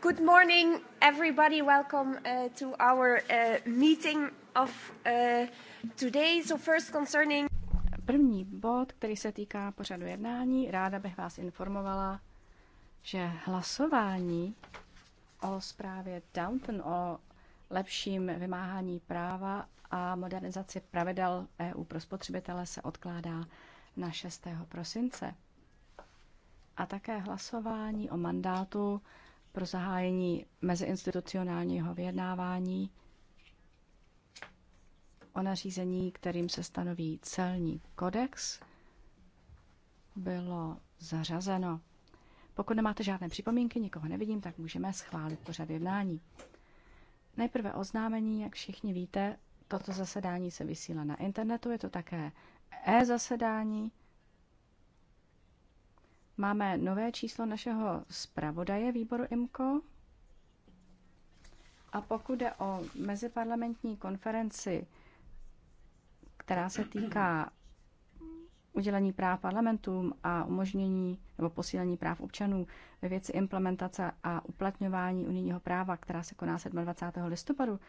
Good morning, everybody. Welcome uh, to our uh, meeting of uh, today. So first concerning... První bod, který se týká pořadu jednání, ráda bych vás informovala, že hlasování o zprávě Downton o lepším vymáhání práva a modernizaci pravidel EU pro spotřebitele se odkládá na 6. prosince a také hlasování o mandátu pro zahájení meziinstitucionálního vyjednávání o nařízení, kterým se stanoví celní kodex, bylo zařazeno. Pokud nemáte žádné připomínky, nikoho nevidím, tak můžeme schválit pořad jednání. Nejprve oznámení, jak všichni víte, toto zasedání se vysílá na internetu, je to také e-zasedání. Máme nové číslo našeho zpravodaje výboru IMCO. A pokud jde o meziparlamentní konferenci, která se týká udělení práv parlamentům a umožnění nebo posílení práv občanů ve věci implementace a uplatňování unijního práva, která se koná 27. listopadu.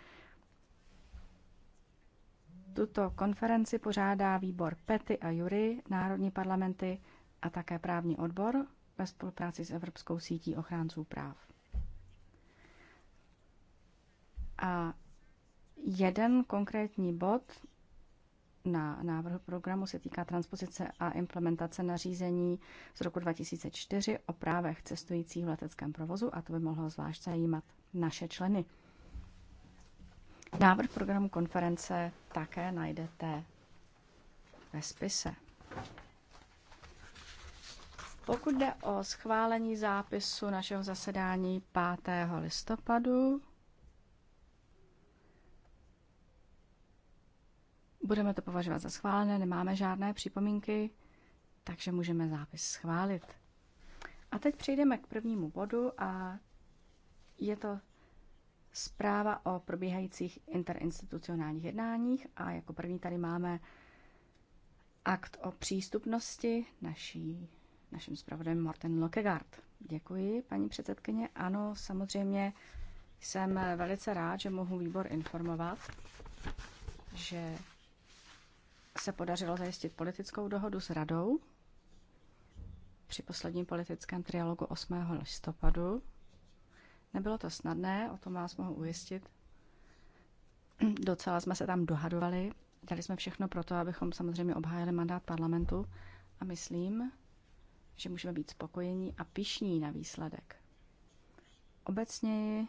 Tuto konferenci pořádá výbor PETY a JURY, národní parlamenty, a také právní odbor ve spolupráci s Evropskou sítí ochránců práv. A jeden konkrétní bod na návrhu programu se týká transpozice a implementace nařízení z roku 2004 o právech cestujících v leteckém provozu a to by mohlo zvlášť zajímat naše členy. Návrh programu konference také najdete ve spise. Pokud jde o schválení zápisu našeho zasedání 5. listopadu, budeme to považovat za schválené, nemáme žádné připomínky, takže můžeme zápis schválit. A teď přejdeme k prvnímu bodu a je to zpráva o probíhajících interinstitucionálních jednáních a jako první tady máme akt o přístupnosti naší Naším zpravodajem Morten Lokegaard. Děkuji, paní předsedkyně. Ano, samozřejmě jsem velice rád, že mohu výbor informovat, že se podařilo zajistit politickou dohodu s radou při posledním politickém trialogu 8. listopadu. Nebylo to snadné, o tom vás mohu ujistit. Docela jsme se tam dohadovali, dali jsme všechno pro to, abychom samozřejmě obhájili mandát parlamentu a myslím, že můžeme být spokojení a pišní na výsledek. Obecně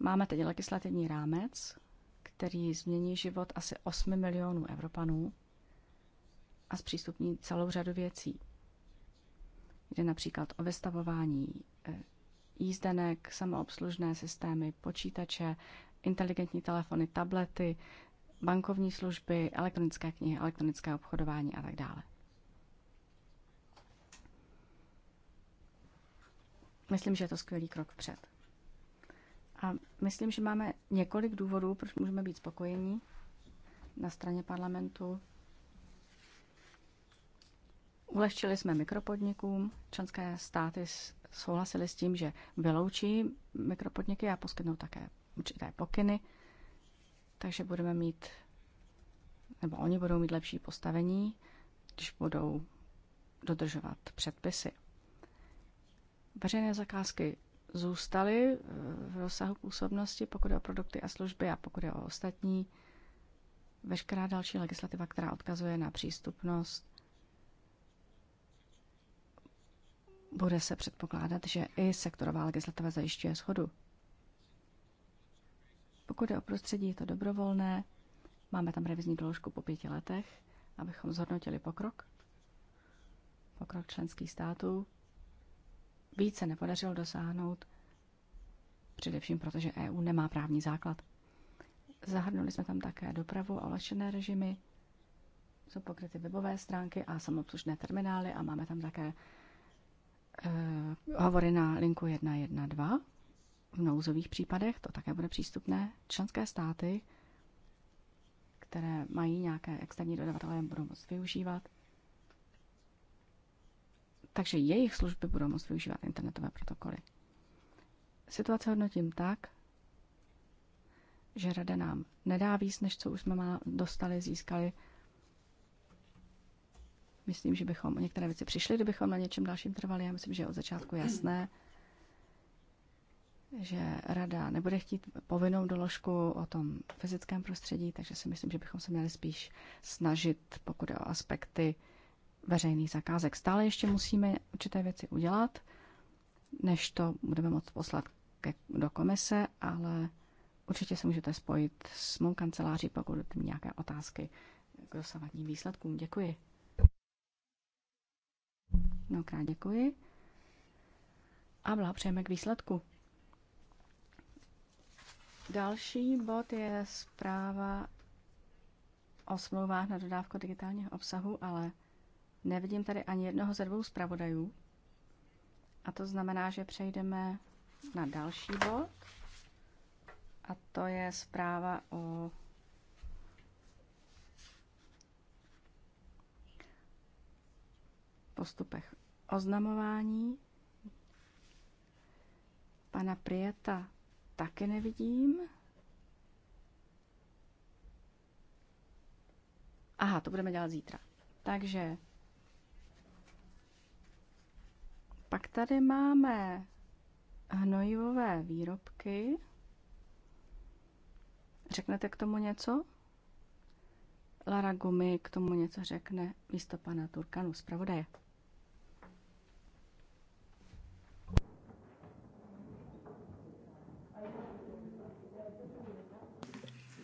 máme teď legislativní rámec, který změní život asi 8 milionů Evropanů a zpřístupní celou řadu věcí. Jde například o vystavování eh, jízdenek, samoobslužné systémy, počítače, inteligentní telefony, tablety, bankovní služby, elektronické knihy, elektronické obchodování a tak dále. Myslím, že je to skvělý krok vpřed. A myslím, že máme několik důvodů, proč můžeme být spokojení na straně parlamentu. Ulehčili jsme mikropodnikům, členské státy souhlasili s tím, že vyloučí mikropodniky a poskytnou také určité pokyny, takže budeme mít, nebo oni budou mít lepší postavení, když budou dodržovat předpisy. Veřejné zakázky zůstaly eh, v rozsahu působnosti, pokud je o produkty a služby a pokud je o ostatní. Veškerá další legislativa, která odkazuje na přístupnost, bude se předpokládat, že i sektorová legislativa zajišťuje schodu. Pokud je o prostředí, je to dobrovolné. Máme tam revizní doložku po pěti letech, abychom zhodnotili pokrok, pokrok členských států více nepodařilo dosáhnout, především protože EU nemá právní základ. Zahrnuli jsme tam také dopravu a ulehčené režimy, jsou pokryty webové stránky a samobslužné terminály a máme tam také uh, hovory na linku 112 v nouzových případech, to také bude přístupné. Členské státy, které mají nějaké externí dodavatele, budou moct využívat takže jejich služby budou moct využívat internetové protokoly. Situace hodnotím tak, že rada nám nedá víc, než co už jsme dostali, získali. Myslím, že bychom o některé věci přišli, kdybychom na něčem dalším trvali. Já myslím, že je od začátku jasné, že rada nebude chtít povinnou doložku o tom fyzickém prostředí, takže si myslím, že bychom se měli spíš snažit, pokud je o aspekty, veřejných zakázek. Stále ještě musíme určité věci udělat, než to budeme moct poslat ke, do komise, ale určitě se můžete spojit s mou kanceláří, pokud budete mít nějaké otázky k dosavadním výsledkům. Děkuji. Mnohokrát děkuji a blahopřejeme k výsledku. Další bod je zpráva o smlouvách na dodávku digitálního obsahu, ale Nevidím tady ani jednoho ze dvou zpravodajů. A to znamená, že přejdeme na další bod. A to je zpráva o postupech oznamování. Pana Prieta taky nevidím. Aha, to budeme dělat zítra. Takže Pak tady máme hnojivové výrobky. Řeknete k tomu něco? Lara Gumi k tomu něco řekne místo pana Turkanu, zpravodaje.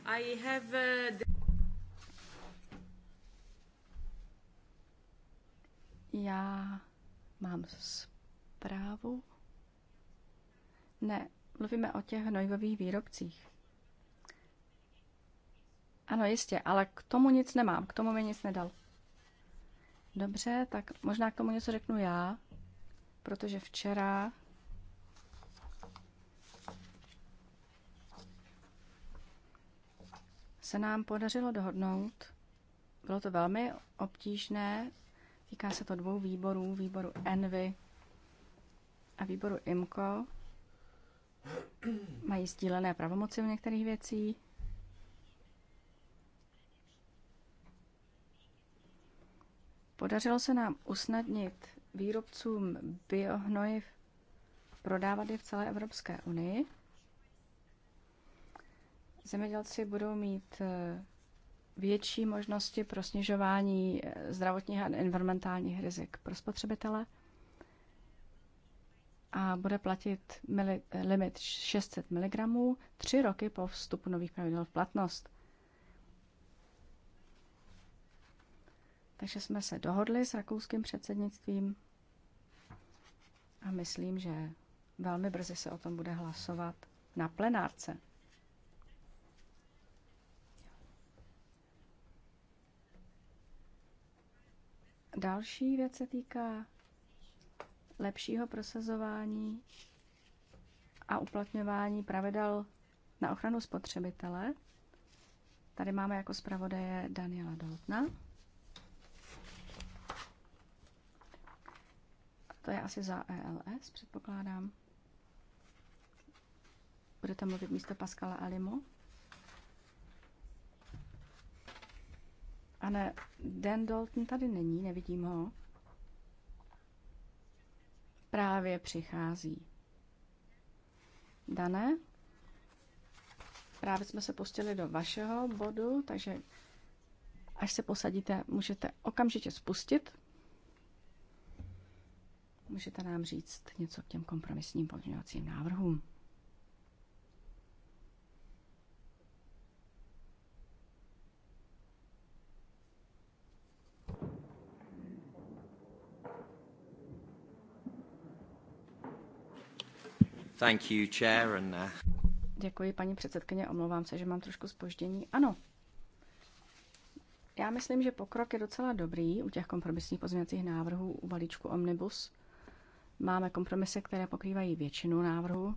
I have uh, the... Já mám právu? Ne, mluvíme o těch hnojivových výrobcích. Ano, jistě, ale k tomu nic nemám, k tomu mi nic nedal. Dobře, tak možná k tomu něco řeknu já, protože včera se nám podařilo dohodnout. Bylo to velmi obtížné, týká se to dvou výborů, výboru Envy a výboru IMCO mají sdílené pravomoci u některých věcí. Podařilo se nám usnadnit výrobcům biohnojiv prodávat je v celé Evropské unii. Zemědělci budou mít eh, větší možnosti pro snižování eh, zdravotních a environmentálních rizik pro spotřebitele – a bude platit mili, limit 600 mg tři roky po vstupu nových pravidel v platnost. Takže jsme se dohodli s rakouským předsednictvím a myslím, že velmi brzy se o tom bude hlasovat na plenárce. Další věc se týká lepšího prosazování a uplatňování pravidel na ochranu spotřebitele. Tady máme jako zpravodaje Daniela Doltna. To je asi za ELS, předpokládám. Bude tam mluvit místo Pascala Alimo. A ne, Dan Dalton tady není, nevidím ho právě přichází. Dané, právě jsme se pustili do vašeho bodu, takže až se posadíte, můžete okamžitě spustit. Můžete nám říct něco k těm kompromisním pozměňovacím návrhům. Thank you, chair, and, uh... Děkuji, paní předsedkyně, omlouvám se, že mám trošku spoždění. Ano, já myslím, že pokrok je docela dobrý u těch kompromisních pozměňovacích návrhů u balíčku Omnibus. Máme kompromisy, které pokrývají většinu návrhu,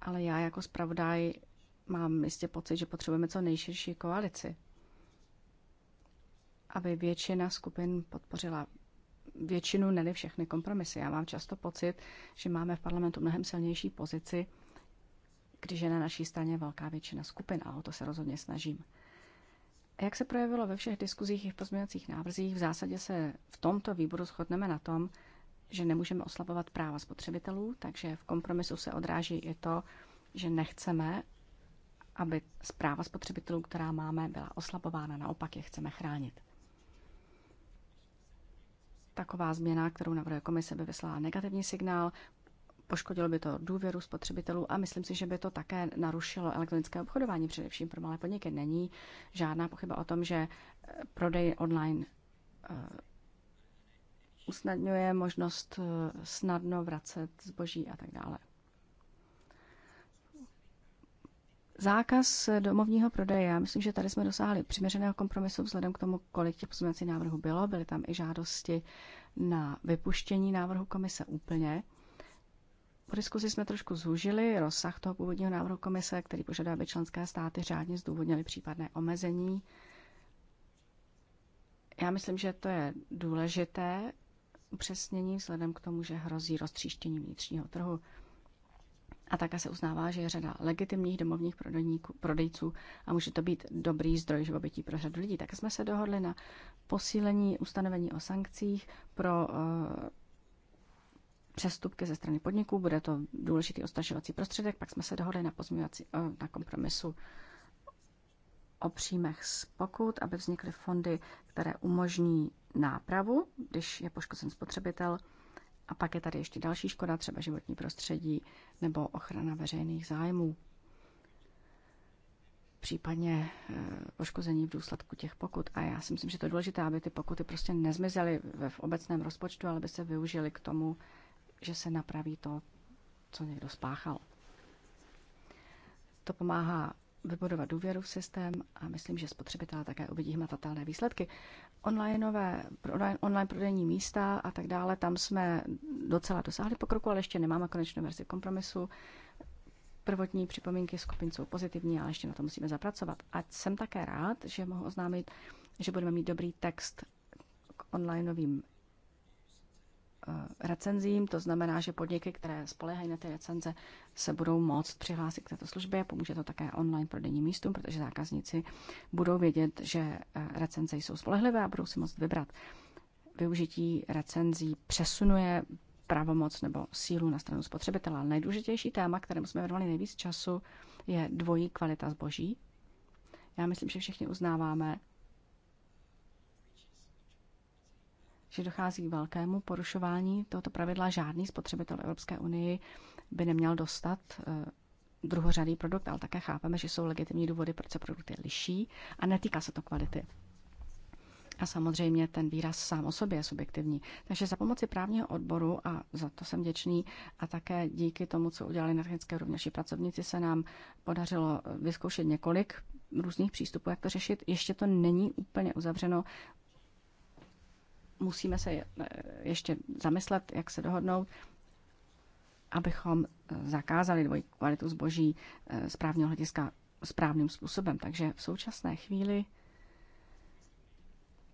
ale já jako zpravodaj mám jistě pocit, že potřebujeme co nejširší koalici, aby většina skupin podpořila většinu, ne všechny kompromisy. Já mám často pocit, že máme v parlamentu mnohem silnější pozici, když je na naší straně velká většina skupin a o to se rozhodně snažím. A jak se projevilo ve všech diskuzích i v pozměňovacích návrzích, v zásadě se v tomto výboru shodneme na tom, že nemůžeme oslabovat práva spotřebitelů, takže v kompromisu se odráží i to, že nechceme, aby zpráva spotřebitelů, která máme, byla oslabována, naopak je chceme chránit. Taková změna, kterou navrhuje komise, by vyslala negativní signál, poškodilo by to důvěru spotřebitelů a myslím si, že by to také narušilo elektronické obchodování, především pro malé podniky. Není žádná pochyba o tom, že eh, prodej online eh, usnadňuje možnost eh, snadno vracet zboží a tak dále. Zákaz domovního prodeje. Já myslím, že tady jsme dosáhli přiměřeného kompromisu vzhledem k tomu, kolik těch pozměňovacích návrhů bylo. Byly tam i žádosti na vypuštění návrhu komise úplně. Po diskusi jsme trošku zúžili rozsah toho původního návrhu komise, který požaduje, aby členské státy řádně zdůvodnily případné omezení. Já myslím, že to je důležité upřesnění vzhledem k tomu, že hrozí roztříštění vnitřního trhu. A také se uznává, že je řada legitimních domovních prodejců a může to být dobrý zdroj živobytí pro řadu lidí. Také jsme se dohodli na posílení ustanovení o sankcích pro uh, přestupky ze strany podniků. Bude to důležitý ostrašovací prostředek. Pak jsme se dohodli na, uh, na kompromisu o příjmech z pokut, aby vznikly fondy, které umožní nápravu, když je poškozen spotřebitel a pak je tady ještě další škoda, třeba životní prostředí nebo ochrana veřejných zájmů. Případně eh, poškození v důsledku těch pokut. A já si myslím, že to je důležité, aby ty pokuty prostě nezmizely v obecném rozpočtu, ale by se využily k tomu, že se napraví to, co někdo spáchal. To pomáhá vybudovat důvěru v systém a myslím, že spotřebitelé také uvidí hmatatelné výsledky. Onlineové, online, online prodejní místa a tak dále, tam jsme docela dosáhli pokroku, ale ještě nemáme konečnou verzi kompromisu. Prvotní připomínky skupin jsou pozitivní, ale ještě na to musíme zapracovat. A jsem také rád, že mohu oznámit, že budeme mít dobrý text k onlineovým Eh, recenzím. To znamená, že podniky, které spolehají na ty recenze, se budou moct přihlásit k této službě. Pomůže to také online prodejním místům, protože zákazníci budou vědět, že eh, recenze jsou spolehlivé a budou si moct vybrat. Využití recenzí přesunuje pravomoc nebo sílu na stranu spotřebitele. Ale nejdůležitější téma, kterému jsme věnovali nejvíc času, je dvojí kvalita zboží. Já myslím, že všichni uznáváme, že dochází k velkému porušování tohoto pravidla. Žádný spotřebitel Evropské unii by neměl dostat eh, druhořadý produkt, ale také chápeme, že jsou legitimní důvody, proč se produkty liší a netýká se to kvality. A samozřejmě ten výraz sám o sobě je subjektivní. Takže za pomoci právního odboru, a za to jsem děčný, a také díky tomu, co udělali na technické úrovni naši pracovníci, se nám podařilo eh, vyzkoušet několik různých přístupů, jak to řešit. Ještě to není úplně uzavřeno musíme se eh, ještě zamyslet, jak se dohodnout, abychom eh, zakázali dvojí kvalitu zboží eh, z právního hlediska správným způsobem. Takže v současné chvíli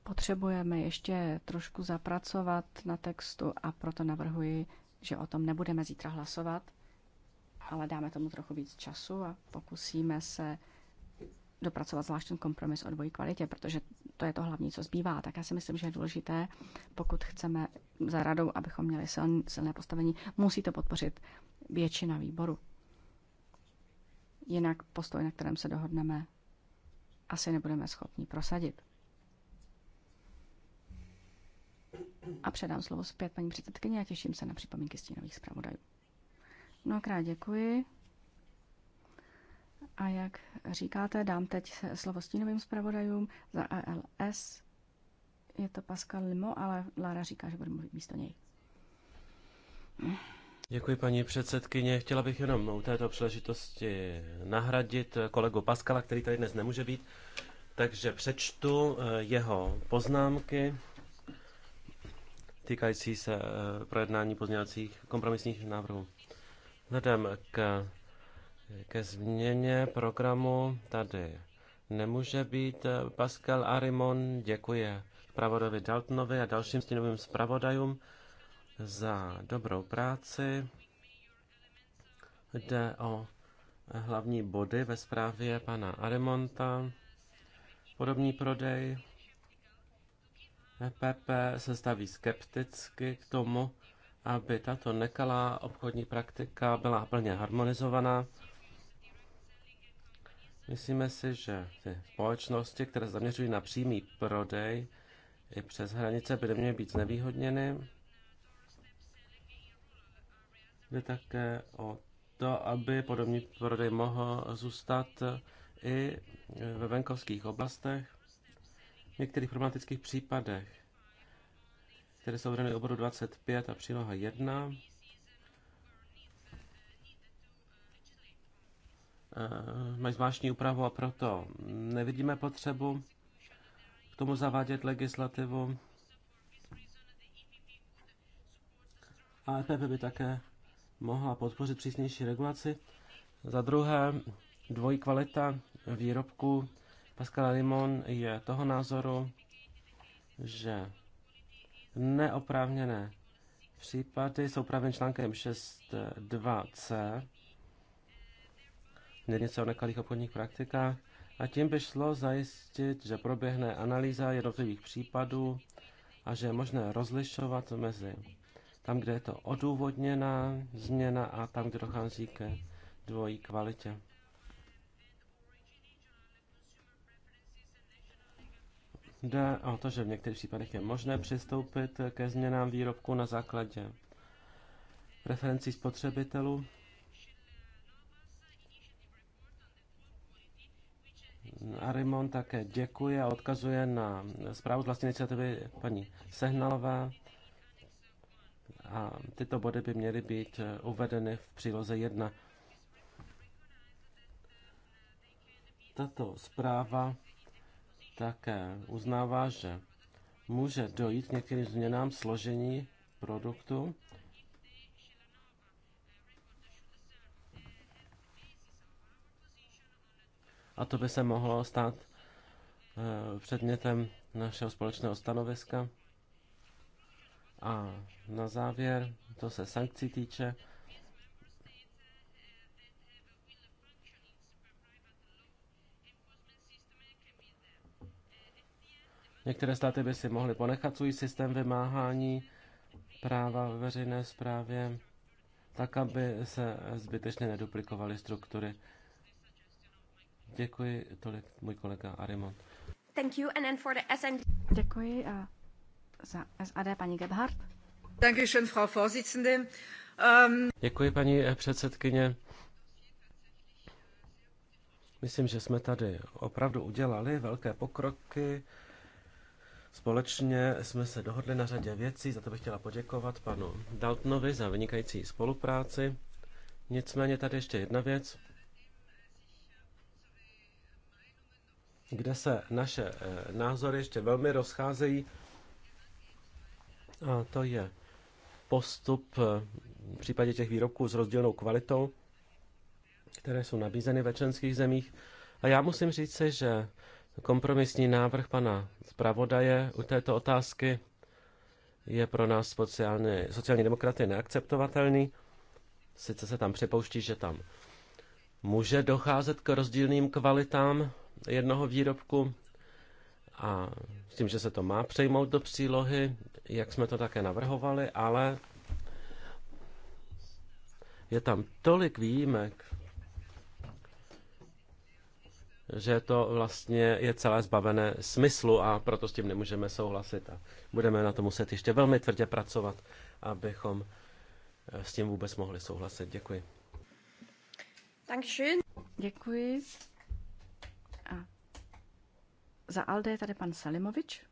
potřebujeme ještě trošku zapracovat na textu a proto navrhuji, že o tom nebudeme zítra hlasovat, ale dáme tomu trochu víc času a pokusíme se dopracovat zvlášť ten kompromis o dvojí kvalitě, protože to je to hlavní, co zbývá. Tak já si myslím, že je důležité, pokud chceme za radou, abychom měli silný, silné postavení, musí to podpořit většina výboru. Jinak postoj, na kterém se dohodneme, asi nebudeme schopni prosadit. A předám slovo zpět paní předsedkyni a těším se na připomínky stínových zpravodajů. Mnohokrát děkuji. A jak říkáte, dám teď slovo stínovým zpravodajům za ALS. Je to Pascal Limo, ale Lara říká, že bude mluvit místo něj. Děkuji, paní předsedkyně. Chtěla bych jenom u této příležitosti nahradit kolegu Paskala, který tady dnes nemůže být. Takže přečtu eh, jeho poznámky týkající se eh, projednání pozměňovacích kompromisních návrhů. Vzhledem k ke změně programu tady nemůže být. Pascal Arimon děkuje zpravodajovi Daltonovi a dalším stínovým zpravodajům za dobrou práci. Jde o hlavní body ve zprávě pana Arimonta. Podobný prodej. EPP se staví skepticky k tomu, aby tato nekalá obchodní praktika byla plně harmonizovaná. Myslíme si, že ty společnosti, které zaměřují na přímý prodej i přes hranice, by neměly být znevýhodněny. Jde také o to, aby podobný prodej mohl zůstat i ve venkovských oblastech. V některých problematických případech, které jsou vedeny oboru 25 a příloha 1, Eh, mají zvláštní úpravu a proto nevidíme potřebu k tomu zavádět legislativu. A EPP by také mohla podpořit přísnější regulaci. Za druhé, dvojí kvalita výrobků Pascal Limon je toho názoru, že neoprávněné případy jsou právě článkem 6.2c směrnice o nekalých obchodních praktikách a tím by šlo zajistit, že proběhne analýza jednotlivých případů a že je možné rozlišovat mezi tam, kde je to odůvodněná změna a tam, kde dochází ke dvojí kvalitě. Jde o to, že v některých případech je možné přistoupit ke změnám výrobku na základě preferencí spotřebitelů Arimon také děkuje a odkazuje na zprávu z vlastní iniciativy paní Sehnalová. A tyto body by měly být uvedeny v příloze 1. Tato zpráva také uznává, že může dojít k některým změnám složení produktu a to by se mohlo stát eh, předmětem našeho společného stanoviska. A na závěr, to se sankcí týče, Některé státy by si mohly ponechat svůj systém vymáhání práva ve veřejné správě, tak aby se zbytečně neduplikovaly struktury. Děkuji, tolik můj kolega Arimon. Thank you, and then for the SND. Děkuji za SAD paní Gebhardt. Dankeschön, Frau Vorsitzende. Um... Děkuji, paní předsedkyně. Myslím, že jsme tady opravdu udělali velké pokroky. Společně jsme se dohodli na řadě věcí, za to bych chtěla poděkovat panu Daltnovi za vynikající spolupráci. Nicméně tady ještě jedna věc. kde se naše eh, názory ještě velmi rozcházejí. A to je postup eh, v případě těch výrobků s rozdílnou kvalitou, které jsou nabízeny ve členských zemích. A já musím říct si, že kompromisní návrh pana zpravodaje u této otázky je pro nás sociální, sociální demokraty neakceptovatelný. Sice se tam připouští, že tam může docházet k rozdílným kvalitám jednoho výrobku a s tím, že se to má přejmout do přílohy, jak jsme to také navrhovali, ale je tam tolik výjimek, že to vlastně je celé zbavené smyslu a proto s tím nemůžeme souhlasit a budeme na to muset ještě velmi tvrdě pracovat, abychom eh, s tím vůbec mohli souhlasit. Děkuji. Dankeschön. Děkuji. A za Alde je tady pan Salimovič?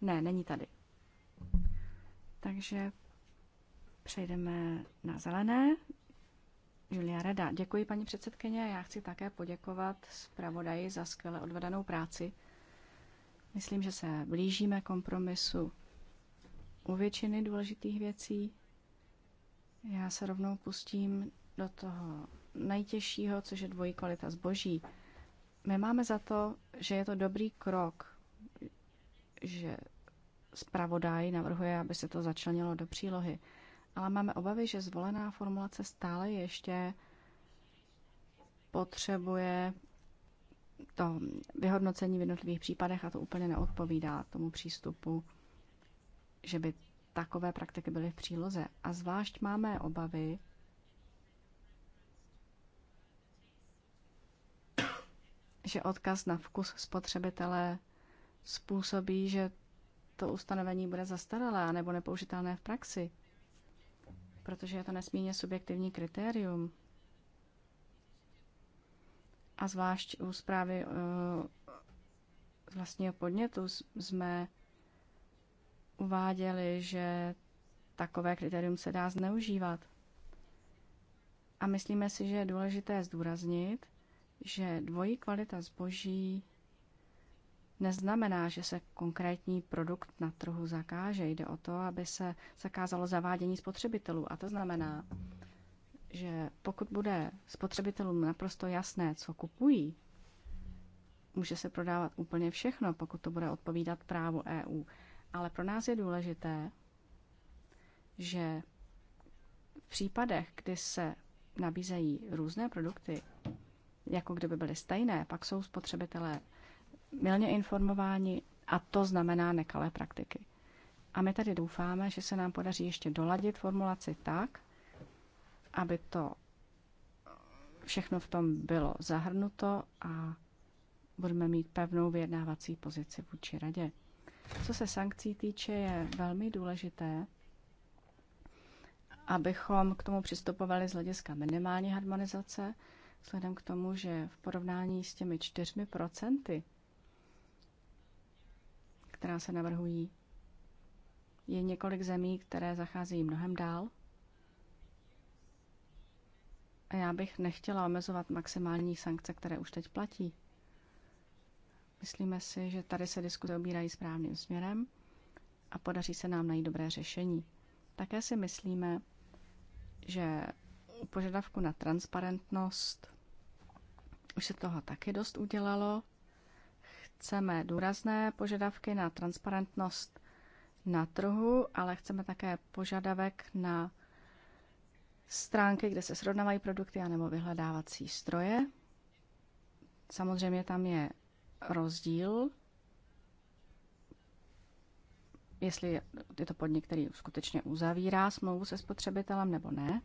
Ne, není tady. Takže přejdeme na zelené. Julia Reda, děkuji paní předsedkyně. Já chci také poděkovat zpravodaji za skvěle odvedenou práci. Myslím, že se blížíme kompromisu u většiny důležitých věcí. Já se rovnou pustím do toho nejtěžšího, což je dvojí kvalita zboží. My máme za to, že je to dobrý krok, že zpravodaj navrhuje, aby se to začlenilo do přílohy. Ale máme obavy, že zvolená formulace stále ještě potřebuje to vyhodnocení v jednotlivých případech a to úplně neodpovídá tomu přístupu, že by takové praktiky byly v příloze. A zvlášť máme obavy, že odkaz na vkus spotřebitele způsobí, že to ustanovení bude zastaralé nebo nepoužitelné v praxi, protože je to nesmírně subjektivní kritérium. A zvlášť u zprávy eh, vlastně z vlastního podnětu jsme uváděli, že takové kritérium se dá zneužívat. A myslíme si, že je důležité zdůraznit, že dvojí kvalita zboží neznamená, že se konkrétní produkt na trhu zakáže. Jde o to, aby se zakázalo zavádění spotřebitelů. A to znamená, že pokud bude spotřebitelům naprosto jasné, co kupují, může se prodávat úplně všechno, pokud to bude odpovídat právu EU. Ale pro nás je důležité, že v případech, kdy se nabízejí různé produkty, jako kdyby byly stejné, pak jsou spotřebitelé milně informováni a to znamená nekalé praktiky. A my tady doufáme, že se nám podaří ještě doladit formulaci tak, aby to všechno v tom bylo zahrnuto a budeme mít pevnou vyjednávací pozici vůči radě. Co se sankcí týče, je velmi důležité, abychom k tomu přistupovali z hlediska minimální harmonizace Vzhledem k tomu, že v porovnání s těmi čtyřmi procenty, která se navrhují, je několik zemí, které zacházejí mnohem dál. A já bych nechtěla omezovat maximální sankce, které už teď platí. Myslíme si, že tady se diskuze obírají správným směrem a podaří se nám najít dobré řešení. Také si myslíme, že u požadavku na transparentnost už se toho taky dost udělalo. Chceme důrazné požadavky na transparentnost na trhu, ale chceme také požadavek na stránky, kde se srovnávají produkty anebo vyhledávací stroje. Samozřejmě tam je rozdíl, jestli je to podnik, který skutečně uzavírá smlouvu se spotřebitelem nebo ne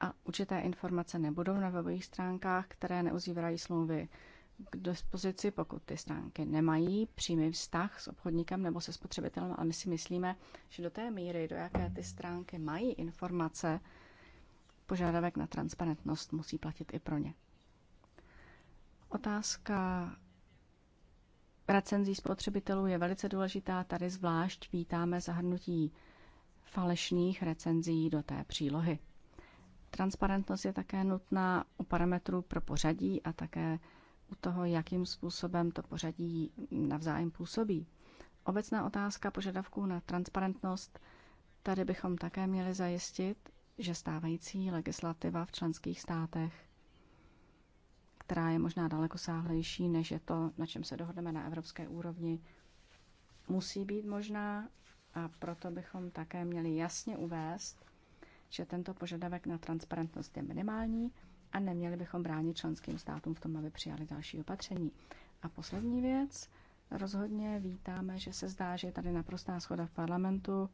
a určité informace nebudou na webových stránkách, které neuzívají smlouvy k dispozici, pokud ty stránky nemají přímý vztah s obchodníkem nebo se spotřebitelem, ale my si myslíme, že do té míry, do jaké ty stránky mají informace, požadavek na transparentnost musí platit i pro ně. Otázka recenzí spotřebitelů je velice důležitá. Tady zvlášť vítáme zahrnutí falešných recenzí do té přílohy. Transparentnost je také nutná u parametrů pro pořadí a také u toho, jakým způsobem to pořadí navzájem působí. Obecná otázka požadavků na transparentnost. Tady bychom také měli zajistit, že stávající legislativa v členských státech, která je možná daleko sáhlejší, než je to, na čem se dohodneme na evropské úrovni, musí být možná a proto bychom také měli jasně uvést, že tento požadavek na transparentnost je minimální a neměli bychom bránit členským státům v tom, aby přijali další opatření. A poslední věc, rozhodně vítáme, že se zdá, že je tady naprostá schoda v parlamentu,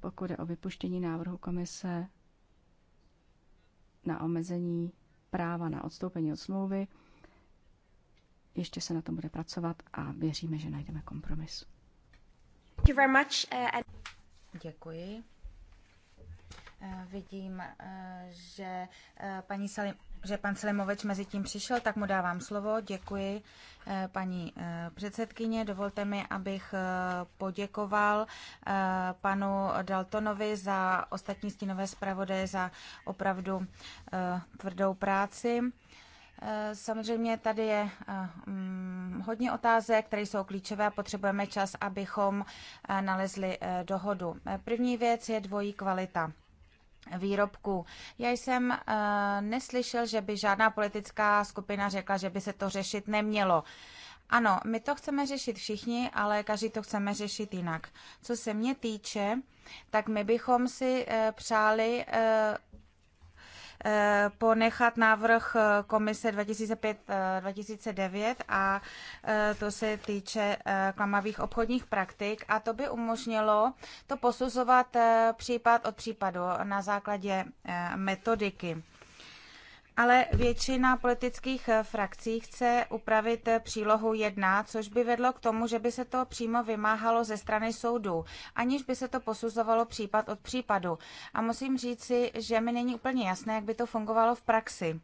pokud je o vypuštění návrhu komise na omezení práva na odstoupení od smlouvy. Ještě se na tom bude pracovat a věříme, že najdeme kompromis. Uh, Děkuji. Eh, vidím, eh, že eh, paní Salim, že pan Selimovič mezi tím přišel, tak mu dávám slovo. Děkuji, paní předsedkyně. Dovolte mi, abych poděkoval panu Daltonovi za ostatní stínové zpravodaje za opravdu tvrdou práci. Samozřejmě tady je mm, hodně otázek, které jsou klíčové a potřebujeme čas, abychom nalezli dohodu. První věc je dvojí kvalita výrobků. Já jsem eh, neslyšel, že by žádná politická skupina řekla, že by se to řešit nemělo. Ano, my to chceme řešit všichni, ale každý to chceme řešit jinak. Co se mě týče, tak my bychom si eh, přáli eh, Eh, ponechat návrh eh, komise 2005-2009 eh, a to se týče klamavých obchodních praktik a to by umožnilo to posuzovat případ od případu na základě metodiky ale většina politických eh, frakcí chce upravit eh, přílohu 1, což by vedlo k tomu, že by se to přímo vymáhalo ze strany soudů, aniž by se to posuzovalo případ od případu. A musím říci, že mi není úplně jasné, jak by to fungovalo v praxi.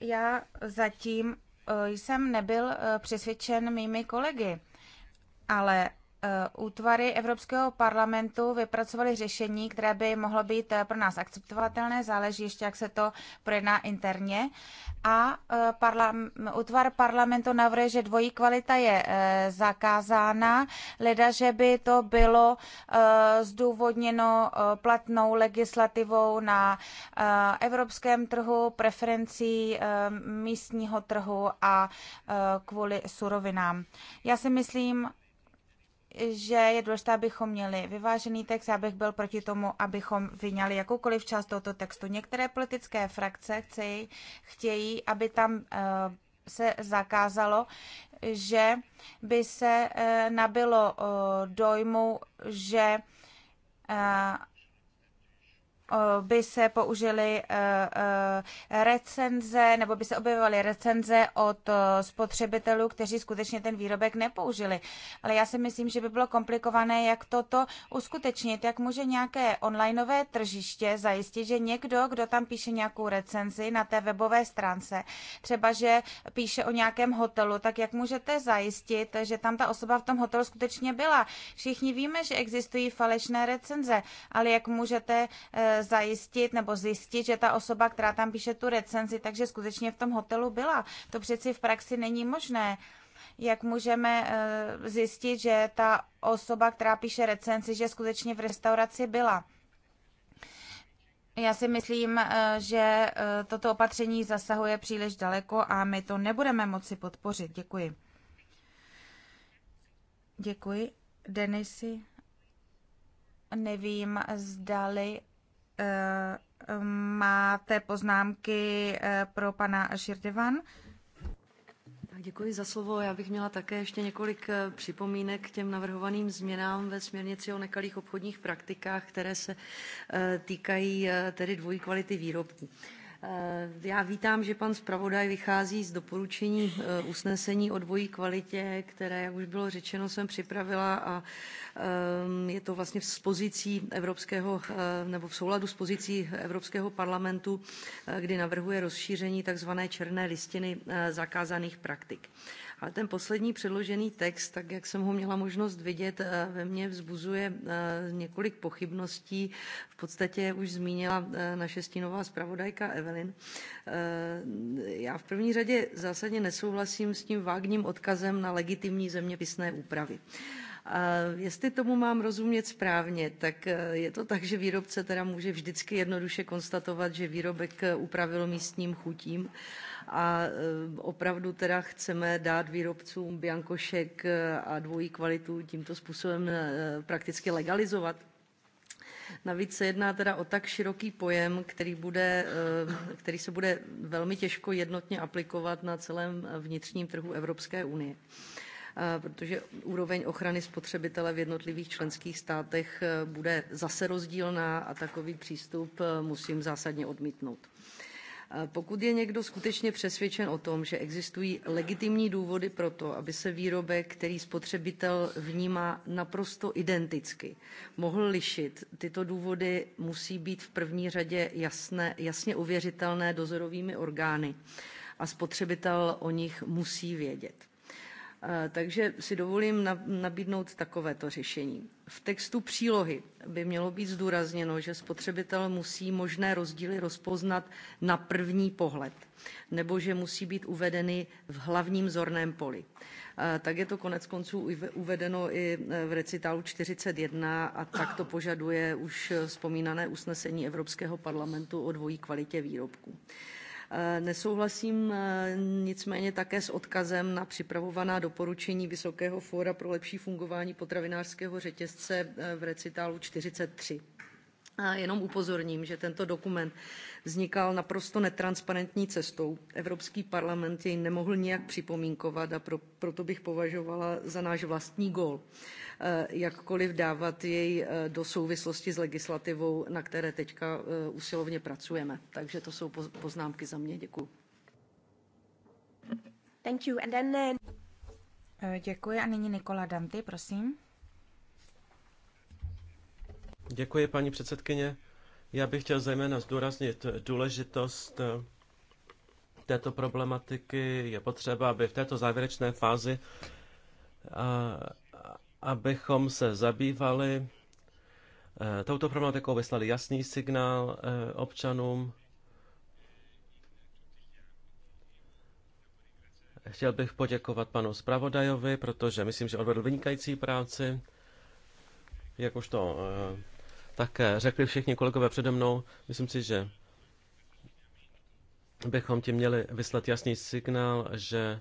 Já zatím eh, jsem nebyl přesvědčen mými kolegy, ale Eh, útvary Evropského parlamentu vypracovaly řešení, které by mohlo být eh, pro nás akceptovatelné, záleží ještě, jak se to projedná interně. A eh, parlam, útvar parlamentu navrhuje, že dvojí kvalita je zakázána, leda, že by to bylo zdůvodněno platnou legislativou na evropském trhu, preferencí místního trhu a kvůli surovinám. Já si myslím, že je důležité, abychom měli vyvážený text. Já bych byl proti tomu, abychom vyňali jakoukoliv část tohoto textu. Některé politické frakce chtějí, chtějí, aby tam eh, se zakázalo, že by se eh, nabilo eh, dojmu, že Eh, by se použily eh, eh, recenze nebo by se objevovaly recenze od spotřebitelů, kteří skutečně ten výrobek nepoužili. Ale já si myslím, že by bylo komplikované, jak toto uskutečnit, jak může nějaké onlineové tržiště zajistit, že někdo, kdo tam píše nějakou recenzi na té webové stránce, třeba že píše o nějakém hotelu, tak jak můžete zajistit, že tam ta osoba v tom hotelu skutečně byla. Všichni víme, že existují falešné recenze, ale jak můžete zajistit nebo zjistit, že ta osoba, která tam píše tu recenzi, takže skutečně v tom hotelu byla. To přeci v praxi není možné. Jak můžeme eh, zjistit, že ta osoba, která píše recenzi, že skutečně v restauraci byla? Já si myslím, eh, že eh, toto opatření zasahuje příliš daleko a my to nebudeme moci podpořit. Děkuji. Děkuji. Denisy, nevím, zdali Eh, máte poznámky eh, pro pana Širdevan? Děkuji za slovo. Já bych měla také ještě několik eh, připomínek k těm navrhovaným změnám ve směrnici o nekalých obchodních praktikách, které se týkají tedy dvojí kvality výrobků. Eh, já vítám, že pan zpravodaj vychází z doporučení eh, usnesení o dvojí kvalitě, které, jak už bylo řečeno, jsem připravila a ehm, je to vlastně v pozicí Evropského, eh, nebo v souladu s pozicí Evropského parlamentu, kdy navrhuje rozšíření tzv. černé listiny zakázaných praktik. Ale ten poslední předložený text, tak jak jsem ho měla možnost vidět, eh, ve mně vzbuzuje eh, několik pochybností. V podstatě už zmínila eh, naše stínová zpravodajka Evelyn. Já v první řadě zásadně nesouhlasím s tím vágním odkazem na legitimní zeměpisné úpravy. A jestli tomu mám rozumět správně, tak je to tak, že výrobce teda může vždycky jednoduše konstatovat, že výrobek upravil místním chutím a eh, opravdu teda chceme dát výrobcům biankošek eh, a dvojí kvalitu tímto způsobem eh, prakticky legalizovat? Navíc se jedná teda o tak široký pojem, který, bude, který se bude velmi těžko jednotně aplikovat na celém vnitřním trhu Evropské unie protože úroveň ochrany spotřebitele v jednotlivých členských státech bude zase rozdílná a takový přístup musím zásadně odmítnout. Pokud je někdo skutečně přesvědčen o tom, že existují legitimní důvody pro to, aby se výrobek, který spotřebitel vnímá naprosto identicky, mohl lišit, tyto důvody musí být v první řadě jasné, jasně uvěřitelné dozorovými orgány a spotřebitel o nich musí vědět. Eh, takže si dovolím nabídnout takovéto řešení. V textu přílohy by mělo být zdůrazněno, že spotřebitel musí možné rozdíly rozpoznat na první pohled, nebo že musí být uvedeny v hlavním zorném poli. Eh, tak je to konec konců uvedeno i eh, v recitálu 41 a tak to požaduje už vzpomínané usnesení Evropského parlamentu o dvojí kvalitě výrobků. Eh, nesouhlasím eh, nicméně také s odkazem na připravovaná doporučení Vysokého fóra pro lepší fungování potravinářského řetězce eh, v recitálu 43. A jenom upozorním, že tento dokument vznikal naprosto netransparentní cestou. Evropský parlament jej nemohl nijak připomínkovat a pro, proto bych považovala za náš vlastní gól eh, jakkoliv dávat jej eh, do souvislosti s legislativou, na které teďka eh, usilovně pracujeme. Takže to jsou poznámky za mě. Děkuji. Thank you. And then... Děkuji a nyní Nikola Danty, prosím. Děkuji, paní předsedkyně. Já bych chtěl zejména zdůraznit důležitost eh, této problematiky. Je potřeba, aby v této závěrečné fázi, a, abychom se zabývali eh, touto problematikou, vyslali jasný signál eh, občanům. Chtěl bych poděkovat panu zpravodajovi, protože myslím, že odvedl vynikající práci, Jak už to. Tak eh, řekli všichni kolegové přede mnou. Myslím si, že bychom tím měli vyslat jasný signál, že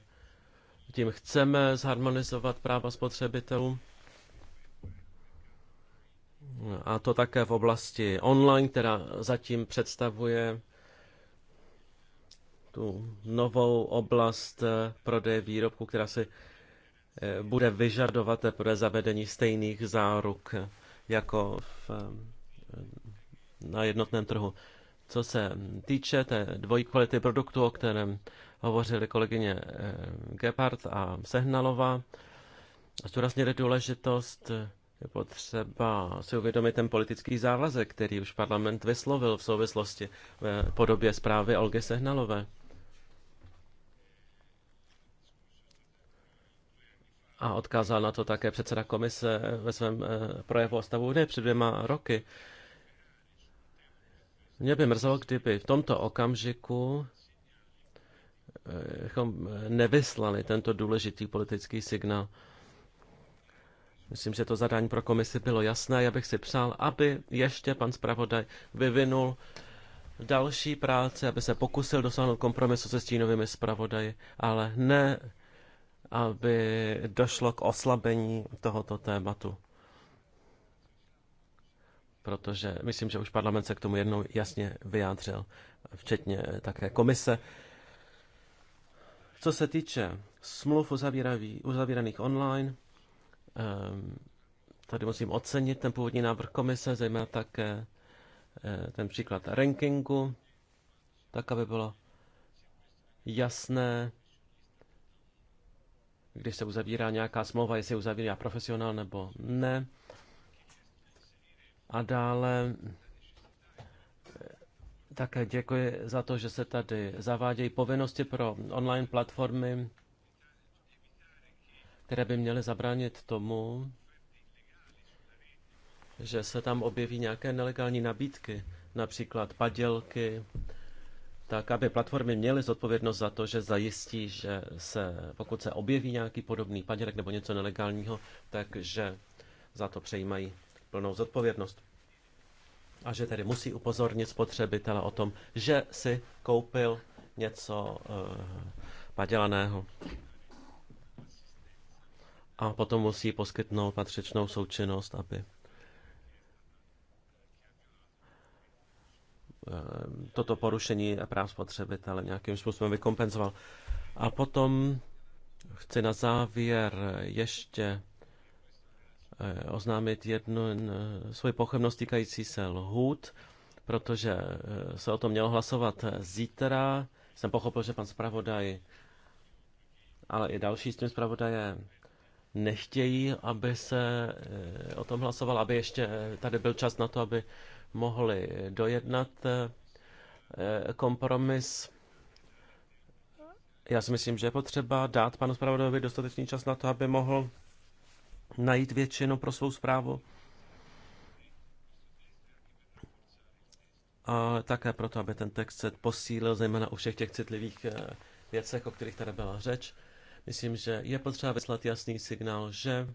tím chceme zharmonizovat práva spotřebitelů. A to také v oblasti online, která zatím představuje tu novou oblast eh, prodeje výrobku, která si eh, bude vyžadovat pro zavedení stejných záruk jako v, eh, na jednotném trhu. Co se týče té dvojí kvality produktu, o kterém hovořili kolegyně eh, Gepard a Sehnalova, zdůraznili důležitost je potřeba si uvědomit ten politický závazek, který už parlament vyslovil v souvislosti eh, v podobě zprávy Olgy Sehnalové. a odkázal na to také předseda komise ve svém eh, projevu o stavu Unie před dvěma roky. Mě by mrzelo, kdyby v tomto okamžiku eh, eh, nevyslali tento důležitý politický signál. Myslím, že to zadání pro komisi bylo jasné. Já bych si přál, aby ještě pan zpravodaj vyvinul další práce, aby se pokusil dosáhnout kompromisu se stínovými zpravodaji, ale ne aby došlo k oslabení tohoto tématu. Protože myslím, že už parlament se k tomu jednou jasně vyjádřil, včetně také komise. Co se týče smluv uzavíraných online, ehm, tady musím ocenit ten původní návrh komise, zejména také eh, ten příklad rankingu, tak aby bylo jasné, když se uzavírá nějaká smlouva, jestli je uzavírá profesionál nebo ne. A dále eh, také děkuji za to, že se tady zavádějí povinnosti pro online platformy, které by měly zabránit tomu, že se tam objeví nějaké nelegální nabídky, například padělky tak aby platformy měly zodpovědnost za to, že zajistí, že se, pokud se objeví nějaký podobný padělek nebo něco nelegálního, takže za to přejímají plnou zodpovědnost. A že tedy musí upozornit spotřebitele o tom, že si koupil něco uh, padělaného. A potom musí poskytnout patřičnou součinnost, aby Eh, toto porušení práv spotřebitele nějakým způsobem vykompenzoval. A potom chci na závěr ještě eh, oznámit jednu svoji pochybnost týkající se lhůt, protože eh, se o tom mělo hlasovat zítra. Jsem pochopil, že pan zpravodaj, ale i další s tím zpravodaje nechtějí, aby se o tom hlasoval, aby ještě tady byl čas na to, aby mohli dojednat eh, kompromis. Já si myslím, že je potřeba dát panu zpravodajovi dostatečný čas na to, aby mohl najít většinu pro svou zprávu. A také proto, aby ten text se posílil, zejména u všech těch citlivých eh, věcech, o kterých tady byla řeč. Myslím, že je potřeba vyslat jasný signál, že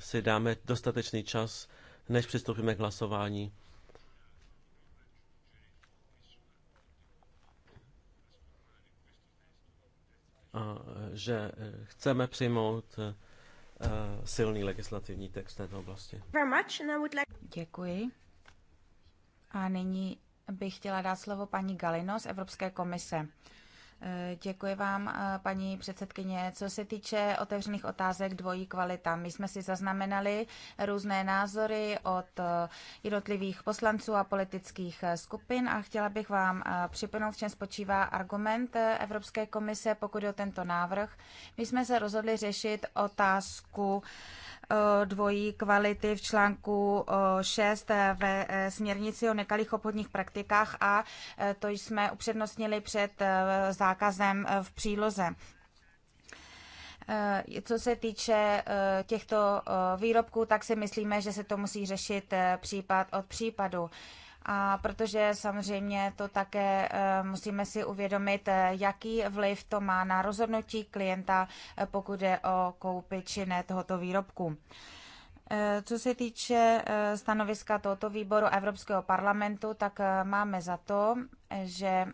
si dáme dostatečný čas, než přistoupíme k hlasování. A že chceme přijmout eh, silný legislativní text v této oblasti. Děkuji. A nyní bych chtěla dát slovo paní Galino z Evropské komise. Eh, děkuji vám, eh, paní předsedkyně. Co se týče otevřených otázek dvojí kvalita, my jsme si zaznamenali různé názory od eh, jednotlivých poslanců a politických skupin a chtěla bych vám připomenout, v čem spočívá argument Evropské komise, pokud je o tento návrh. My jsme se rozhodli řešit otázku Eh, dvojí kvality v článku 6 eh, eh, ve směrnici o nekalých obchodních praktikách a to jsme upřednostnili před zákazem v příloze. Co se týče těchto výrobků, tak si myslíme, že se to musí řešit případ od případu. A protože samozřejmě to také eh, musíme si uvědomit, eh, jaký vliv to má na rozhodnutí klienta, eh, pokud je o koupi či ne tohoto výrobku. Co se týče stanoviska tohoto výboru Evropského parlamentu, tak máme za to, že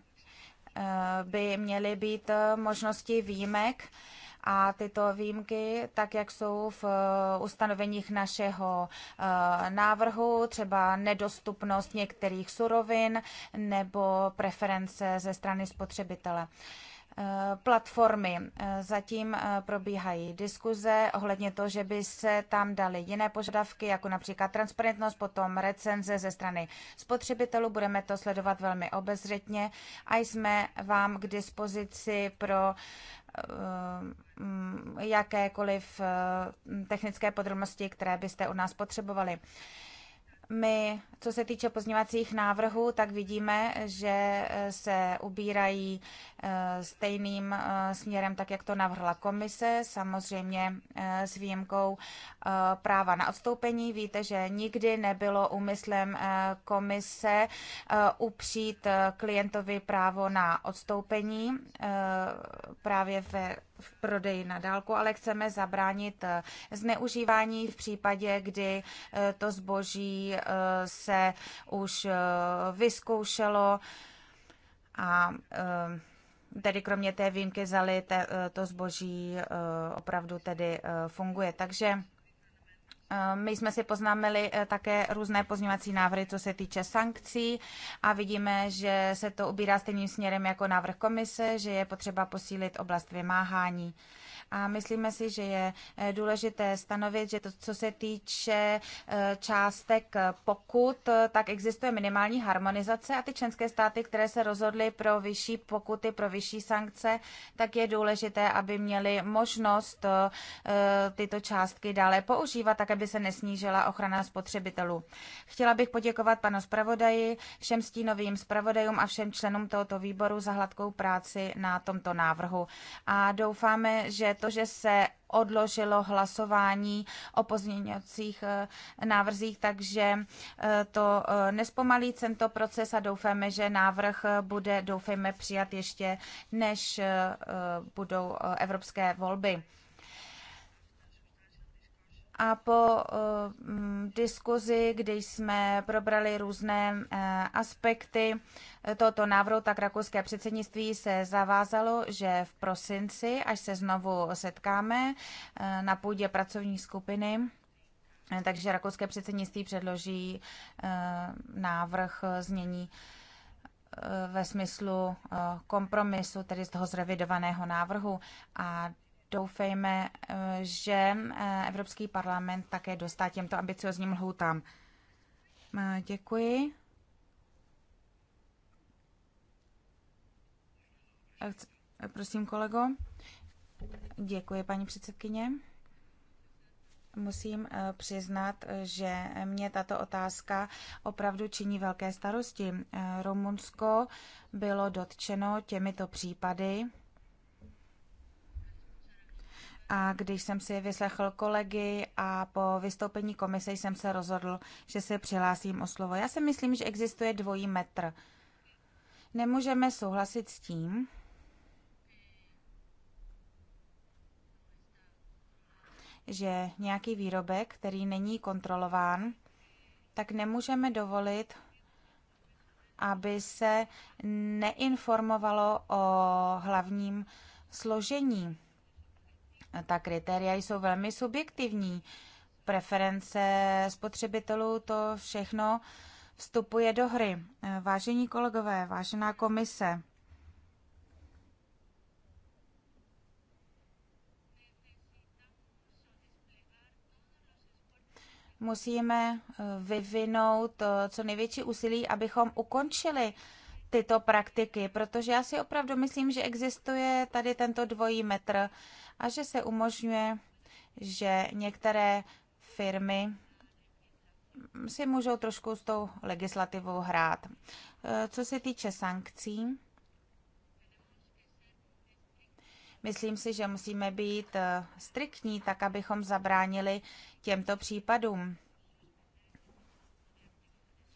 by měly být možnosti výjimek, a tyto výjimky, tak jak jsou v eh, ustanoveních našeho eh, návrhu, třeba nedostupnost některých surovin nebo preference ze strany spotřebitele eh, platformy. Zatím probíhají diskuze ohledně toho, že by se tam daly jiné požadavky, jako například transparentnost, potom recenze ze strany spotřebitelů. Budeme to sledovat velmi obezřetně a jsme vám k dispozici pro jakékoliv eh, technické podrobnosti, které byste od nás potřebovali my, co se týče pozněvacích návrhů, tak vidíme, že eh, se ubírají eh, stejným eh, směrem, tak jak to navrhla komise, samozřejmě s výjimkou práva na odstoupení. Víte, že nikdy nebylo úmyslem komise upřít klientovi právo na odstoupení právě ve v prodeji na dálku, ale chceme zabránit eh, zneužívání v případě, kdy eh, to zboží eh, se už vyzkoušelo a tedy kromě té výjimky zali to zboží opravdu tedy funguje. Takže my jsme si poznámili eh, také různé pozměňovací návrhy, co se týče sankcí a vidíme, že se to ubírá stejným směrem jako návrh komise, že je potřeba posílit oblast vymáhání. A myslíme si, že je eh, důležité stanovit, že to, co se týče eh, částek eh, pokud, tak existuje minimální harmonizace a ty členské státy, které se rozhodly pro vyšší pokuty, pro vyšší sankce, tak je důležité, aby měly možnost tyto částky dále používat, tak aby se nesnížila ochrana spotřebitelů. Chtěla bych poděkovat panu zpravodaji, všem stínovým zpravodajům a všem členům tohoto výboru za hladkou práci na tomto návrhu. A doufáme, že protože se odložilo hlasování o pozměňovacích eh, návrzích, takže eh, to eh, nespomalí tento proces a doufáme, že návrh bude, doufejme, přijat ještě, než budou evropské volby a po eh, mm, diskuzi, kdy jsme probrali různé eh, aspekty eh, tohoto návrhu, tak rakouské předsednictví se zavázalo, že v prosinci, až se znovu setkáme na půdě pracovní skupiny, takže rakouské předsednictví předloží návrh změní ve smyslu kompromisu, tedy z toho zrevidovaného návrhu. A doufejme, eh, že eh, Evropský parlament také dostá těmto ambiciozním lhoutám. Eh, děkuji. Prosím, kolego. Děkuji, paní předsedkyně. Musím přiznat, že mě tato otázka opravdu činí velké starosti. Rumunsko bylo dotčeno těmito případy a když jsem si vyslechl kolegy a po vystoupení komise jsem se rozhodl, že se přihlásím o slovo. Já si myslím, že existuje dvojí metr. Nemůžeme souhlasit s tím, že nějaký výrobek, který není kontrolován, tak nemůžeme dovolit, aby se neinformovalo o hlavním složení ta kritéria jsou velmi subjektivní. Preference spotřebitelů, to všechno vstupuje do hry. Vážení kolegové, vážená komise, musíme eh, vyvinout eh, co největší úsilí, abychom ukončili tyto praktiky, protože já si opravdu myslím, že existuje tady tento dvojí metr a že se umožňuje, že některé firmy si můžou trošku s tou legislativou hrát. E, co se týče sankcí, myslím si, že musíme být e, striktní, tak abychom zabránili těmto případům.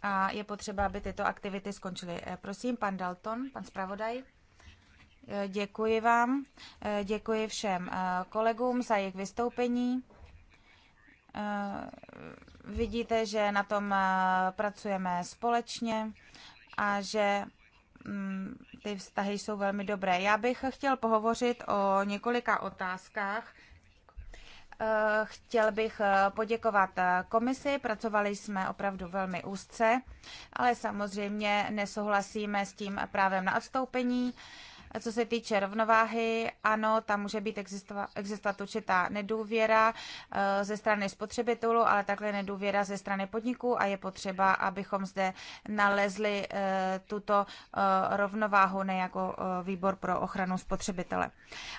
A je potřeba, aby tyto aktivity skončily. E, prosím, pan Dalton, pan zpravodaj. Eh, děkuji vám, eh, děkuji všem eh, kolegům za jejich vystoupení. Vidíte, že na tom pracujeme společně a že mm, ty vztahy jsou velmi dobré. Já bych chtěl pohovořit o několika otázkách. Chtěl bych poděkovat komisi, pracovali jsme opravdu velmi úzce, ale samozřejmě nesouhlasíme s tím právem na odstoupení co se týče rovnováhy, ano, tam může být existovat, existovat určitá nedůvěra eh, ze strany spotřebitelů, ale takhle nedůvěra ze strany podniků a je potřeba, abychom zde nalezli eh, tuto eh, rovnováhu ne jako výbor pro ochranu spotřebitele.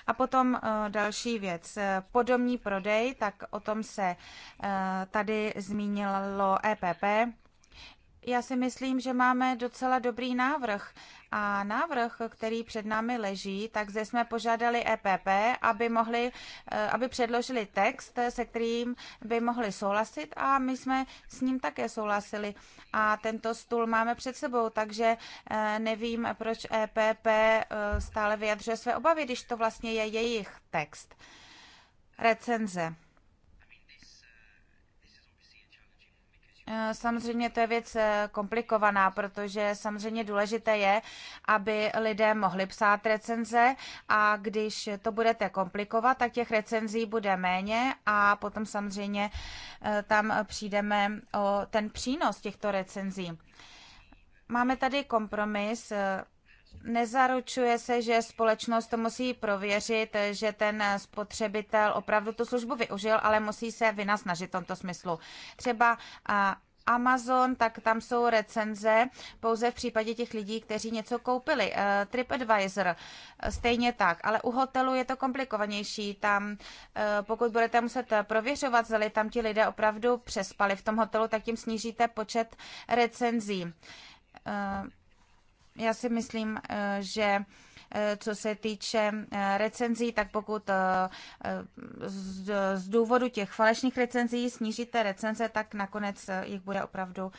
A potom další věc. Podobní prodej, tak o tom se tady zmínilo EPP já si myslím, že máme docela dobrý návrh. A návrh, který před námi leží, tak zde jsme požádali EPP, aby, mohli, eh, aby předložili text, se kterým by mohli souhlasit a my jsme s ním také souhlasili. A tento stůl máme před sebou, takže eh, nevím, proč EPP eh, stále vyjadřuje své obavy, když to vlastně je jejich text. Recenze. Eh, samozřejmě to je věc eh, komplikovaná, protože samozřejmě důležité je, aby lidé mohli psát recenze a když to budete komplikovat, tak těch recenzí bude méně a potom samozřejmě eh, tam přijdeme o ten přínos těchto recenzí. Máme tady kompromis nezaručuje se, že společnost to musí prověřit, že ten spotřebitel opravdu tu službu využil, ale musí se vynasnažit v tomto smyslu. Třeba Amazon, tak tam jsou recenze pouze v případě těch lidí, kteří něco koupili. E, TripAdvisor stejně tak, ale u hotelu je to komplikovanější. Tam, e, pokud budete muset prověřovat, zda tam ti lidé opravdu přespali v tom hotelu, tak tím snížíte počet recenzí e, já si myslím, eh, že Eh, co se týče eh, recenzí, tak pokud eh, z důvodu těch falešných recenzí snížíte recenze, tak nakonec jich bude opravdu,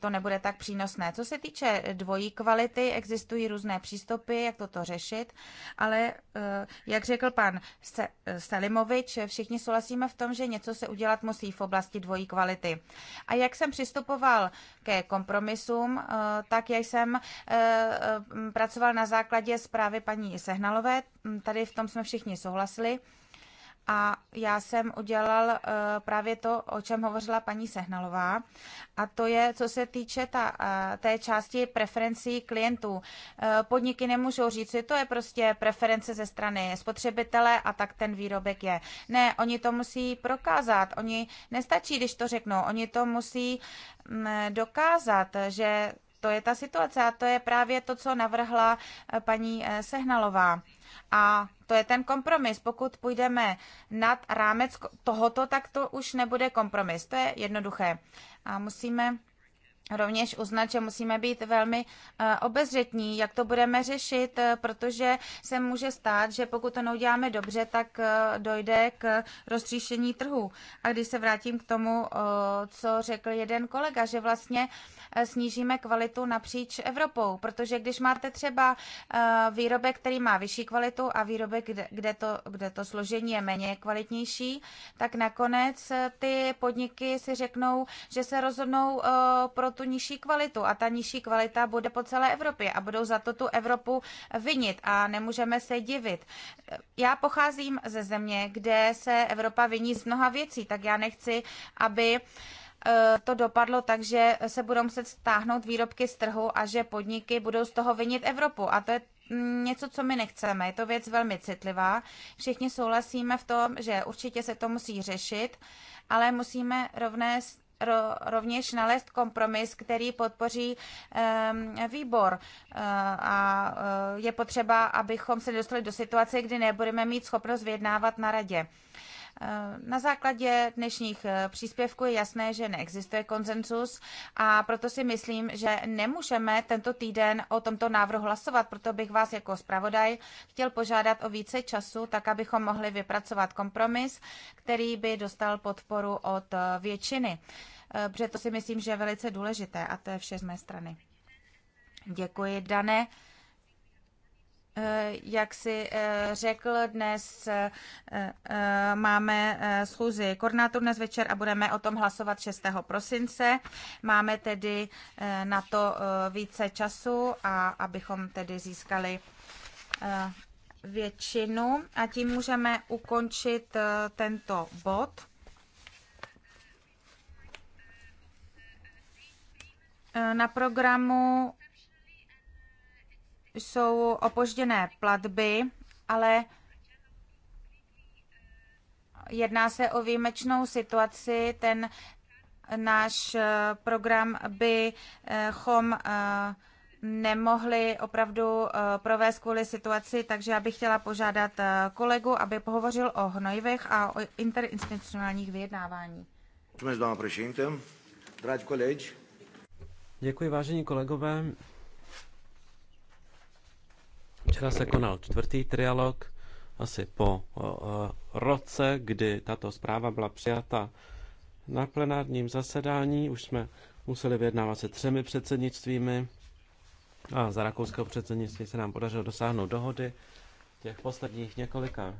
to nebude tak přínosné. Co se týče dvojí kvality, existují různé přístupy, jak toto řešit, ale jak řekl pan Selimovič, všichni souhlasíme v tom, že něco se udělat musí v oblasti dvojí kvality. A jak jsem přistupoval ke kompromisům, tak já jsem pracoval na základě zpráv zprávy paní Sehnalové. Mm, tady v tom jsme všichni souhlasili. A já jsem udělal eh, právě to, o čem hovořila paní Sehnalová, a to je, co se týče ta, eh, té části preferencí klientů. Eh, podniky nemůžou říct, že to je prostě preference ze strany spotřebitele a tak ten výrobek je. Ne, oni to musí prokázat. Oni nestačí, když to řeknou, oni to musí mm, dokázat, že to je ta situace a to je právě to, co navrhla eh, paní eh, Sehnalová. A to je ten kompromis. Pokud půjdeme nad rámec tohoto, tak to už nebude kompromis. To je jednoduché. A musíme rovněž uznat, že musíme být velmi eh, obezřetní, jak to budeme řešit, eh, protože se může stát, že pokud to neuděláme dobře, tak eh, dojde k roztříšení trhu. A když se vrátím k tomu, co řekl jeden kolega, že vlastně snížíme kvalitu napříč Evropou, protože když máte třeba výrobek, který má vyšší kvalitu a výrobek, kde to, kde to složení je méně kvalitnější, tak nakonec ty podniky si řeknou, že se rozhodnou pro tu nižší kvalitu a ta nižší kvalita bude po celé Evropě a budou za to tu Evropu vinit a nemůžeme se divit. Já pocházím ze země, kde se Evropa viní z mnoha věcí, tak já nechci, aby eh, to dopadlo tak, že se budou muset stáhnout výrobky z trhu a že podniky budou z toho vinit Evropu. A to je něco, co my nechceme. Je to věc velmi citlivá. Všichni souhlasíme v tom, že určitě se to musí řešit, ale musíme rovné rovněž nalézt kompromis, který podpoří výbor. E, a e, je potřeba, abychom se dostali do situace, kdy nebudeme mít schopnost vyjednávat na radě. Na základě dnešních eh, příspěvků je jasné, že neexistuje konsenzus a proto si myslím, že nemůžeme tento týden o tomto návrhu hlasovat. Proto bych vás jako zpravodaj chtěl požádat o více času, tak abychom mohli vypracovat kompromis, který by dostal podporu od eh, většiny. Eh, protože to si myslím, že je velice důležité a to je vše z mé strany. Děkuji, Dane. Eh, jak si eh, řekl, dnes eh, máme schůzi koordinátorů dnes večer a budeme o tom hlasovat 6. prosince. Máme tedy na to více času a abychom tedy získali většinu a tím můžeme ukončit tento bod. Na programu jsou opožděné platby, ale jedná se o výjimečnou situaci. Ten náš eh, program bychom eh, eh, nemohli opravdu provést kvůli situaci, takže já bych chtěla požádat kolegu, aby pohovořil o hnojivech a o interinstitucionálních vyjednávání. Děkuji, vážení kolegové. Včera se konal čtvrtý trialog, asi po roce, kdy tato zpráva byla přijata na plenárním zasedání. Už jsme museli vyjednávat se třemi předsednictvími a za rakouského předsednictví se nám podařilo dosáhnout dohody těch posledních několika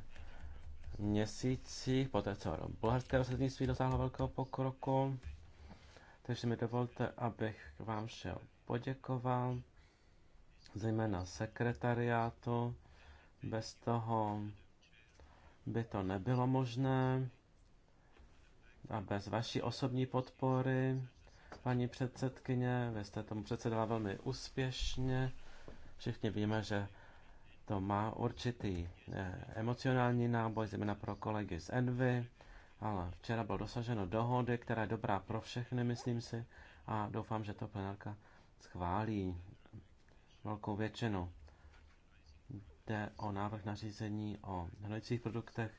měsících, poté co bulharské předsednictví dosáhlo velkého pokroku. Takže mi dovolte, abych vám všem poděkoval zejména sekretariátu. Bez toho by to nebylo možné a bez vaší osobní podpory, paní předsedkyně, vy jste tomu předsedala velmi úspěšně. Všichni víme, že to má určitý eh, emocionální náboj, zejména pro kolegy z Envy, ale včera bylo dosaženo dohody, která je dobrá pro všechny, myslím si, a doufám, že to plenárka schválí velkou většinu. Jde o návrh nařízení o hnojících produktech,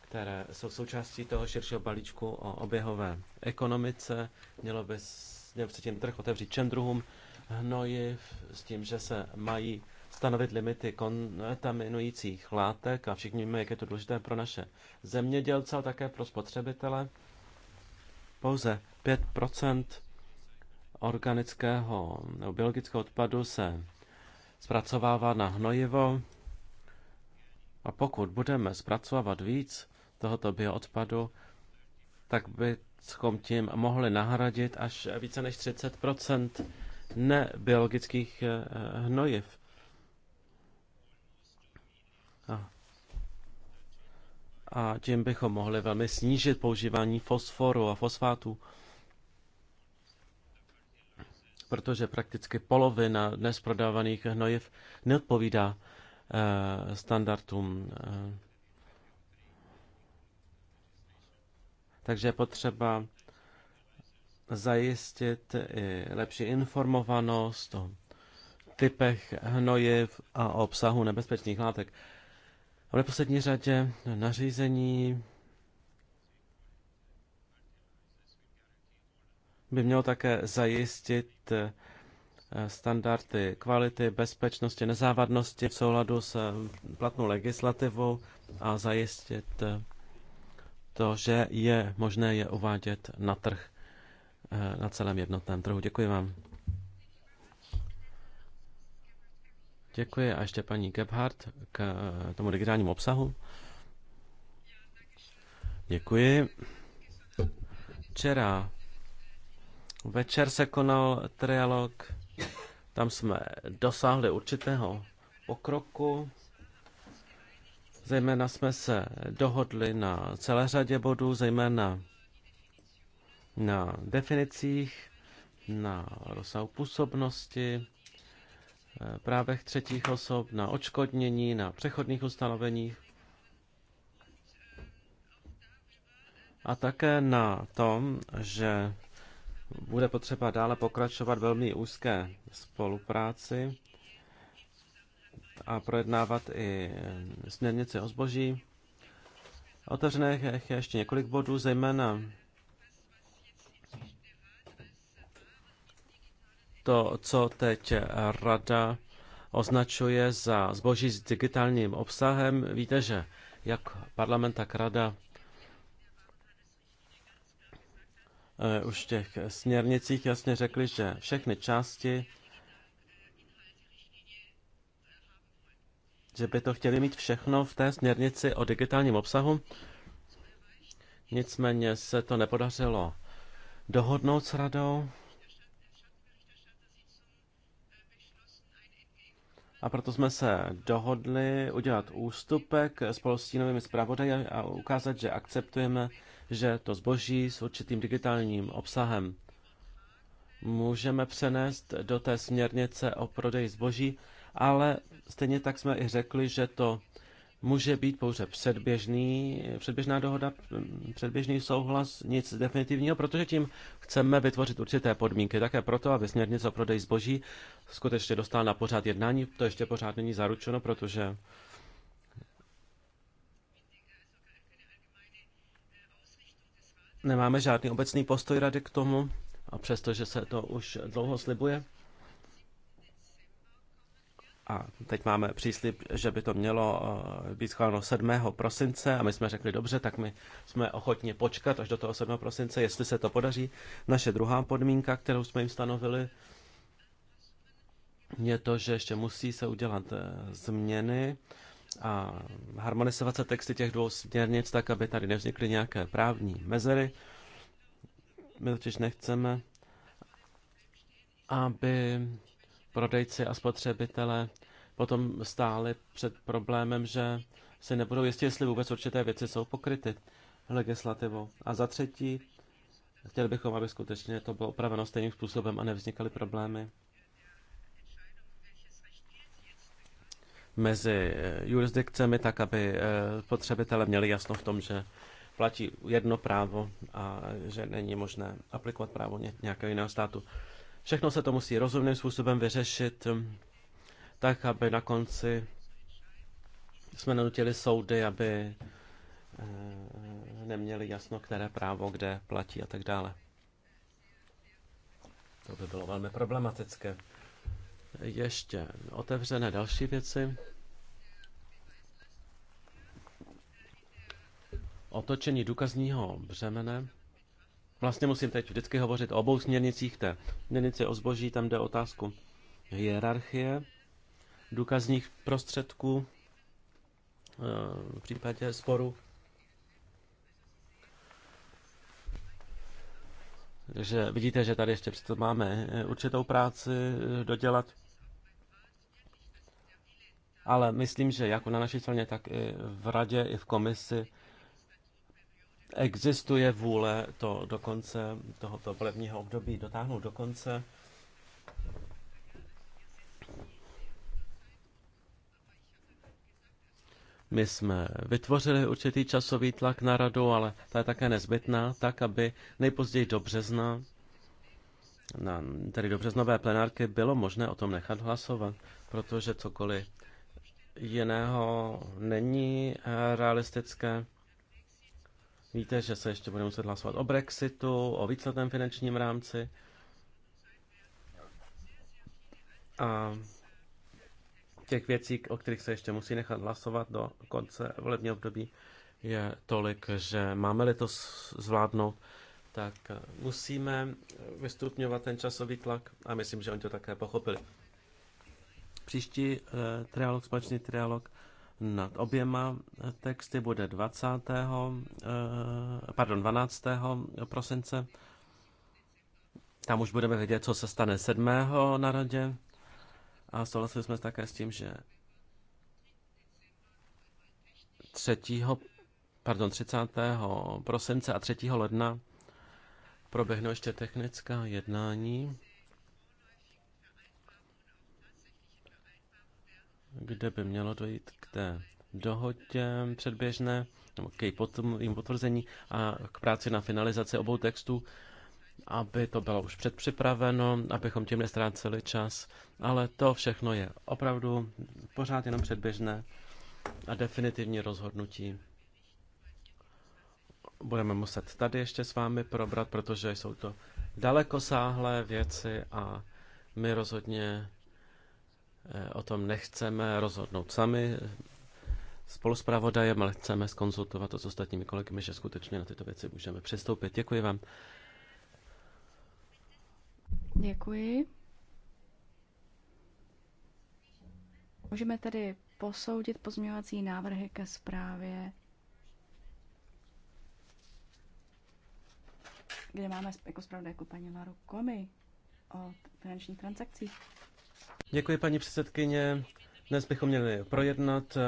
které jsou součástí toho širšího balíčku o oběhové ekonomice. Mělo by, měl se tím trh otevřít čem druhům hnojiv s tím, že se mají stanovit limity kontaminujících látek a všichni víme, jak je to důležité pro naše zemědělce a také pro spotřebitele. Pouze 5 organického nebo biologického odpadu se zpracovává na hnojivo. A pokud budeme zpracovávat víc tohoto bioodpadu, tak bychom tím mohli nahradit až více než 30 nebiologických eh, hnojiv. A, a tím bychom mohli velmi snížit používání fosforu a fosfátu protože prakticky polovina dnes prodávaných hnojiv neodpovídá eh, standardům. Eh. Takže je potřeba zajistit i lepší informovanost o typech hnojiv a o obsahu nebezpečných látek. A v neposlední řadě nařízení by mělo také zajistit eh, standardy kvality, bezpečnosti, nezávadnosti v souladu s eh, platnou legislativou a zajistit eh, to, že je možné je uvádět na trh na celém jednotném trhu. Děkuji vám. Děkuji a ještě paní Gebhardt k tomu digitálnímu obsahu. Děkuji. Včera Večer se konal trialog, tam jsme dosáhli určitého pokroku. Zejména jsme se dohodli na celé řadě bodů, zejména na definicích, na rozsahu působnosti, eh, právech třetích osob, na očkodnění, na přechodných ustanoveních a také na tom, že bude potřeba dále pokračovat velmi úzké spolupráci a projednávat i eh, směrnice o zboží. Otevřených je ještě několik bodů, zejména to, co teď rada označuje za zboží s digitálním obsahem. Víte, že jak parlament, tak rada Eh, už v těch směrnicích jasně řekli, že všechny části, že by to chtěli mít všechno v té směrnici o digitálním obsahu. Nicméně se to nepodařilo dohodnout s radou. A proto jsme se dohodli udělat ústupek spolu s novými zpravodaji a ukázat, že akceptujeme že to zboží s určitým digitálním obsahem můžeme přenést do té směrnice o prodej zboží, ale stejně tak jsme i řekli, že to může být pouze předběžný, předběžná dohoda, předběžný souhlas, nic definitivního, protože tím chceme vytvořit určité podmínky také proto, aby směrnice o prodej zboží skutečně dostala na pořád jednání. To ještě pořád není zaručeno, protože Nemáme žádný obecný postoj rady k tomu, a přestože se to už dlouho slibuje. A teď máme příslip, že by to mělo eh, být schváleno 7. prosince a my jsme řekli dobře, tak my jsme ochotně počkat až do toho 7. prosince, jestli se to podaří. Naše druhá podmínka, kterou jsme jim stanovili, je to, že ještě musí se udělat eh, změny a harmonizovat se texty těch dvou směrnic tak, aby tady nevznikly nějaké právní mezery. My totiž nechceme, aby prodejci a spotřebitelé potom stáli před problémem, že si nebudou jistí, jestli vůbec určité věci jsou pokryty legislativou. A za třetí, chtěli bychom, aby skutečně to bylo upraveno stejným způsobem a nevznikaly problémy mezi eh, jurisdikcemi, tak aby eh, spotřebitele měli jasno v tom, že platí jedno právo a eh, že není možné aplikovat právo nějakého jiného státu. Všechno se to musí rozumným způsobem vyřešit, hm, tak aby na konci jsme nenutili soudy, aby neměli jasno, které právo kde platí a tak dále. To by bylo velmi problematické ještě otevřené další věci. Otočení důkazního břemene. Vlastně musím teď vždycky hovořit o obou směrnicích té. Směrnici o zboží, tam jde otázku hierarchie důkazních prostředků eh, v případě sporu. Takže vidíte, že tady ještě máme určitou práci dodělat ale myslím, že jako na naší straně, tak i v radě, i v komisi existuje vůle to do konce tohoto volebního období dotáhnout do konce. My jsme vytvořili určitý časový tlak na radu, ale ta je také nezbytná, tak aby nejpozději do března, na, tedy do březnové plenárky, bylo možné o tom nechat hlasovat, protože cokoliv jiného není eh, realistické. Víte, že se ještě budeme muset hlasovat o Brexitu, o víceletém finančním rámci. A těch věcí, o kterých se ještě musí nechat hlasovat do konce volebního období, je tolik, že máme-li to zvládnout, tak eh, musíme vystupňovat ten časový tlak a myslím, že oni to také pochopili. Příští eh, trialog, společný trialog nad oběma eh, texty bude 20. Eh, pardon, 12. prosince. Tam už budeme vědět, co se stane 7. na radě. A souhlasili jsme také s tím, že 3. Pardon, 30. prosince a 3. ledna proběhnou ještě technická jednání kde by mělo dojít k té dohodě předběžné, nebo k jejím potvrzení a k práci na finalizaci obou textů, aby to bylo už předpřipraveno, abychom tím nestráceli čas, ale to všechno je opravdu pořád jenom předběžné a definitivní rozhodnutí budeme muset tady ještě s vámi probrat, protože jsou to dalekosáhlé věci a my rozhodně Eh, o tom nechceme rozhodnout sami spolu s pravodajem, ale chceme skonzultovat to s ostatními kolegy, že skutečně na tyto věci můžeme přistoupit. Děkuji vám. Děkuji. Můžeme tedy posoudit pozměňovací návrhy ke zprávě, kde máme jako zpravodajku paní Laru Komi o finančních transakcích. Děkuji, paní předsedkyně. Dnes bychom měli projednat eh,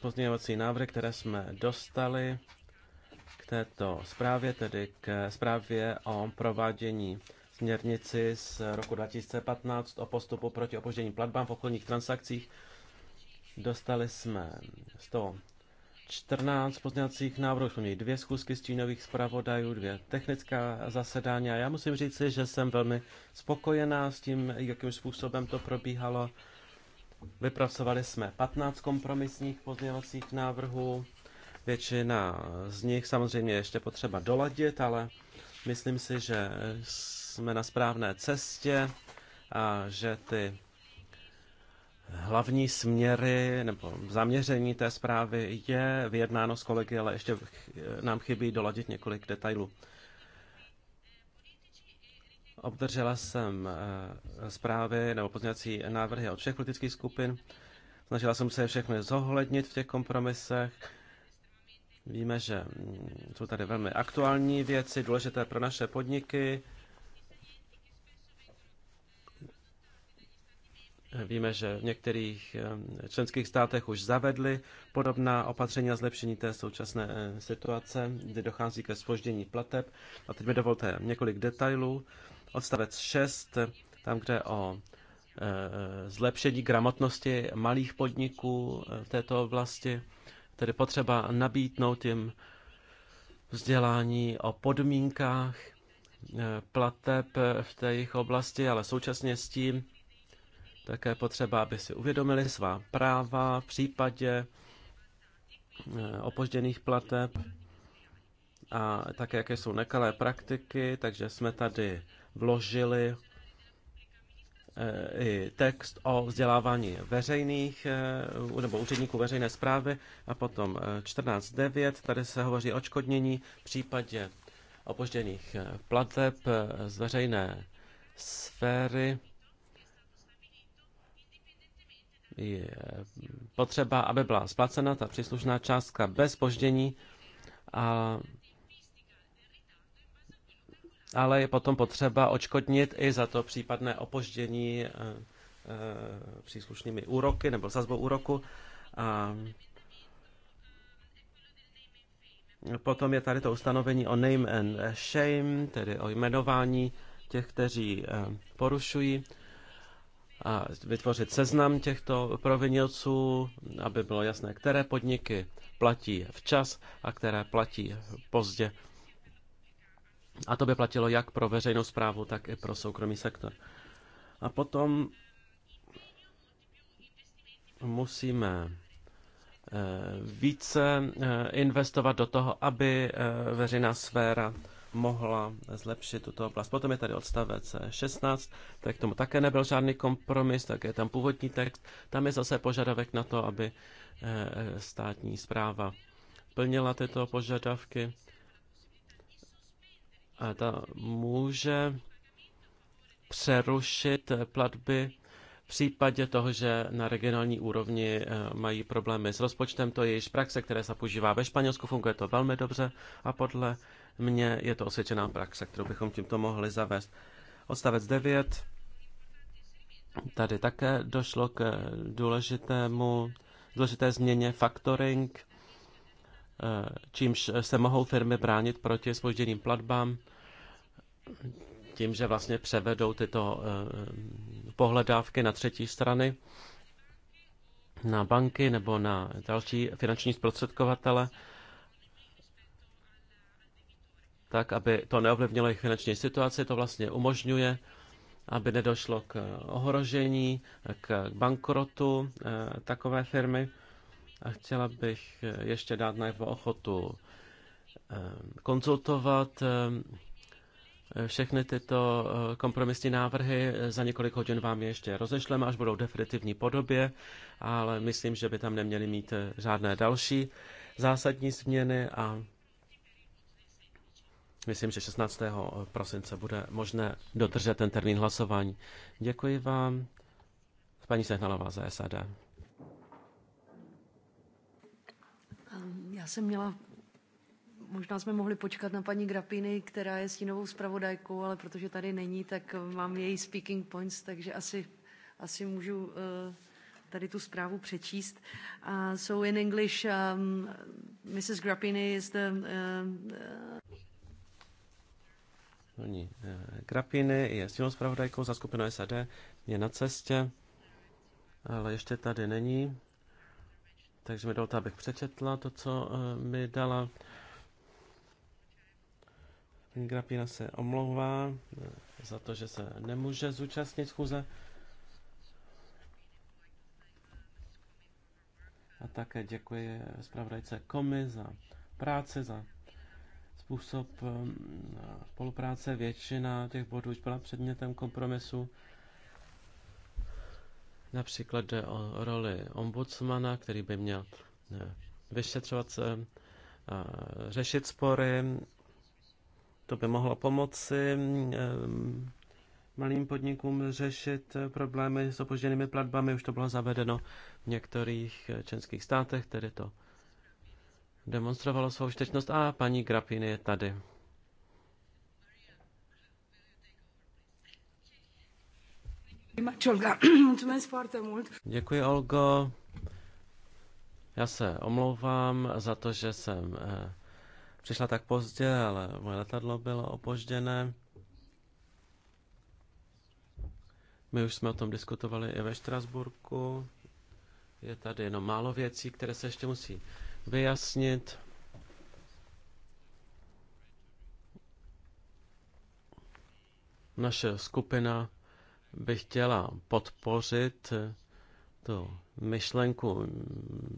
pozměňovací návrhy, které jsme dostali k této zprávě, tedy k zprávě o provádění směrnici z roku 2015 o postupu proti opoždění platbám v obchodních transakcích. Dostali jsme 100 14 pozměňovacích návrhů, jsme měli dvě schůzky stínových zpravodajů, dvě technická zasedání a já musím říct, že jsem velmi spokojená s tím, jakým způsobem to probíhalo. Vypracovali jsme 15 kompromisních pozměňovacích návrhů, většina z nich samozřejmě ještě potřeba doladit, ale myslím si, že jsme na správné cestě a že ty Hlavní směry nebo zaměření té zprávy je vyjednáno s kolegy, ale ještě nám chybí doladit několik detailů. Obdržela jsem eh, zprávy nebo pozněcí návrhy od všech politických skupin. Snažila jsem se je všechny zohlednit v těch kompromisech. Víme, že mm, jsou tady velmi aktuální věci, důležité pro naše podniky. Víme, že v některých eh, členských státech už zavedly podobná opatření na zlepšení té současné eh, situace, kdy dochází ke spoždění plateb. A teď mi dovolte několik detailů. Odstavec 6, tam, kde o eh, zlepšení gramotnosti malých podniků v této oblasti, tedy potřeba nabídnout jim vzdělání o podmínkách plateb v té jejich oblasti, ale současně s tím také potřeba, aby si uvědomili svá práva v případě eh, opožděných plateb a také, jaké jsou nekalé praktiky, takže jsme tady vložili eh, i text o vzdělávání veřejných eh, nebo úředníků veřejné zprávy a potom 14.9. Tady se hovoří o odškodnění v případě opožděných plateb z veřejné sféry. je potřeba, aby byla splacena ta příslušná částka bez poždění, a, ale je potom potřeba očkodnit i za to případné opoždění eh, eh, příslušnými úroky nebo sazbou úroku. A potom je tady to ustanovení o name and shame, tedy o jmenování těch, kteří eh, porušují a vytvořit seznam těchto provinělců, aby bylo jasné, které podniky platí včas a které platí pozdě. A to by platilo jak pro veřejnou zprávu, tak i pro soukromý sektor. A potom musíme eh, více eh, investovat do toho, aby eh, veřejná sféra mohla zlepšit tuto oblast. Potom je tady odstavec 16, tak tomu také nebyl žádný kompromis, tak je tam původní text. Tam je zase požadavek na to, aby eh, státní zpráva plnila tyto požadavky. A ta může přerušit platby v případě toho, že na regionální úrovni eh, mají problémy s rozpočtem, to je již praxe, které se používá ve Španělsku, funguje to velmi dobře a podle mně je to osvědčená praxe, kterou bychom tímto mohli zavést. Odstavec 9. Tady také došlo k důležitému, důležité změně factoring, eh, čímž se mohou firmy bránit proti spožděným platbám, tím, že vlastně převedou tyto eh, pohledávky na třetí strany, na banky nebo na další finanční zprostředkovatele tak aby to neovlivnilo jejich finanční situaci. To vlastně umožňuje, aby nedošlo k ohrožení, k bankrotu eh, takové firmy. A chtěla bych eh, ještě dát najevo ochotu eh, konzultovat všechny tyto kompromisní návrhy. Za několik hodin vám je ještě rozešleme, až budou v definitivní podobě, ale myslím, že by tam neměly mít žádné další zásadní změny a Myslím, že 16. Eh, prosince bude možné dodržet ten termín hlasování. Děkuji vám, paní Sehnalová za SAD. Ehm, já jsem měla možná jsme mohli počkat na paní Grapiny, která je stínovou zpravodajkou, ale protože tady není, tak eh, mám její speaking points, takže asi, asi můžu eh, tady tu zprávu přečíst. Uh, so in English, um, ehm, Mrs. Grappini is the... Uh, uh, Paní eh, Grapiny je stínou zpravodajkou za skupinu SAD, je na cestě, ale ještě tady není. Takže mi dovolte, abych přečetla to, co eh, mi dala. Paní Grapina se omlouvá eh, za to, že se nemůže zúčastnit schůze. A také děkuji zpravodajce Komi za práci, za způsob eh, spolupráce. Většina těch bodů už byla předmětem kompromisu. Například jde o roli ombudsmana, který by měl eh, vyšetřovat se, eh, řešit spory. To by mohlo pomoci malým podnikům řešit problémy s opožděnými platbami. Už to bylo zavedeno v některých členských státech, tedy to demonstrovalo svou štečnost. A paní Grapin je tady. Děkuji, Olgo. Já se omlouvám za to, že jsem eh, přišla tak pozdě, ale moje letadlo bylo opožděné. My už jsme o tom diskutovali i ve Štrasburku. Je tady jenom málo věcí, které se ještě musí vyjasnit. Naše skupina by chtěla podpořit tu myšlenku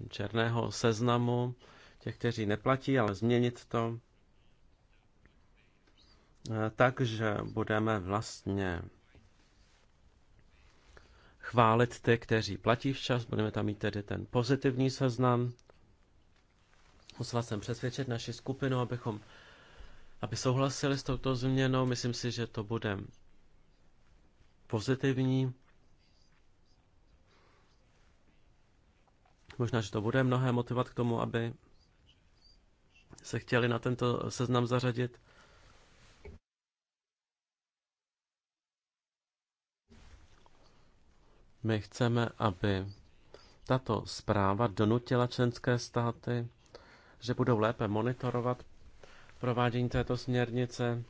černého seznamu těch, kteří neplatí, ale změnit to tak, že budeme vlastně chválit ty, kteří platí včas, budeme tam mít tedy ten pozitivní seznam Musela jsem přesvědčit naši skupinu, abychom aby souhlasili s touto změnou. Myslím si, že to bude pozitivní. Možná, že to bude mnohé motivovat k tomu, aby se chtěli na tento seznam zařadit. My chceme, aby tato zpráva donutila členské státy že budou lépe monitorovat provádění této směrnice.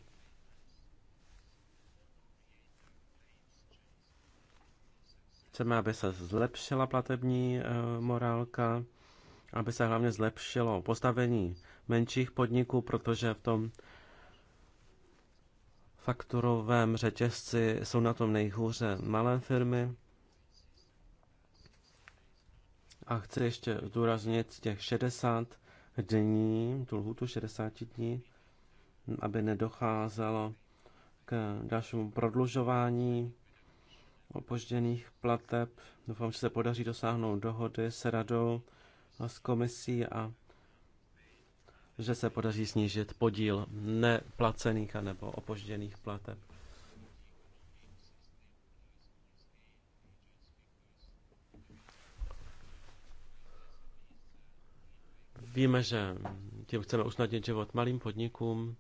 Chceme, aby se zlepšila platební eh, morálka, aby se hlavně zlepšilo postavení menších podniků, protože v tom fakturovém řetězci jsou na tom nejhůře malé firmy. A chci ještě zdůraznit těch 60 dní, tu lhutu 60 dní, aby nedocházelo k dalšímu prodlužování opožděných plateb. Doufám, že se podaří dosáhnout dohody s radou a s komisí a že se podaří snížit podíl neplacených nebo opožděných plateb. Víme, že tím chceme usnadnit život malým podnikům,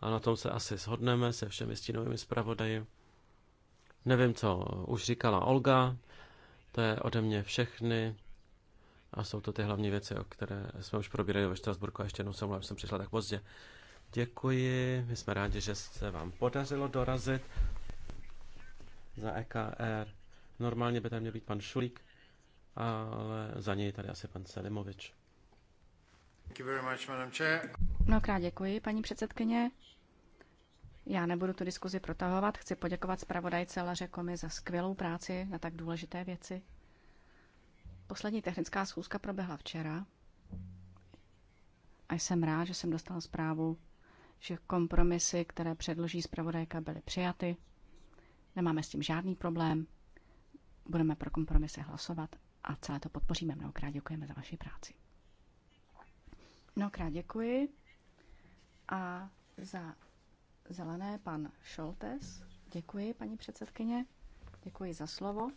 a na tom se asi shodneme se všemi stínovými zpravodaji. Nevím, co už říkala Olga, to je ode mě všechny a jsou to ty hlavní věci, o které jsme už probírali ve Štrasburku a ještě jednou se omlouvám, že jsem přišla tak pozdě. Děkuji, my jsme rádi, že se vám podařilo dorazit za EKR. Normálně by tam měl být pan Šulík, ale za něj tady asi pan Selimovič. Mnohokrát děkuji, paní předsedkyně. Já nebudu tu diskuzi protahovat. Chci poděkovat zpravodajce Laře Komi za skvělou práci na tak důležité věci. Poslední technická schůzka proběhla včera a jsem rád, že jsem dostal zprávu, že kompromisy, které předloží zpravodajka, byly přijaty. Nemáme s tím žádný problém budeme pro kompromisy hlasovat a celé to podpoříme. Mnohokrát děkujeme za vaši práci. Mnohokrát děkuji a za zelené pan Šoltes. Děkuji, paní předsedkyně. Děkuji za slovo.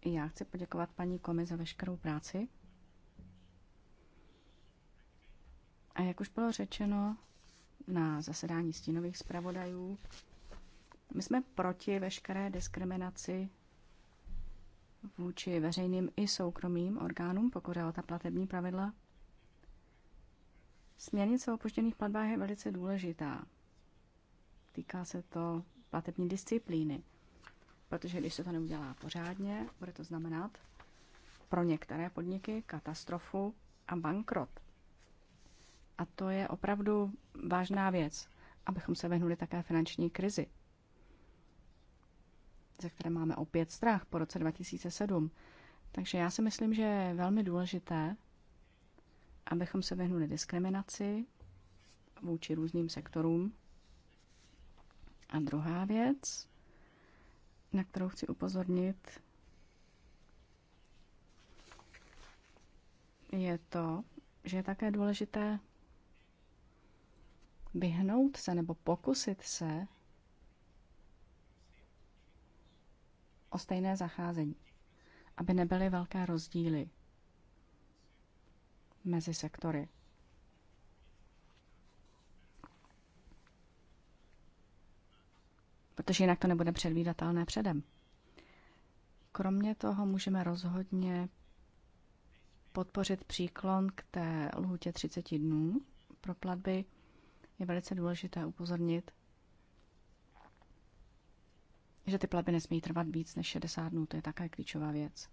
I já chci poděkovat paní Komi za veškerou práci. A jak už bylo řečeno na zasedání stínových zpravodajů, my jsme proti veškeré diskriminaci vůči veřejným i soukromým orgánům, pokud je o ta platební pravidla. Směrnice o opožděných platbách je velice důležitá. Týká se to platební disciplíny, protože když se to neudělá pořádně, bude to znamenat pro některé podniky katastrofu a bankrot. A to je opravdu vážná věc, abychom se vyhnuli také finanční krizi ze které máme opět strach po roce 2007. Takže já si myslím, že je velmi důležité, abychom se vyhnuli diskriminaci vůči různým sektorům. A druhá věc, na kterou chci upozornit, je to, že je také důležité vyhnout se nebo pokusit se o stejné zacházení, aby nebyly velké rozdíly mezi sektory. Protože jinak to nebude předvídatelné předem. Kromě toho můžeme rozhodně podpořit příklon k té lhutě 30 dnů pro platby. Je velice důležité upozornit, že ty platby nesmí trvat víc než 60 dnů. To je také klíčová věc.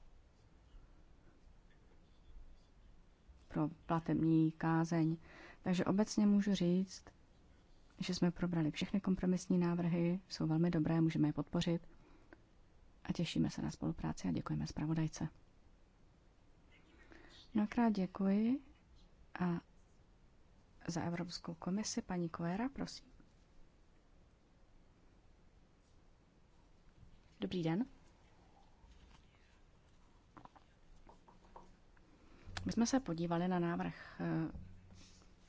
Pro platební kázeň. Takže obecně můžu říct, že jsme probrali všechny kompromisní návrhy, jsou velmi dobré, můžeme je podpořit a těšíme se na spolupráci a děkujeme zpravodajce. Mnohokrát děkuji a za Evropskou komisi paní Koera, prosím. Dobrý den. My jsme se podívali na návrh eh,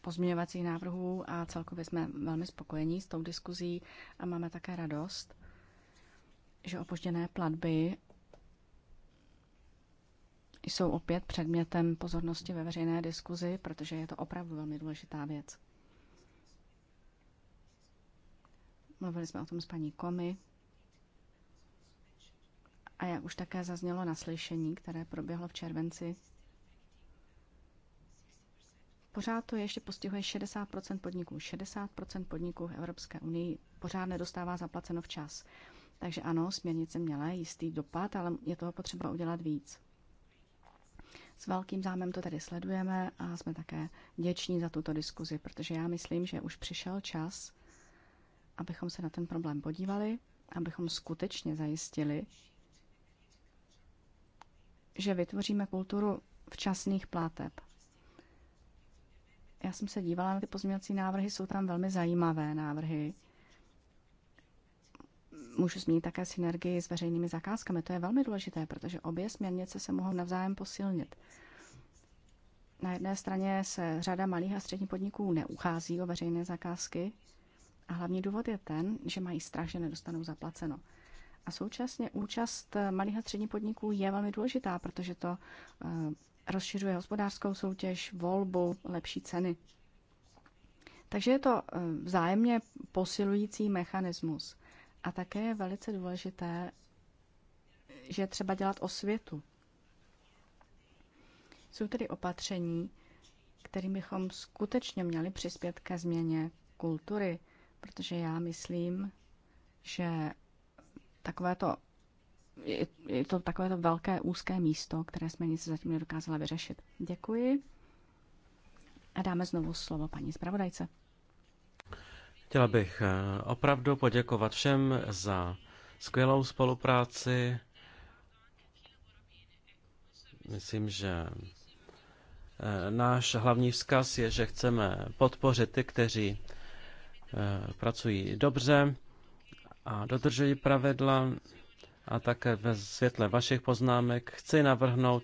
pozměňovacích návrhů a celkově jsme velmi spokojení s tou diskuzí a máme také radost, že opožděné platby jsou opět předmětem pozornosti ve veřejné diskuzi, protože je to opravdu velmi důležitá věc. Mluvili jsme o tom s paní Komi, a jak už také zaznělo na slyšení, které proběhlo v červenci, pořád to ještě postihuje 60 podniků. 60 podniků v Evropské unii pořád nedostává zaplaceno včas. Takže ano, směrnice měla jistý dopad, ale je toho potřeba udělat víc. S velkým zájmem to tady sledujeme a jsme také vděční za tuto diskuzi, protože já myslím, že už přišel čas, abychom se na ten problém podívali, abychom skutečně zajistili, že vytvoříme kulturu včasných pláteb. Já jsem se dívala na ty pozměňovací návrhy, jsou tam velmi zajímavé návrhy. Můžu zmínit také synergii s veřejnými zakázkami. To je velmi důležité, protože obě směrnice se mohou navzájem posilnit. Na jedné straně se řada malých a středních podniků neuchází o veřejné zakázky a hlavní důvod je ten, že mají strach, že nedostanou zaplaceno. A současně účast eh, malých a středních podniků je velmi důležitá, protože to eh, rozšiřuje hospodářskou soutěž, volbu, lepší ceny. Takže je to eh, vzájemně posilující mechanismus. A také je velice důležité, že třeba dělat osvětu. Jsou tedy opatření, kterým bychom skutečně měli přispět ke změně kultury, protože já myslím, že Takové je, je to takové to velké úzké místo, které jsme nic zatím nedokázali vyřešit. Děkuji. A dáme znovu slovo paní zpravodajce. Chtěla bych eh, opravdu poděkovat všem za skvělou spolupráci. Myslím, že eh, náš hlavní vzkaz je, že chceme podpořit ty, kteří eh, pracují dobře a dodržují pravidla a také ve světle vašich poznámek chci navrhnout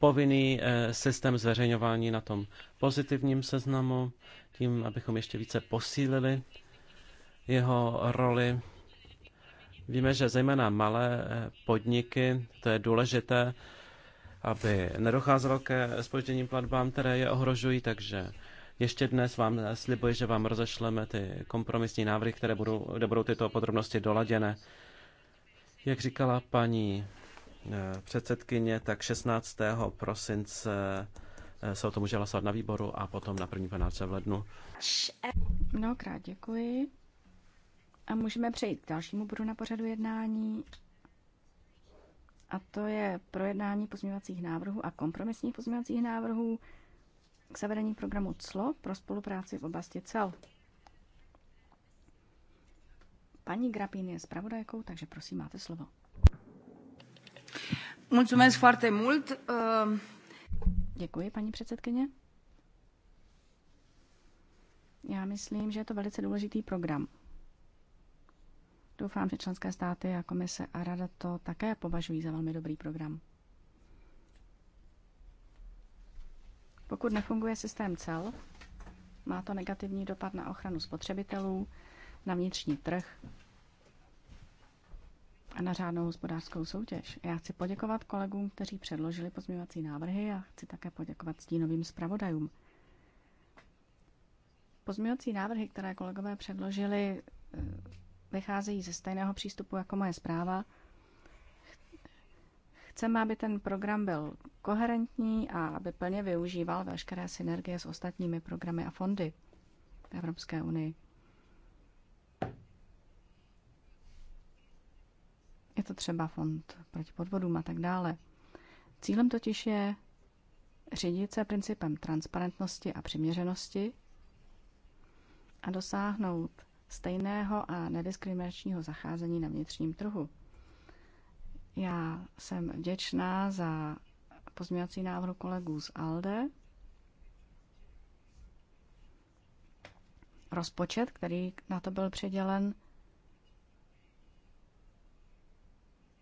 povinný eh, systém zveřejňování na tom pozitivním seznamu, tím, abychom ještě více posílili jeho roli. Víme, že zejména malé eh, podniky, to je důležité, aby nedocházelo ke spožděním platbám, které je ohrožují, takže ještě dnes vám slibuji, že vám rozešleme ty kompromisní návrhy, které budou, kde budou tyto podrobnosti doladěné. Jak říkala paní eh, předsedkyně, tak 16. prosince eh, se o tom může hlasovat na výboru a potom na první panáce v lednu. Mnohokrát děkuji. A můžeme přejít k dalšímu bodu na pořadu jednání. A to je projednání pozměňovacích návrhů a kompromisních pozměňovacích návrhů k zavedení programu CLO pro spolupráci v oblasti cel. Paní Grapín je zpravodajkou, takže prosím, máte slovo. Mulțumesc foarte mult. Děkuji, paní předsedkyně. Já myslím, že je to velice důležitý program. Doufám, že členské státy a komise a rada to také považují za velmi dobrý program. Pokud nefunguje systém cel, má to negativní dopad na ochranu spotřebitelů, na vnitřní trh a na řádnou hospodářskou soutěž. Já chci poděkovat kolegům, kteří předložili pozměňovací návrhy a chci také poděkovat stínovým zpravodajům. Pozměňovací návrhy, které kolegové předložili, eh, vycházejí ze stejného přístupu jako moje zpráva – Chceme, aby ten program byl koherentní a aby plně využíval veškeré synergie s ostatními programy a fondy v Evropské unii. Je to třeba fond proti podvodům a tak dále. Cílem totiž je řídit se principem transparentnosti a přiměřenosti a dosáhnout stejného a nediskriminačního zacházení na vnitřním trhu. Já jsem vděčná za pozměňovací návrh kolegů z ALDE. Rozpočet, který na to byl předělen,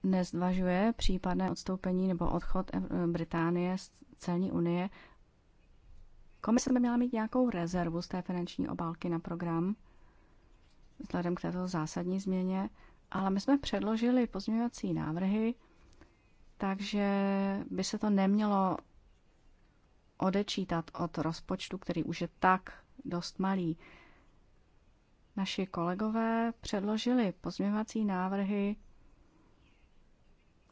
nezvažuje případné odstoupení nebo odchod Británie z celní unie. Komise by měla mít nějakou rezervu z té finanční obálky na program, vzhledem k této zásadní změně. Ale my jsme předložili pozměňovací návrhy, takže by se to nemělo odečítat od rozpočtu, který už je tak dost malý. Naši kolegové předložili pozměňovací návrhy,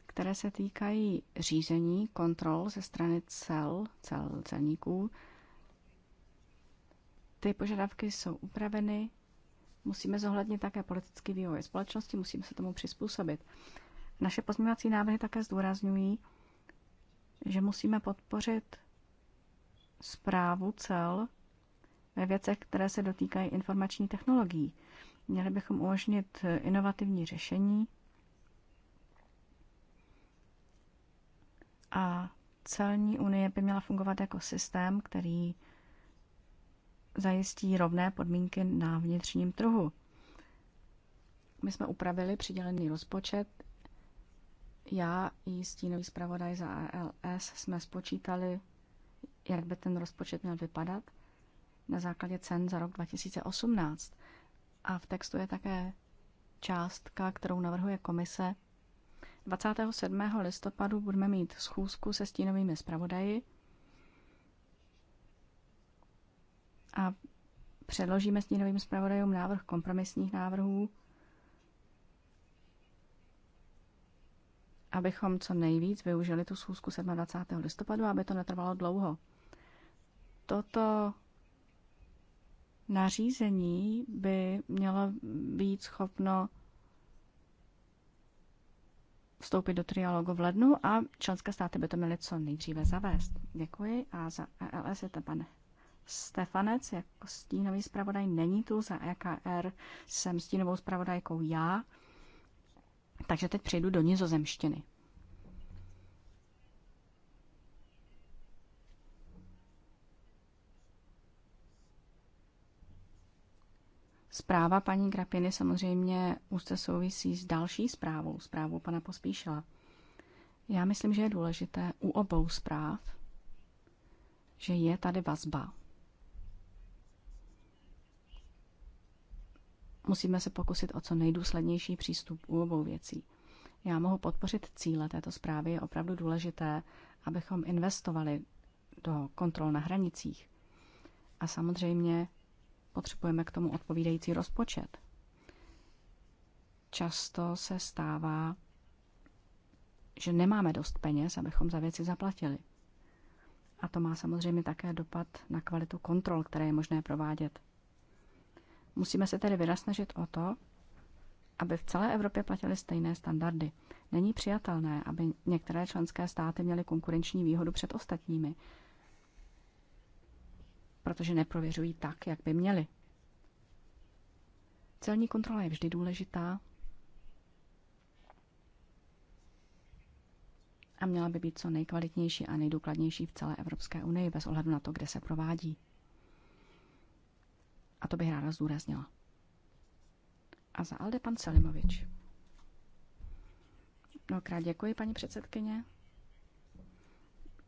které se týkají řízení, kontrol ze strany cel, cel celníků. Ty požadavky jsou upraveny Musíme zohlednit také politický vývoj společnosti, musíme se tomu přizpůsobit. Naše pozměňovací návrhy také zdůrazňují, že musíme podpořit zprávu cel ve věcech, které se dotýkají informační technologií. Měli bychom umožnit inovativní řešení a celní unie by měla fungovat jako systém, který zajistí rovné podmínky na vnitřním trhu. My jsme upravili přidělený rozpočet. Já i stínový zpravodaj za ALS jsme spočítali, jak by ten rozpočet měl vypadat na základě cen za rok 2018. A v textu je také částka, kterou navrhuje komise. 27. listopadu budeme mít schůzku se stínovými zpravodaji a předložíme stínovým zpravodajům návrh kompromisních návrhů, abychom co nejvíc využili tu schůzku 27. listopadu, aby to netrvalo dlouho. Toto nařízení by mělo být schopno vstoupit do trialogu v lednu a členské státy by to měly co nejdříve zavést. Děkuji a za ELS je to pane. Stefanec jako stínový zpravodaj není tu za EKR, jsem stínovou zpravodajkou já, takže teď přejdu do nizozemštiny. Zpráva paní Grapiny samozřejmě úzce souvisí s další zprávou, zprávou pana Pospíšila. Já myslím, že je důležité u obou zpráv, že je tady vazba Musíme se pokusit o co nejdůslednější přístup u obou věcí. Já mohu podpořit cíle této zprávy. Je opravdu důležité, abychom investovali do kontrol na hranicích. A samozřejmě potřebujeme k tomu odpovídající rozpočet. Často se stává, že nemáme dost peněz, abychom za věci zaplatili. A to má samozřejmě také dopad na kvalitu kontrol, které je možné provádět. Musíme se tedy vynasnažit o to, aby v celé Evropě platily stejné standardy. Není přijatelné, aby některé členské státy měly konkurenční výhodu před ostatními, protože neprověřují tak, jak by měly. Celní kontrola je vždy důležitá a měla by být co nejkvalitnější a nejdůkladnější v celé Evropské unii, bez ohledu na to, kde se provádí. A to bych ráda zdůraznila. A za Alde pan Selimovič. Mnohokrát děkuji, paní předsedkyně.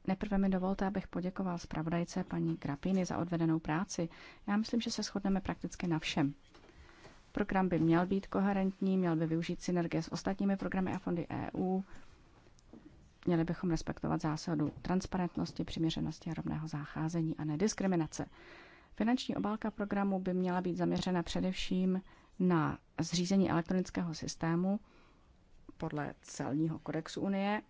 Neprve mi dovolte, abych poděkoval zpravodajce paní Grapiny za odvedenou práci. Já myslím, že se shodneme prakticky na všem. Program by měl být koherentní, měl by využít synergie s ostatními programy a fondy EU. Měli bychom respektovat zásadu transparentnosti, přiměřenosti a rovného zacházení a nediskriminace. Finanční obálka programu by měla být zaměřena především na zřízení elektronického systému podle celního kodexu Unie.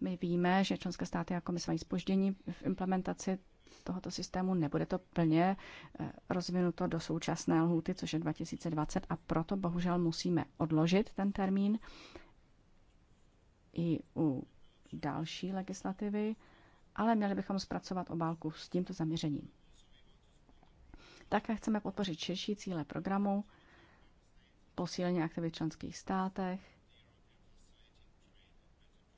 My víme, že členské státy jako my mají spoždění v implementaci tohoto systému, nebude to plně eh, rozvinuto do současné lhůty, což je 2020, a proto bohužel musíme odložit ten termín i u další legislativy, ale měli bychom zpracovat obálku s tímto zaměřením. Také chceme podpořit širší cíle programu, posílení aktivit v členských státech,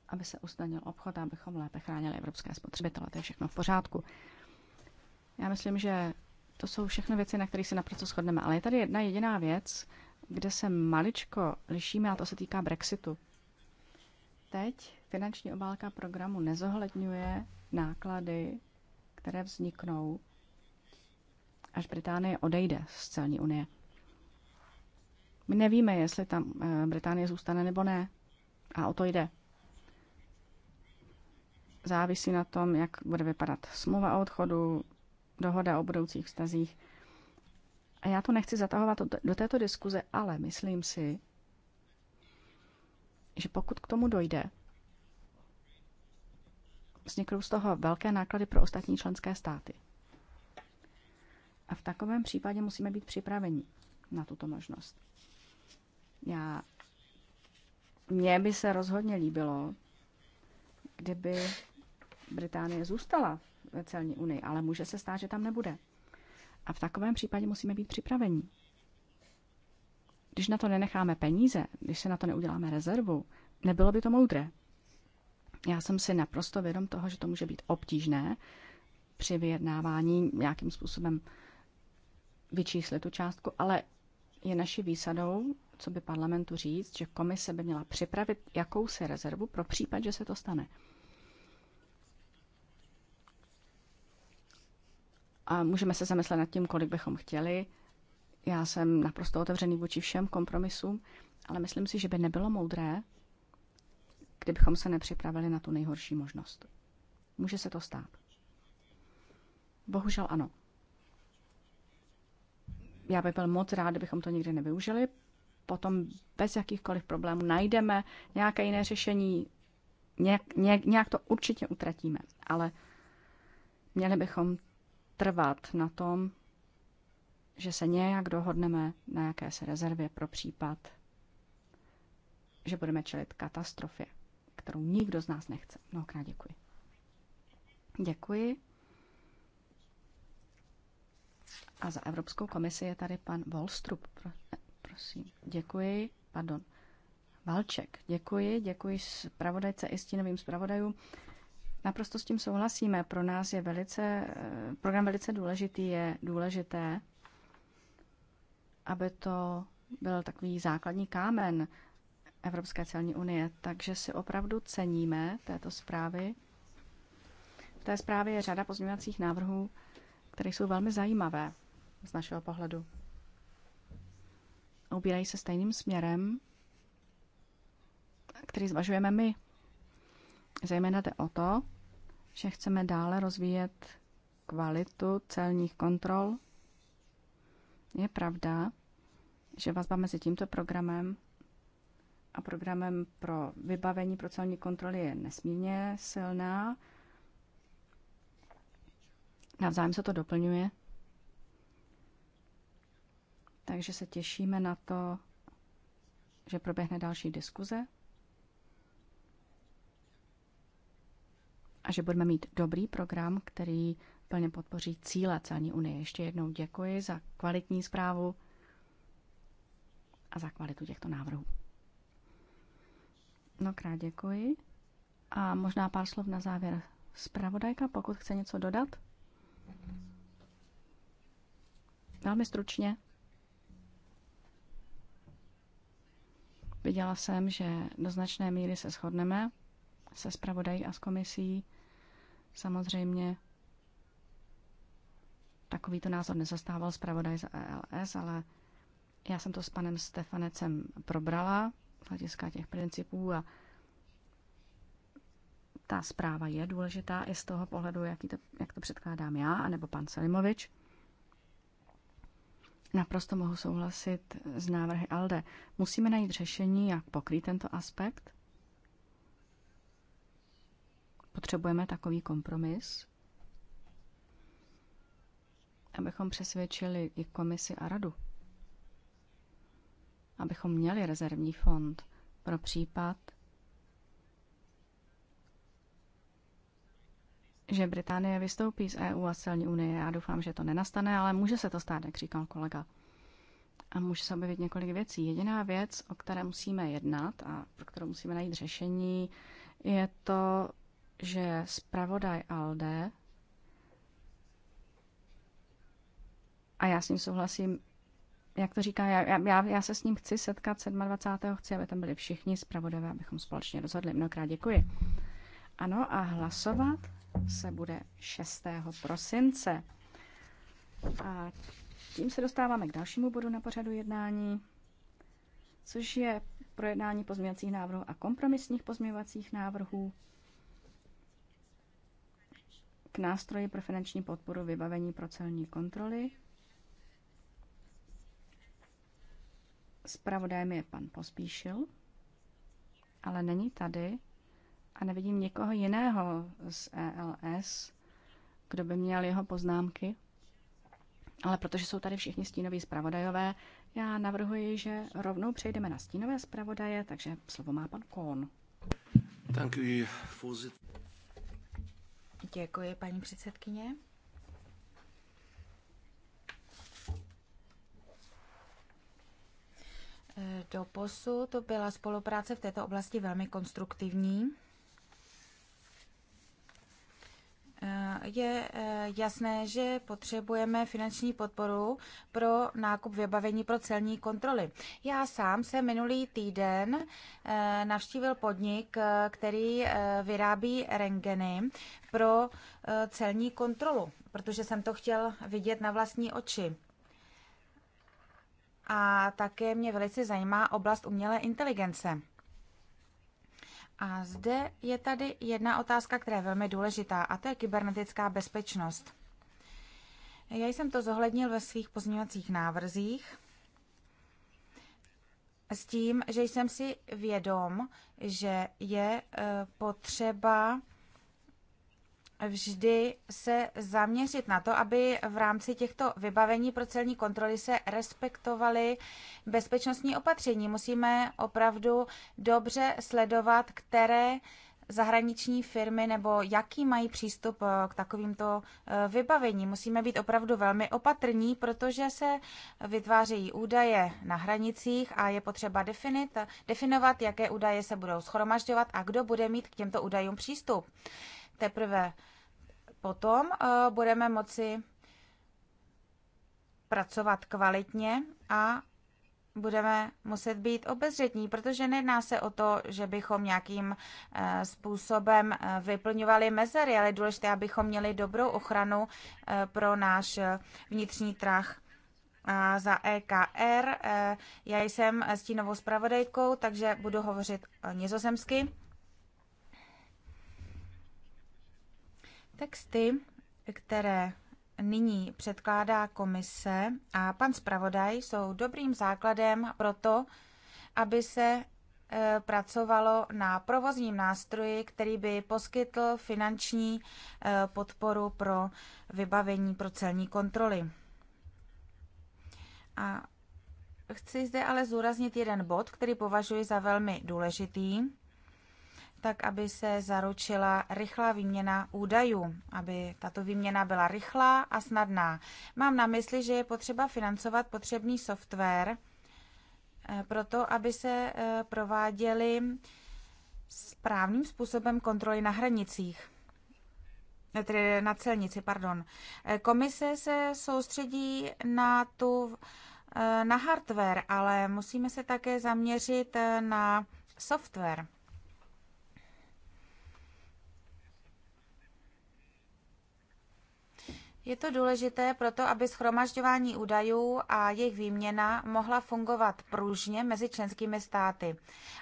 aby se usnadnil obchod a abychom lépe chránili evropské spotřebitele. To je všechno v pořádku. Já myslím, že to jsou všechny věci, na kterých se naprosto shodneme. Ale je tady jedna jediná věc, kde se maličko lišíme, a to se týká Brexitu. Teď finanční obálka programu nezohledňuje náklady, které vzniknou až Británie odejde z celní unie. My nevíme, jestli tam eh, Británie zůstane nebo ne. A o to jde. Závisí na tom, jak bude vypadat smlouva o odchodu, dohoda o budoucích vztazích. A já to nechci zatahovat do této diskuze, ale myslím si, že pokud k tomu dojde, vzniknou z toho velké náklady pro ostatní členské státy. A v takovém případě musíme být připraveni na tuto možnost. Já, mně by se rozhodně líbilo, kdyby Británie zůstala ve celní unii, ale může se stát, že tam nebude. A v takovém případě musíme být připraveni. Když na to nenecháme peníze, když se na to neuděláme rezervu, nebylo by to moudré. Já jsem si naprosto vědom toho, že to může být obtížné při vyjednávání nějakým způsobem vyčíslit tu částku, ale je naší výsadou, co by parlamentu říct, že komise by měla připravit jakousi rezervu pro případ, že se to stane. A můžeme se zamyslet nad tím, kolik bychom chtěli. Já jsem naprosto otevřený vůči všem kompromisům, ale myslím si, že by nebylo moudré, kdybychom se nepřipravili na tu nejhorší možnost. Může se to stát. Bohužel ano. Já bych byl moc rád, kdybychom to nikdy nevyužili. Potom bez jakýchkoliv problémů najdeme nějaké jiné řešení, nějak, nějak, nějak to určitě utratíme, ale měli bychom trvat na tom, že se nějak dohodneme na jaké se rezervě pro případ, že budeme čelit katastrofě, kterou nikdo z nás nechce. Mnohokrát děkuji. Děkuji. A za Evropskou komisi je tady pan Volstrup. Pro, prosím, děkuji. Pardon. Valček, děkuji. Děkuji zpravodajce i stínovým zpravodajům. Naprosto s tím souhlasíme. Pro nás je velice, eh, program velice důležitý, je důležité, aby to byl takový základní kámen Evropské celní unie. Takže si opravdu ceníme této zprávy. V té zprávě je řada pozměňovacích návrhů, které jsou velmi zajímavé z našeho pohledu. Ubírají se stejným směrem, který zvažujeme my. Zejména jde o to, že chceme dále rozvíjet kvalitu celních kontrol. Je pravda, že vazba mezi tímto programem a programem pro vybavení pro celní kontroly je nesmírně silná. Navzájem se to doplňuje. Takže se těšíme na to, že proběhne další diskuze a že budeme mít dobrý program, který plně podpoří cíle celní unie. Ještě jednou děkuji za kvalitní zprávu a za kvalitu těchto návrhů. Mnohokrát děkuji. A možná pár slov na závěr. Spravodajka, pokud chce něco dodat? Velmi stručně. Viděla jsem, že do značné míry se shodneme se zpravodají a s komisí. Samozřejmě takovýto názor nezastával zpravodaj za ELS, ale já jsem to s panem Stefanecem probrala z hlediska těch principů a ta zpráva je důležitá i z toho pohledu, jaký to, jak to předkládám já, anebo pan Selimovič. Naprosto mohu souhlasit s návrhy ALDE. Musíme najít řešení, jak pokrýt tento aspekt. Potřebujeme takový kompromis, abychom přesvědčili i komisi a radu. Abychom měli rezervní fond pro případ, že Británie vystoupí z EU a celní unie. Já doufám, že to nenastane, ale může se to stát, jak říkal kolega. A může se objevit několik věcí. Jediná věc, o které musíme jednat a pro kterou musíme najít řešení, je to, že zpravodaj Alde, a já s ním souhlasím, jak to říká, já, já, já se s ním chci setkat 27. chci, aby tam byli všichni zpravodové, abychom společně rozhodli. Mnohokrát děkuji. Ano, a hlasovat se bude 6. prosince. A tím se dostáváme k dalšímu bodu na pořadu jednání, což je projednání pozměňovacích návrhů a kompromisních pozměňovacích návrhů k nástroji pro finanční podporu vybavení pro celní kontroly. Spravodajem je pan Pospíšil, ale není tady a nevidím někoho jiného z ELS, kdo by měl jeho poznámky. Ale protože jsou tady všichni stínoví zpravodajové, já navrhuji, že rovnou přejdeme na stínové zpravodaje, takže slovo má pan Kohn. Děkuji, paní předsedkyně. Do posud byla spolupráce v této oblasti velmi konstruktivní. Je eh, jasné, že potřebujeme finanční podporu pro nákup vybavení pro celní kontroly. Já sám jsem minulý týden eh, navštívil podnik, eh, který vyrábí rengeny pro celní kontrolu, protože jsem to chtěl vidět na vlastní oči. A také mě velice zajímá oblast umělé inteligence. A zde je tady jedna otázka, která je velmi důležitá, a to je kybernetická bezpečnost. Já jsem to zohlednil ve svých pozměňovacích návrzích s tím, že jsem si vědom, že je e, potřeba vždy se zaměřit na to, aby v rámci těchto vybavení pro celní kontroly se respektovaly bezpečnostní opatření. Musíme opravdu dobře sledovat, které zahraniční firmy nebo jaký mají přístup eh, k takovýmto eh, vybavení. Musíme být opravdu velmi opatrní, protože se vytvářejí údaje na hranicích a je potřeba definit, definovat, jaké údaje se budou schromažďovat a kdo bude mít k těmto údajům přístup. Teprve potom eh, budeme moci pracovat kvalitně a budeme muset být obezřetní, protože nejedná se o to, že bychom nějakým eh, způsobem eh, vyplňovali mezery, ale důležité, abychom měli dobrou ochranu pro náš vnitřní trh. A za EKR já jsem stínovou zpravodajkou, takže budu hovořit nizozemsky. Texty, které nyní předkládá komise a pan zpravodaj jsou dobrým základem pro to, aby se e, pracovalo na provozním nástroji, který by poskytl finanční e, podporu pro vybavení pro celní kontroly. A chci zde ale zúraznit jeden bod, který považuji za velmi důležitý tak aby se zaručila rychlá výměna údajů, aby tato výměna byla rychlá a snadná. Mám na mysli, že je potřeba financovat potřebný software, eh, proto aby se eh, prováděly správným způsobem kontroly na hranicích eh, tedy na celnici, pardon. Komise se soustředí na tu na hardware, ale musíme se také zaměřit na software. Je to důležité proto, aby schromažďování údajů a jejich výměna mohla fungovat pružně mezi členskými státy.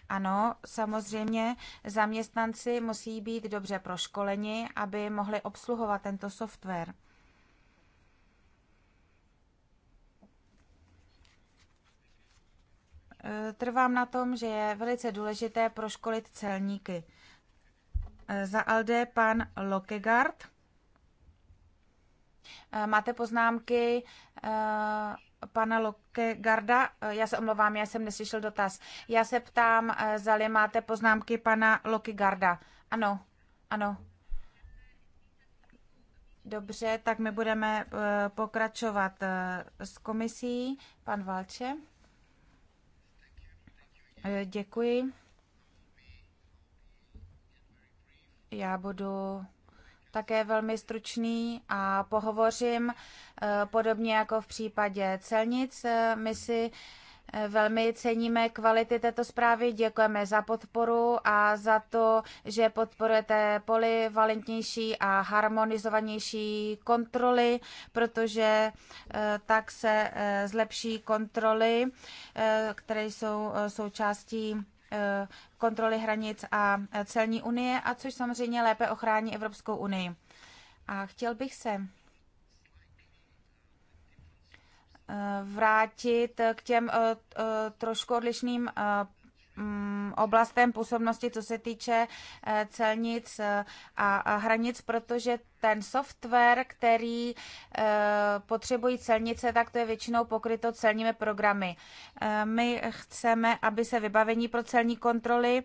Ano, samozřejmě zaměstnanci musí být dobře proškoleni, aby mohli obsluhovat tento software. Trvám na tom, že je velice důležité proškolit celníky. Za Alde pan Lokegard. Eh, máte poznámky eh, pana Loke Garda? Eh, já se omlouvám, já jsem neslyšel dotaz. Já se ptám, zali máte poznámky pana Loke Garda. Ano, ano. Dobře, tak my budeme pokračovat s komisí. Pan Valče. Děkuji. Já budu také velmi stručný a pohovořím eh, podobně jako v případě celnic. Eh, my si eh, Velmi ceníme kvality této zprávy, děkujeme za podporu a za to, že podporujete polivalentnější a harmonizovanější kontroly, protože tak se zlepší kontroly, které jsou součástí Eh, kontroly hranic a eh, celní unie, a což samozřejmě lépe ochrání Evropskou unii. A chtěl bych se eh, vrátit k těm trošku odlišným mm, oblastem působnosti, co se týče eh, celnic eh, a hranic, protože ten software, který eh, potřebují celnice, tak to je většinou pokryto celními programy. My chceme, aby se vybavení pro celní kontroly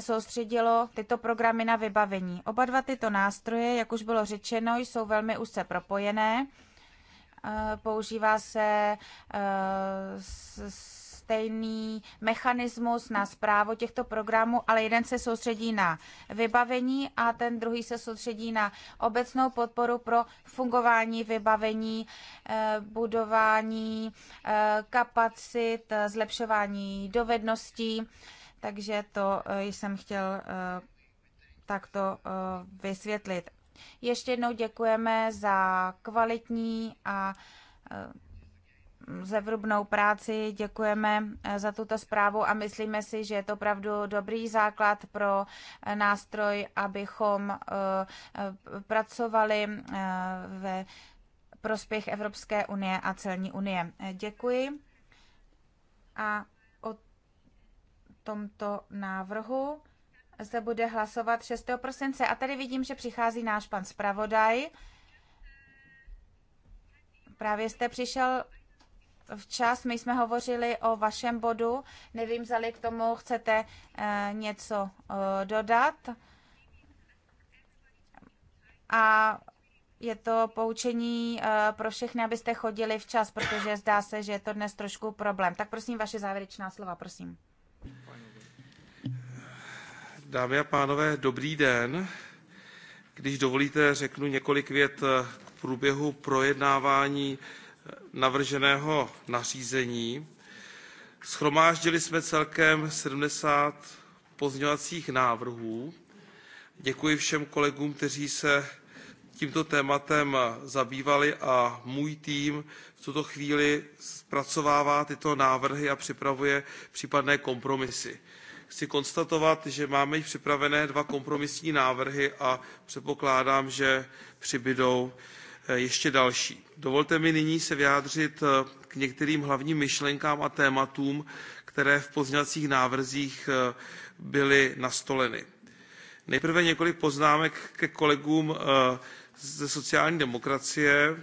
soustředilo tyto programy na vybavení. Oba dva tyto nástroje, jak už bylo řečeno, jsou velmi úzce propojené používá se s stejný mechanismus na zprávu těchto programů, ale jeden se soustředí na vybavení a ten druhý se soustředí na obecnou podporu pro fungování vybavení, eh, budování eh, kapacit, eh, zlepšování dovedností. Takže to jsem chtěl takto vysvětlit. Ještě jednou děkujeme za kvalitní a zevrubnou práci, děkujeme eh, za tuto zprávu a myslíme si, že je to opravdu dobrý základ pro eh, nástroj, abychom eh, pracovali ve prospěch Evropské unie a celní unie. Děkuji. A o tomto návrhu se bude hlasovat 6. prosince. A tady vidím, že přichází náš pan zpravodaj. Právě jste přišel včas. My jsme hovořili o vašem bodu. Nevím, zali k tomu chcete eh, něco eh, dodat. A je to poučení eh, pro všechny, abyste chodili včas, protože zdá se, že je to dnes trošku problém. Tak prosím, vaše závěrečná slova, prosím. Dámy a pánové, dobrý den. Když dovolíte, řeknu několik vět k průběhu projednávání navrženého nařízení. Schromáždili jsme celkem 70 pozměňovacích návrhů. Děkuji všem kolegům, kteří se tímto tématem zabývali a můj tým v tuto chvíli zpracovává tyto návrhy a připravuje případné kompromisy. Chci konstatovat, že máme již připravené dva kompromisní návrhy a předpokládám, že přibydou Eh, ještě další. Dovolte mi nyní se vyjádřit eh, k některým hlavním myšlenkám a tématům, které v pozněcích návrzích eh, byly nastoleny. Nejprve několik poznámek ke kolegům ze sociální demokracie.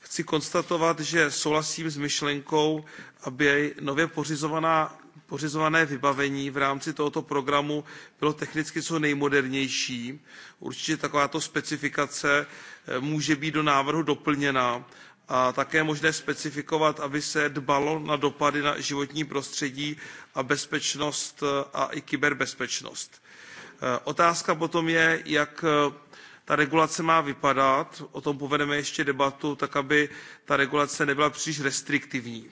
Chci konstatovat, že souhlasím s myšlenkou, aby nově pořizovaná pořizované vybavení v rámci tohoto programu bylo technicky co nejmodernější. určitě takováto specifikace eh, může být do návrhu doplněna a také je možné specifikovat aby se dbalo na dopady na životní prostředí a bezpečnost eh, a i kyberbezpečnost. Eh, otázka potom je jak ta regulace má vypadat o tom povedeme ještě debatu tak aby ta regulace nebyla příliš restriktivní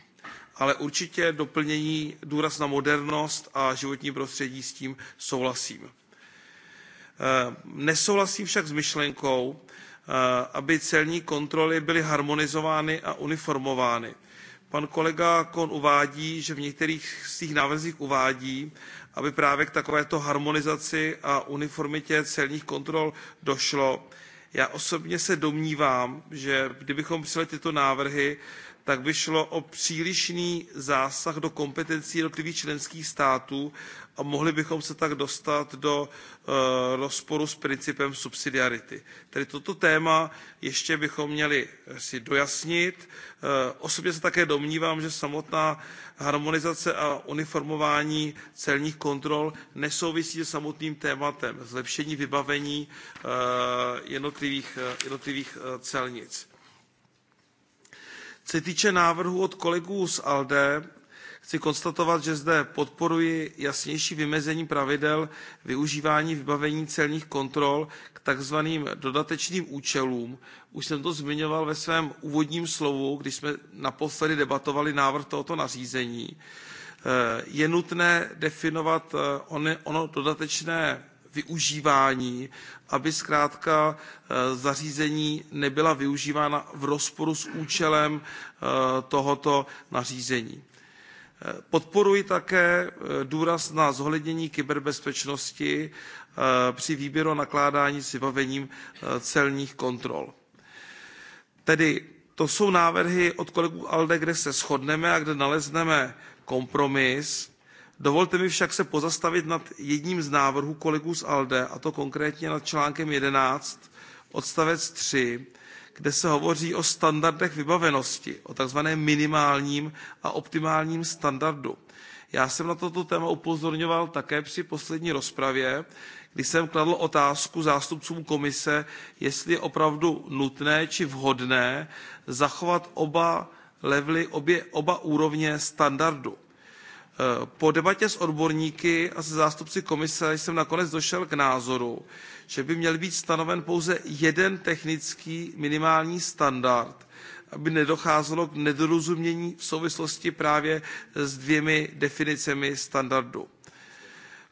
ale určitě doplnění důraz na modernost a životní prostředí s tím souhlasím. Eh, nesouhlasím však s myšlenkou, eh, aby celní kontroly byly harmonizovány a uniformovány. Pan kolega Kohn uvádí, že v některých z těch návrzích uvádí, aby právě k takovéto harmonizaci a uniformitě celních kontrol došlo. Já osobně se domnívám, že kdybychom přijali tyto návrhy, tak by šlo o přílišný zásah do kompetencí jednotlivých členských států a mohli bychom se tak dostat do eh, rozporu s principem subsidiarity. Tedy toto téma ještě bychom měli si dojasnit. Eh, osobně se také domnívám, že samotná harmonizace a uniformování celních kontrol nesouvisí se samotným tématem zlepšení vybavení eh, jednotlivých, jednotlivých celnic. Co se týče návrhu od kolegů z ALDE, chci konstatovat, že zde podporuji jasnější vymezení pravidel využívání vybavení celních kontrol k takzvaným dodatečným účelům. Už jsem to zmiňoval ve svém úvodním slovu, když jsme naposledy debatovali návrh tohoto nařízení. Je nutné definovat eh, ono dodatečné využívání, aby zkrátka eh, zařízení nebyla využívána v rozporu s účelem eh, tohoto nařízení. Eh, podporuji také důraz na zohlednění kyberbezpečnosti při výběru a nakládání s vybavením celních kontrol. Tedy to jsou návrhy od kolegů ALDE, kde se shodneme a kde nalezneme kompromis dovolte mi však se pozastavit nad jedním z návrhů kolegů z alde a to konkrétně nad článkem eleven odstavec three kde se hovoří o standardech vybavenosti o takzvaném minimálním a optimálním standardu. já jsem na toto téma upozorňoval také při poslední rozpravě kdy jsem kladl otázku zástupcům komise jestli je opravdu nutné či vhodné zachovat oba levely obě, oba úrovně standardu Eh, po debatě s odborníky a se zástupci komise jsem nakonec došel k názoru, že by měl být stanoven pouze jeden technický minimální standard, aby nedocházelo k nedorozumění v souvislosti právě s dvěmi definicemi standardu.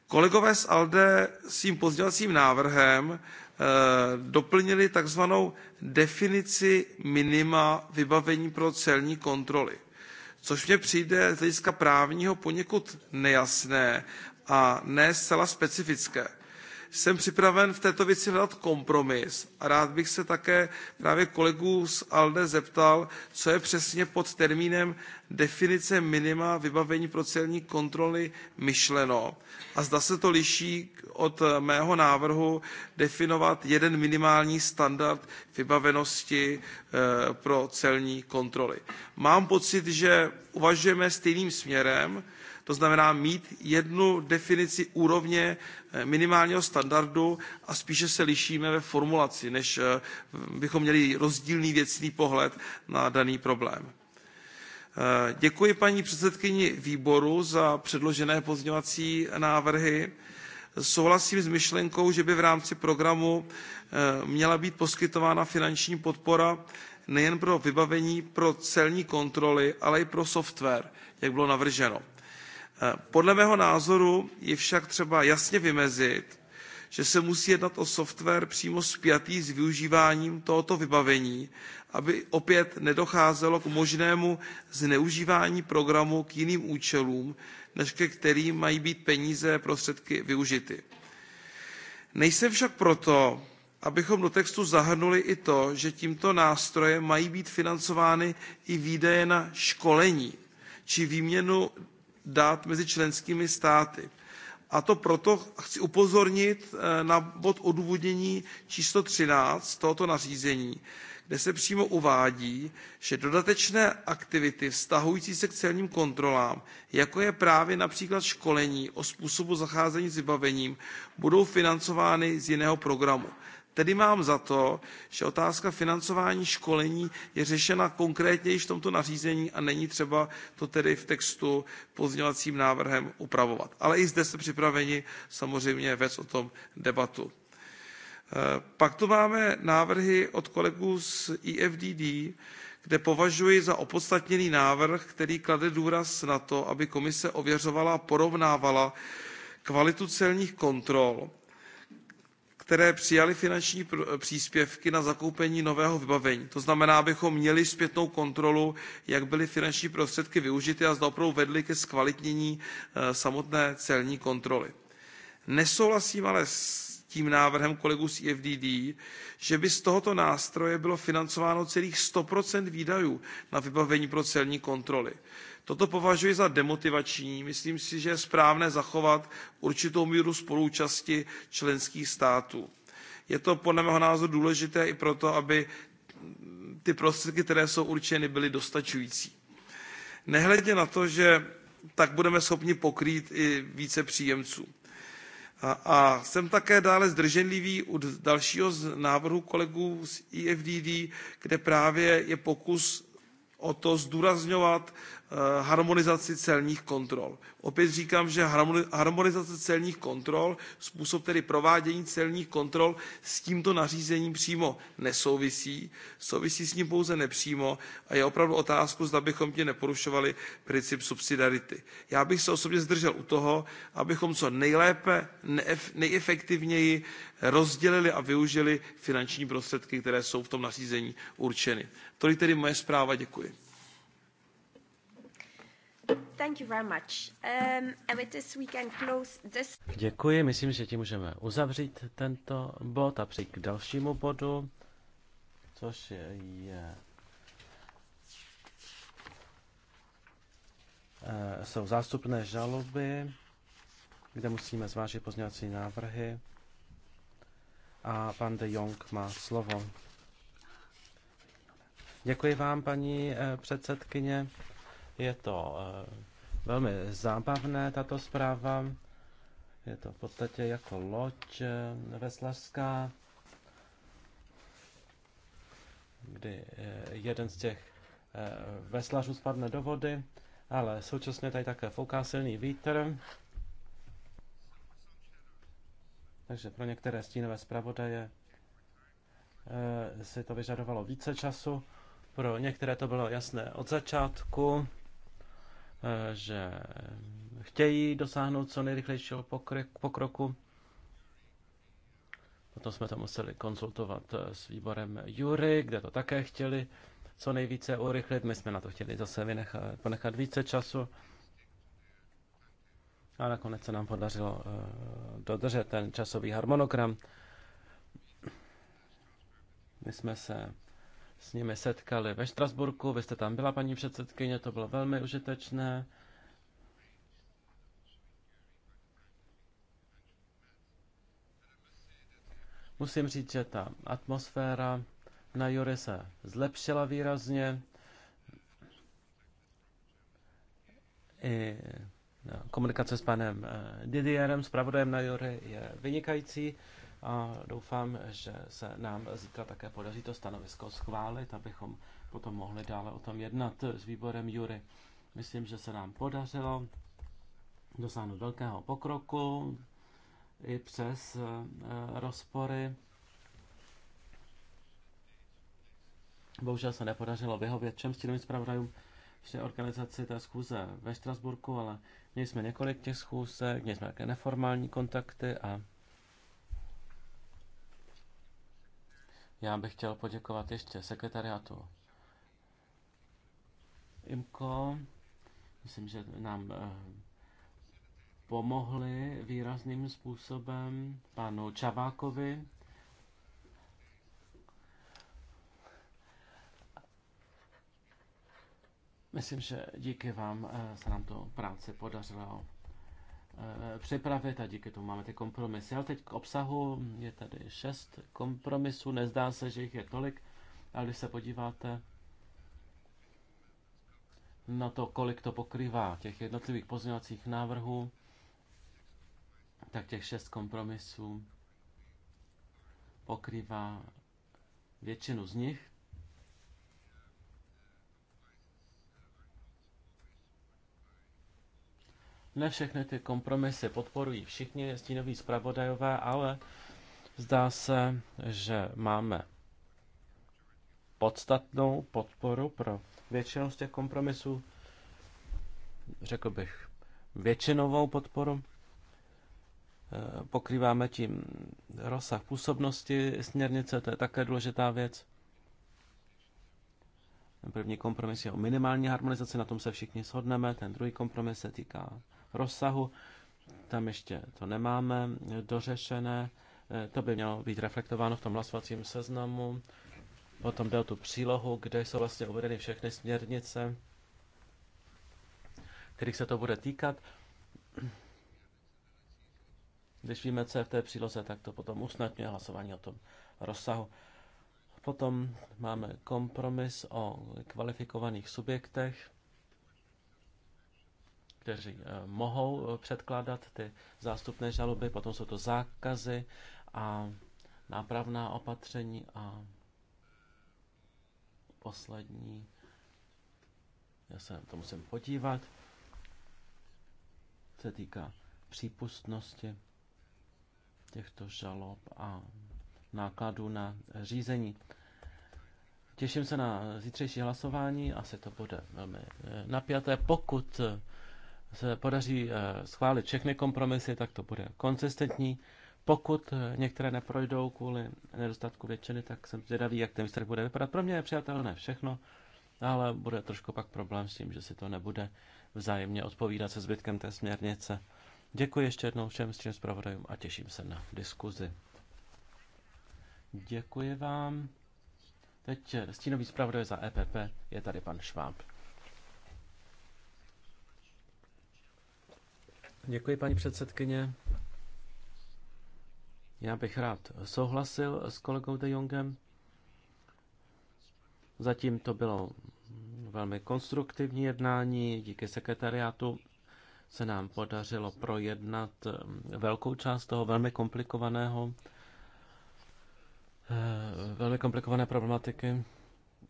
Kolegové z ALDE svým pozdělacím návrhem eh, doplnili takzvanou definici minima vybavení pro celní kontroly což mně přijde z hlediska právního poněkud nejasné a ne zcela specifické jsem připraven v této věci hledat kompromis a rád bych se také právě kolegů z ALDE zeptal, co je přesně pod termínem definice minima vybavení pro celní kontroly myšleno a zda se to liší od mého návrhu definovat jeden minimální standard vybavenosti e, pro celní kontroly. Mám pocit, že uvažujeme stejným směrem, to znamená mít jednu definici úrovně eh, minimálního standardu a spíše se lišíme ve formulaci než eh, bychom měli rozdílný věcný pohled na daný problém. Eh, děkuji paní předsedkyni výboru za předložené pozměňovací návrhy. Souhlasím s myšlenkou, že by v rámci programu měla být poskytována finanční podpora nejen pro vybavení pro celní kontroly, ale i pro software, jak bylo navrženo. Eh, podle mého názoru je však třeba jasně vymezit, že se musí jednat o software přímo spjatý s využíváním tohoto vybavení, aby opět nedocházelo k možnému zneužívání programu k jiným účelům, než ke kterým mají být peníze prostředky využity. Nejsem však proto, abychom do textu zahrnuli i to, že tímto nástrojem mají být financovány i výdaje na školení či výměnu dat mezi členskými státy. A to proto chci upozornit eh, na bod odůvodnění číslo 13 tohoto nařízení, kde se přímo uvádí, že dodatečné aktivity vztahující se k celním kontrolám, jako je právě například školení o způsobu zacházení s vybavením, budou financovány z jiného programu. Tedy mám za to, že otázka financování školení je řešena konkrétně již v tomto nařízení a není třeba to tedy v textu pozměňovacím návrhem upravovat. Ale i zde jsme připraveni samozřejmě vést o tom debatu. E, pak tu máme návrhy od kolegů z EFDD, kde považuji za opodstatněný návrh, který klade důraz na to, aby komise ověřovala a porovnávala kvalitu celních kontrol které přijaly finanční eh, příspěvky na zakoupení nového vybavení. To znamená, abychom měli zpětnou kontrolu, jak byly finanční prostředky využity a zda opravdu vedly ke zkvalitnění eh, samotné celní kontroly. Nesouhlasím ale s tím návrhem kolegů z EFDD, že by z tohoto nástroje bylo financováno celých 100% výdajů na vybavení pro celní kontroly. Toto považuji za demotivační. Myslím si, že je správné zachovat určitou míru spoluúčasti členských států. Je to podle mého názoru důležité i proto, aby ty prostředky, které jsou určeny, byly dostačující. Nehledě na to, že tak budeme schopni pokrýt i více příjemců. A, jsem také dále zdrženlivý u dalšího z návrhu kolegů z EFDD, kde právě je pokus o to zdůrazňovat Eh, harmonizaci celních kontrol. Opět říkám, že harmonizace celních kontrol, způsob tedy provádění celních kontrol s tímto nařízením přímo nesouvisí, souvisí s ním pouze nepřímo a je opravdu otázku, zda bychom tím neporušovali princip subsidiarity. Já bych se osobně zdržel u toho, abychom co nejlépe, nejefektivněji rozdělili a využili finanční prostředky, které jsou v tom nařízení určeny. Tolik tedy moje zpráva, děkuji. Thank you very much. Um, and with this we can close this... Děkuji, myslím, že tím můžeme uzavřít tento bod a přejít k dalšímu bodu, což je... Eh, jsou zástupné žaloby, kde musíme zvážit pozměňovací návrhy. A pan de Jong má slovo. Děkuji vám, paní eh, předsedkyně. Je to eh, velmi zábavné, tato zpráva. Je to v podstatě jako loď eh, veslařská, kdy eh, jeden z těch veslařů spadne do vody, ale současně tady také fouká silný vítr. Takže pro některé stínové zpravodaje si to vyžadovalo více času, pro některé to bylo jasné od začátku že chtějí dosáhnout co nejrychlejšího pokroku. Potom jsme to museli konzultovat eh, s výborem Jury, kde to také chtěli co nejvíce urychlit. My jsme na to chtěli zase vynechat, ponechat více času. A nakonec se nám podařilo eh, dodržet ten časový harmonogram. My jsme se s nimi setkali ve Štrasburku. Vy jste tam byla, paní předsedkyně, to bylo velmi užitečné. Musím říct, že ta atmosféra na Jury se zlepšila výrazně. I eh, komunikace s panem eh, Didierem, s pravodajem na Jury, je vynikající a doufám, že se nám zítra také podaří to stanovisko schválit, abychom potom mohli dále o tom jednat s výborem Jury. Myslím, že se nám podařilo dosáhnout velkého pokroku i přes eh, rozpory. Bohužel se nepodařilo vyhovět všem stínovým zpravodajům ještě organizaci té schůze ve Štrasburku, ale měli jsme několik těch schůzek, měli jsme také neformální kontakty a Já bych chtěl poděkovat ještě sekretariátu IMCO. Myslím, že nám eh, pomohli výrazným způsobem panu Čavákovi. Myslím, že díky vám eh, se nám to práci podařilo Eh, připravit a díky tomu máme ty kompromisy. Ale teď k obsahu je tady šest kompromisů, nezdá se, že jich je tolik, ale když se podíváte na to, kolik to pokrývá těch jednotlivých pozměňovacích návrhů, tak těch šest kompromisů pokrývá většinu z nich. Ne všechny ty kompromisy podporují všichni stínoví zpravodajové, ale zdá se, že máme podstatnou podporu pro většinu z těch kompromisů. Řekl bych většinovou podporu. Eh, pokrýváme tím rozsah působnosti směrnice, to je také důležitá věc. Ten první kompromis je o minimální harmonizaci, na tom se všichni shodneme. Ten druhý kompromis se týká rozsahu. Tam ještě to nemáme dořešené. Eh, to by mělo být reflektováno v tom hlasovacím seznamu. Potom jde o tu přílohu, kde jsou vlastně uvedeny všechny směrnice, kterých se to bude týkat. Když víme, co je v té příloze, tak to potom usnadňuje hlasování o tom rozsahu. Potom máme kompromis o kvalifikovaných subjektech kteří eh, mohou eh, předkládat ty zástupné žaloby, potom jsou to zákazy a nápravná opatření a poslední, já se to musím podívat, se týká přípustnosti těchto žalob a nákladů na řízení. Těším se na zítřejší hlasování, asi to bude velmi eh, napjaté. Pokud se podaří eh, schválit všechny kompromisy, tak to bude konzistentní. Pokud eh, některé neprojdou kvůli nedostatku většiny, tak jsem zvědavý, jak ten výsledek bude vypadat. Pro mě je přijatelné všechno, ale bude trošku pak problém s tím, že si to nebude vzájemně odpovídat se zbytkem té směrnice. Děkuji ještě jednou všem s zpravodajům a těším se na diskuzi. Děkuji vám. Teď eh, stínový zpravodaj za EPP je tady pan Šváb. Děkuji, paní předsedkyně. Já bych rád souhlasil s kolegou De Jongem. Zatím to bylo velmi konstruktivní jednání. Díky sekretariátu se nám podařilo projednat um, velkou část toho velmi komplikovaného, eh, velmi komplikované problematiky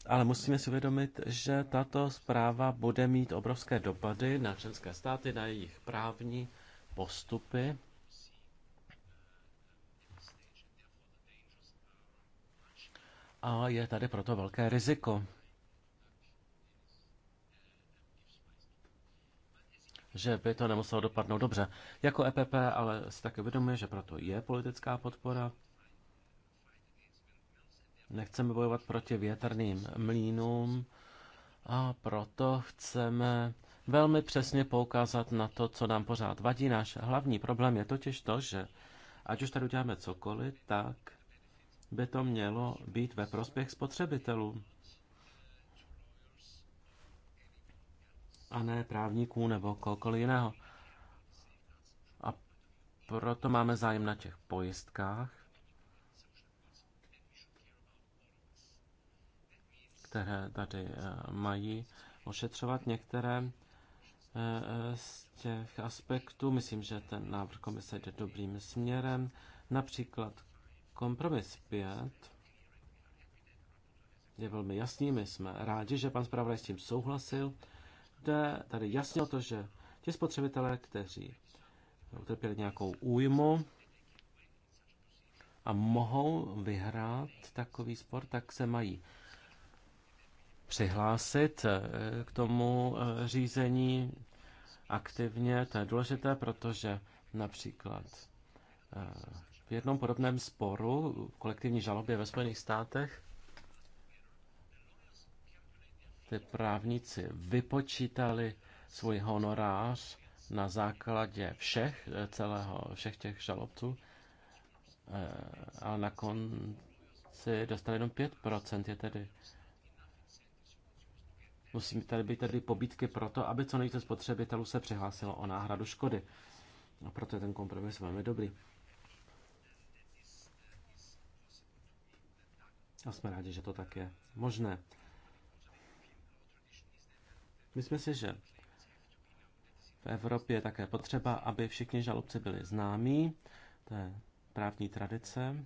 ale musíme si uvědomit, že tato zpráva bude mít obrovské dopady na členské státy, na jejich právní postupy. A je tady proto velké riziko, že by to nemuselo dopadnout dobře. Jako EPP ale si také uvědomuje, že proto je politická podpora Nechceme bojovat proti větrným mlínům a proto chceme velmi přesně poukázat na to, co nám pořád vadí. Náš hlavní problém je totiž to, že ať už tady uděláme cokoliv, tak by to mělo být ve prospěch spotřebitelů. A ne právníků nebo kohokoliv jiného. A proto máme zájem na těch pojistkách. které tady eh, mají ošetřovat některé eh, eh, z těch aspektů. Myslím, že ten návrh komise jde dobrým směrem. Například kompromis 5 je velmi jasný. My jsme rádi, že pan zpravodaj s tím souhlasil. Jde tady jasně o to, že ti spotřebitelé, kteří utrpěli nějakou újmu a mohou vyhrát takový sport, tak se mají přihlásit eh, k tomu eh, řízení aktivně. To je důležité, protože například eh, v jednom podobném sporu, v kolektivní žalobě ve Spojených státech, ty právníci vypočítali svůj honorář na základě všech, celého, všech těch žalobců, ale na konci dostali jenom 5%, je tedy Musí tady být tedy pobítky pro to, aby co nejvíce spotřebitelů se přihlásilo o náhradu škody. A proto je ten kompromis velmi dobrý. A jsme rádi, že to tak je možné. Myslím si, že v Evropě je také potřeba, aby všichni žalobci byli známí. To je právní tradice.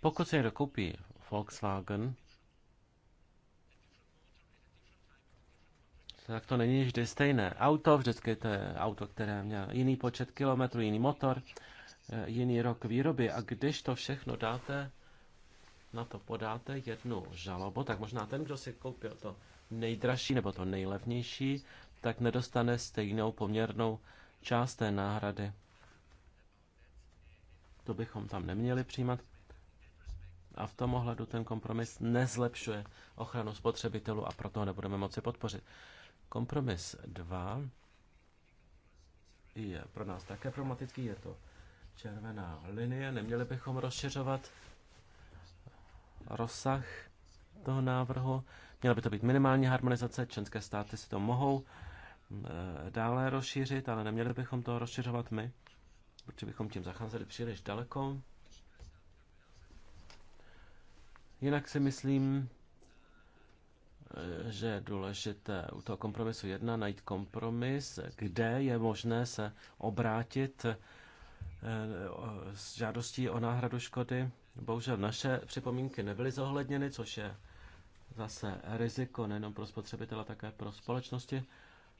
Pokud někdo koupí Volkswagen, tak to není vždy stejné auto, vždycky to je auto, které má jiný počet kilometrů, jiný motor, eh, jiný rok výroby a když to všechno dáte, na to podáte jednu žalobu, tak možná ten, kdo si koupil to nejdražší nebo to nejlevnější, tak nedostane stejnou poměrnou část té náhrady. To bychom tam neměli přijímat. A v tom ohledu ten kompromis nezlepšuje ochranu spotřebitelů a proto ho nebudeme moci podpořit. Kompromis 2 je pro nás také problematický, je to červená linie, neměli bychom rozšiřovat rozsah toho návrhu. Měla by to být minimální harmonizace, členské státy si to mohou eh, dále rozšířit, ale neměli bychom to rozšiřovat my, protože bychom tím zacházeli příliš daleko. Jinak si myslím, že je důležité u toho kompromisu jedna najít kompromis, kde je možné se obrátit eh, s žádostí o náhradu škody. Bohužel naše připomínky nebyly zohledněny, což je zase riziko nejenom pro spotřebitele, také pro společnosti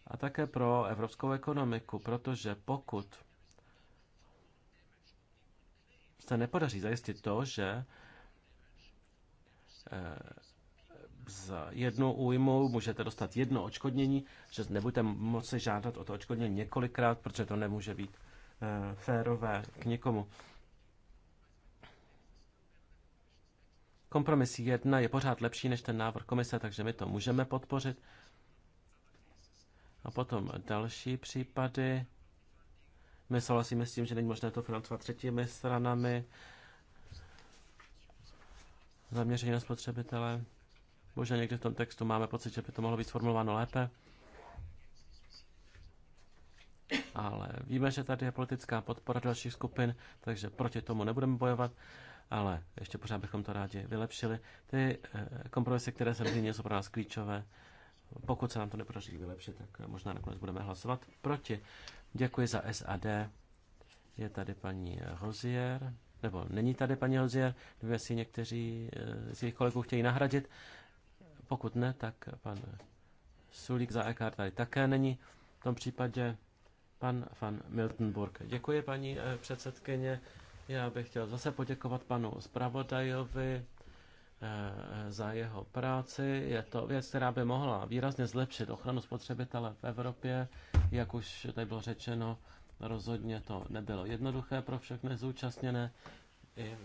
a také pro evropskou ekonomiku, protože pokud se nepodaří zajistit to, že Eh, s jednou újmou můžete dostat jedno očkodnění, že nebudete moci žádat o to očkodnění několikrát, protože to nemůže být eh, férové k někomu. Kompromis jedna je pořád lepší než ten návrh komise, takže my to můžeme podpořit. A potom další případy. My souhlasíme s tím, že není možné to financovat třetími stranami zaměření na spotřebitele. Možná někde v tom textu máme pocit, že by to mohlo být sformulováno lépe. Ale víme, že tady je politická podpora dalších skupin, takže proti tomu nebudeme bojovat, ale ještě pořád bychom to rádi vylepšili. Ty eh, kompromisy, které se zmínil, jsou pro nás klíčové. Pokud se nám to nepodaří vylepšit, tak možná nakonec budeme hlasovat proti. Děkuji za SAD. Je tady paní Rozier nebo není tady paní Hozier, nebo jestli někteří z eh, jejich kolegů chtějí nahradit. Pokud ne, tak pan Sulík za Eckhart tady také není. V tom případě pan van Miltenburg. Děkuji, paní eh, předsedkyně. Já bych chtěl zase poděkovat panu zpravodajovi eh, za jeho práci. Je to věc, která by mohla výrazně zlepšit ochranu spotřebitele v Evropě, jak už tady bylo řečeno, Rozhodně to nebylo jednoduché pro všechny zúčastněné. I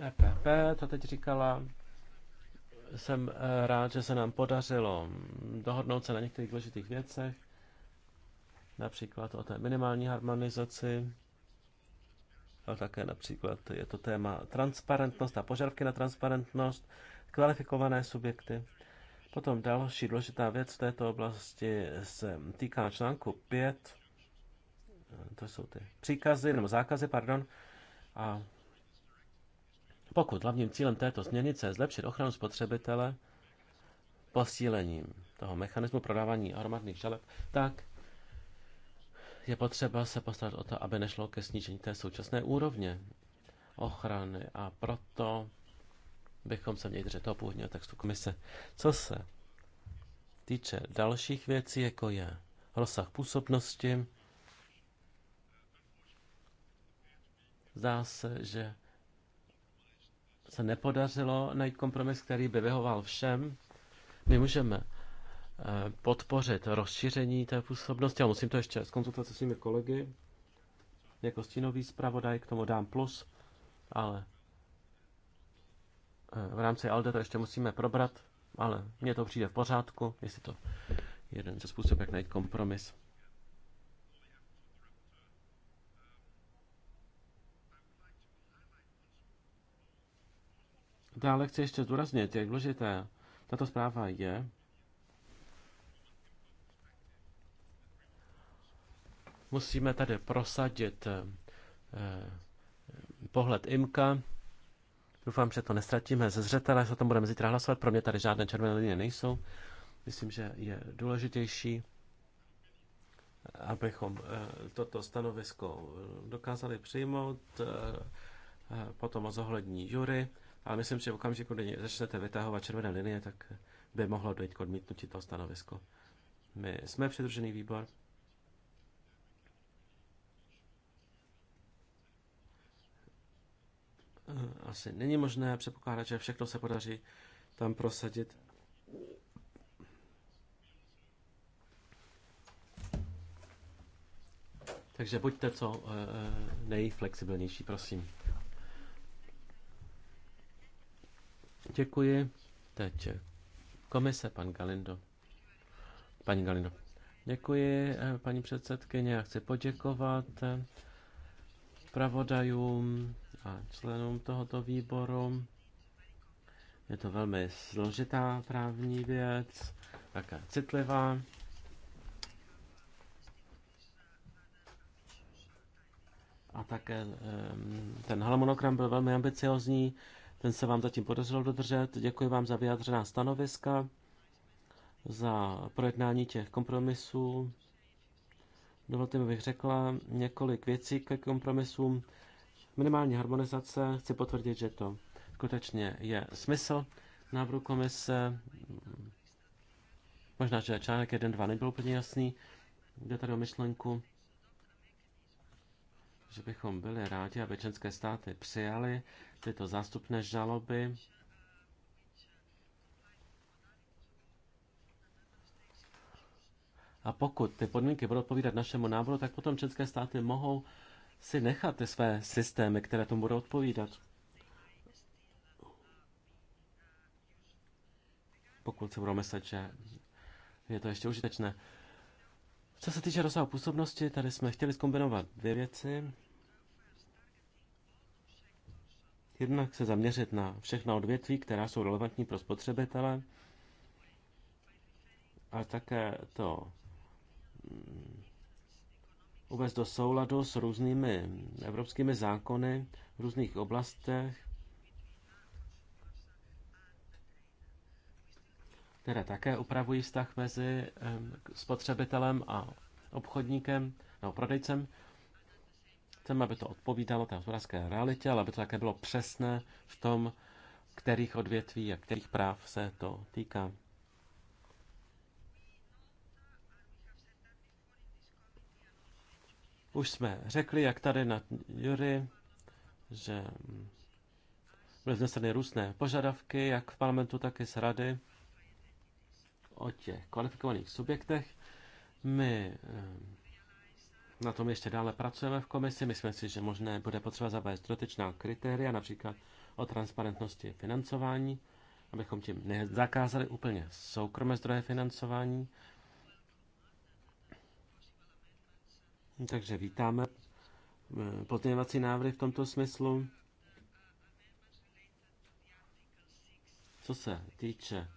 EPP to teď říkala. Jsem eh, rád, že se nám podařilo dohodnout se na některých důležitých věcech, například o té minimální harmonizaci, ale také například je to téma transparentnost a požadavky na transparentnost, kvalifikované subjekty. Potom další důležitá věc v této oblasti se týká článku 5 to jsou ty příkazy nebo zákazy, pardon. A pokud hlavním cílem této směrnice je zlepšit ochranu spotřebitele posílením toho mechanismu prodávání hromadných žaleb, tak je potřeba se postarat o to, aby nešlo ke snížení té současné úrovně ochrany a proto bychom se měli držet toho původního textu komise. Co se týče dalších věcí, jako je rozsah působnosti, Zdá se, že se nepodařilo najít kompromis, který by vyhoval všem. My můžeme eh, podpořit rozšíření té působnosti, a musím to ještě skonzultovat se svými kolegy. Jako stínový zpravodaj k tomu dám plus, ale eh, v rámci ALDE to ještě musíme probrat, ale mně to přijde v pořádku, jestli to jeden ze způsobů, jak najít kompromis. Dále chci ještě zdůraznit, jak důležité tato zpráva je, musíme tady prosadit eh, eh, pohled IMKA. Doufám, že to nestratíme ze zřetele, že o tom budeme zítra hlasovat. Pro mě tady žádné červené linie nejsou. Myslím, že je důležitější, abychom eh, toto stanovisko dokázali přijmout. Potom o zohlední jury ale myslím, že v okamžiku, kdy začnete vytahovat červené linie, tak by mohlo dojít k odmítnutí toho stanovisko. My jsme předružený výbor. Asi není možné předpokládat, že všechno se podaří tam prosadit. Takže buďte co eh, eh, nejflexibilnější, prosím. Děkuji. Teď komise, pan Galindo. Paní Galindo. Děkuji, eh, paní předsedkyně. Já chci poděkovat eh, pravodajům a členům tohoto výboru. Je to velmi složitá právní věc, také citlivá. A také ten harmonogram byl velmi ambiciozní ten se vám zatím podařilo dodržet. Děkuji vám za vyjádřená stanoviska, za projednání těch kompromisů. Dovolte mi, bych řekla několik věcí ke kompromisům. Minimální harmonizace, chci potvrdit, že to skutečně je smysl návrhu komise. Možná, že článek 1.2 nebyl úplně jasný. Jde tady o myšlenku že bychom byli rádi, aby členské státy přijaly tyto zástupné žaloby. A pokud ty podmínky budou odpovídat našemu návrhu, tak potom české státy mohou si nechat ty své systémy, které tomu budou odpovídat. Pokud se budou myslet, že je to ještě užitečné. Co se týče rozsahu působnosti, tady jsme chtěli zkombinovat dvě věci. Jednak se zaměřit na všechna odvětví, která jsou relevantní pro spotřebitele, a také to mm, uvést do souladu s různými evropskými zákony v různých oblastech, které také upravují vztah mezi spotřebitelem a obchodníkem nebo prodejcem. Chceme, aby to odpovídalo té hospodářské realitě, ale aby to také bylo přesné v tom, kterých odvětví a kterých práv se to týká. Už jsme řekli, jak tady na Jury, že byly vzneseny různé požadavky, jak v parlamentu, tak i z rady o těch kvalifikovaných subjektech. My eh, na tom ještě dále pracujeme v komisi. Myslím si, že možné bude potřeba zavést dotyčná kritéria, například o transparentnosti financování, abychom tím nezakázali úplně soukromé zdroje financování. Takže vítáme eh, pozměňovací návrhy v tomto smyslu. Co se týče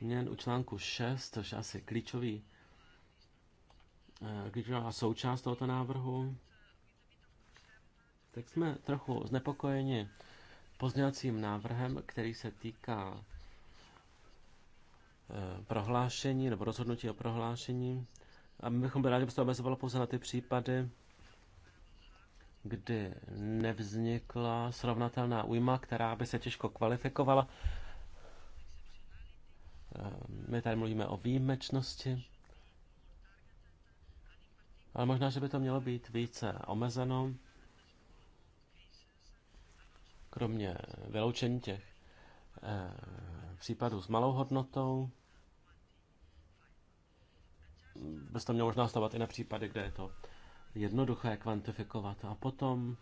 měn u článku 6, což je asi klíčový Eh, klíčová součást tohoto návrhu. Tak jsme trochu znepokojeni pozměňovacím návrhem, který se týká eh, prohlášení nebo rozhodnutí o prohlášení. A my bychom byli rádi, aby se to omezovalo pouze na ty případy, kdy nevznikla srovnatelná újma, která by se těžko kvalifikovala. Eh, my tady mluvíme o výjimečnosti ale možná, že by to mělo být více omezeno. Kromě vyloučení těch eh, případů s malou hodnotou, by to mělo možná stavat i na případy, kde je to jednoduché kvantifikovat. A potom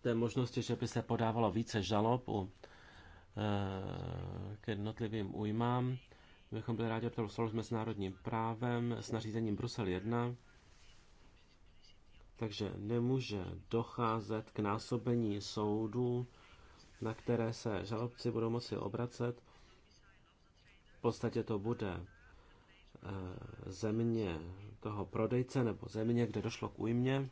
té možnosti, že by se podávalo více žalob u k jednotlivým újmám. Bychom byli rádi, aby to s mezinárodním právem, s nařízením Brusel 1. Takže nemůže docházet k násobení soudů, na které se žalobci budou moci obracet. V podstatě to bude eh, země toho prodejce nebo země, kde došlo k újmě.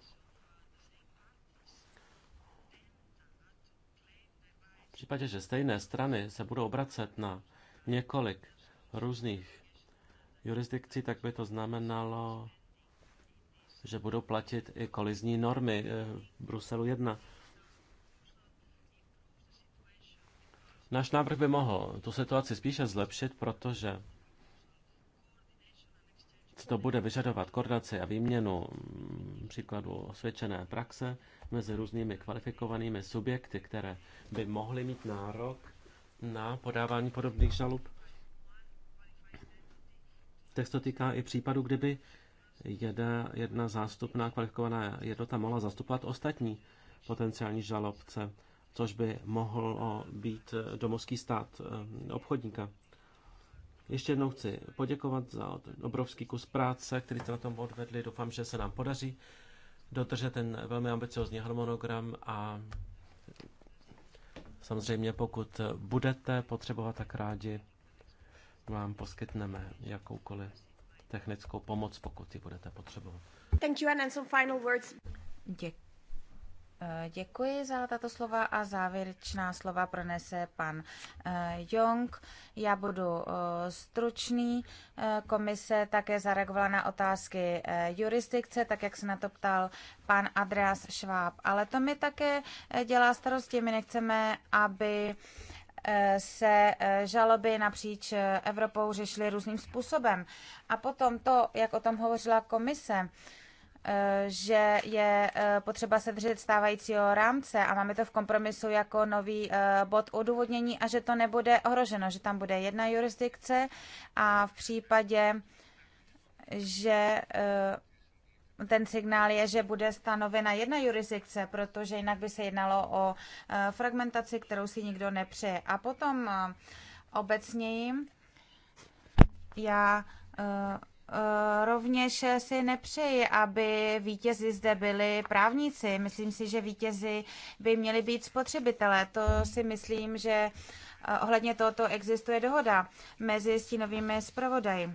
případě, že stejné strany se budou obracet na několik různých jurisdikcí, tak by to znamenalo, že budou platit i kolizní normy eh, v Bruselu 1. Náš návrh by mohl tu situaci spíše zlepšit, protože co to bude vyžadovat koordinaci a výměnu mm, příkladu osvědčené praxe mezi různými kvalifikovanými subjekty, které by mohly mít nárok na podávání podobných žalob. Text to týká i případu, kdyby jedna, jedna zástupná kvalifikovaná jednota mohla zastupovat ostatní potenciální žalobce, což by mohl být domovský stát eh, obchodníka. Ještě jednou chci poděkovat za ten obrovský kus práce, který jste na tom odvedli. Doufám, že se nám podaří dodržet ten velmi ambiciozní harmonogram a samozřejmě pokud budete potřebovat, tak rádi vám poskytneme jakoukoliv technickou pomoc, pokud ji budete potřebovat. Thank you, and some final words. Děkuji. Eh, děkuji za tato slova a závěrečná slova pronese pan eh, Jong. Já budu eh, stručný. Komise také zareagovala na otázky jurisdikce, tak jak se na to ptal pan Andreas Schwab. Ale to mi také dělá starosti. My nechceme, aby se žaloby napříč Evropou řešily různým způsobem. A potom to, jak o tom hovořila komise, Eh, že je eh, potřeba se držet stávajícího rámce a máme to v kompromisu jako nový eh, bod odůvodnění a že to nebude ohroženo, že tam bude jedna jurisdikce a v případě, že ten signál je, že bude stanovena jedna jurisdikce, protože jinak by se jednalo o fragmentaci, kterou si nikdo nepřeje. A potom obecněji já Eh, rovněž si nepřeji, aby vítězi zde byli právníci. Myslím si, že vítězi by měli být spotřebitelé. To si myslím, že eh, ohledně tohoto existuje dohoda mezi stínovými zpravodaji.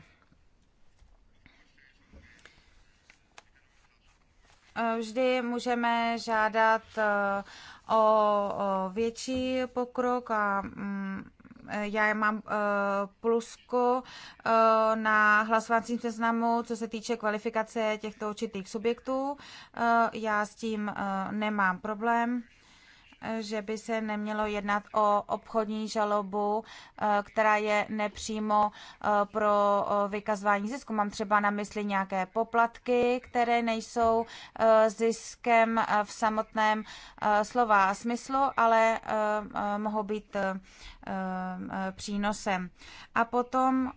Eh, vždy můžeme žádat o, větší pokrok a mm, Eh, já je mám eh, plusku eh, na hlasovacím seznamu, co se týče kvalifikace těchto určitých subjektů. Já s tím nemám problém že by se nemělo jednat o obchodní žalobu, eh, která je nepřímo eh, pro eh, vykazování zisku. Mám třeba na mysli nějaké poplatky, které nejsou ziskem v samotném slova smyslu, ale mohou být přínosem. A potom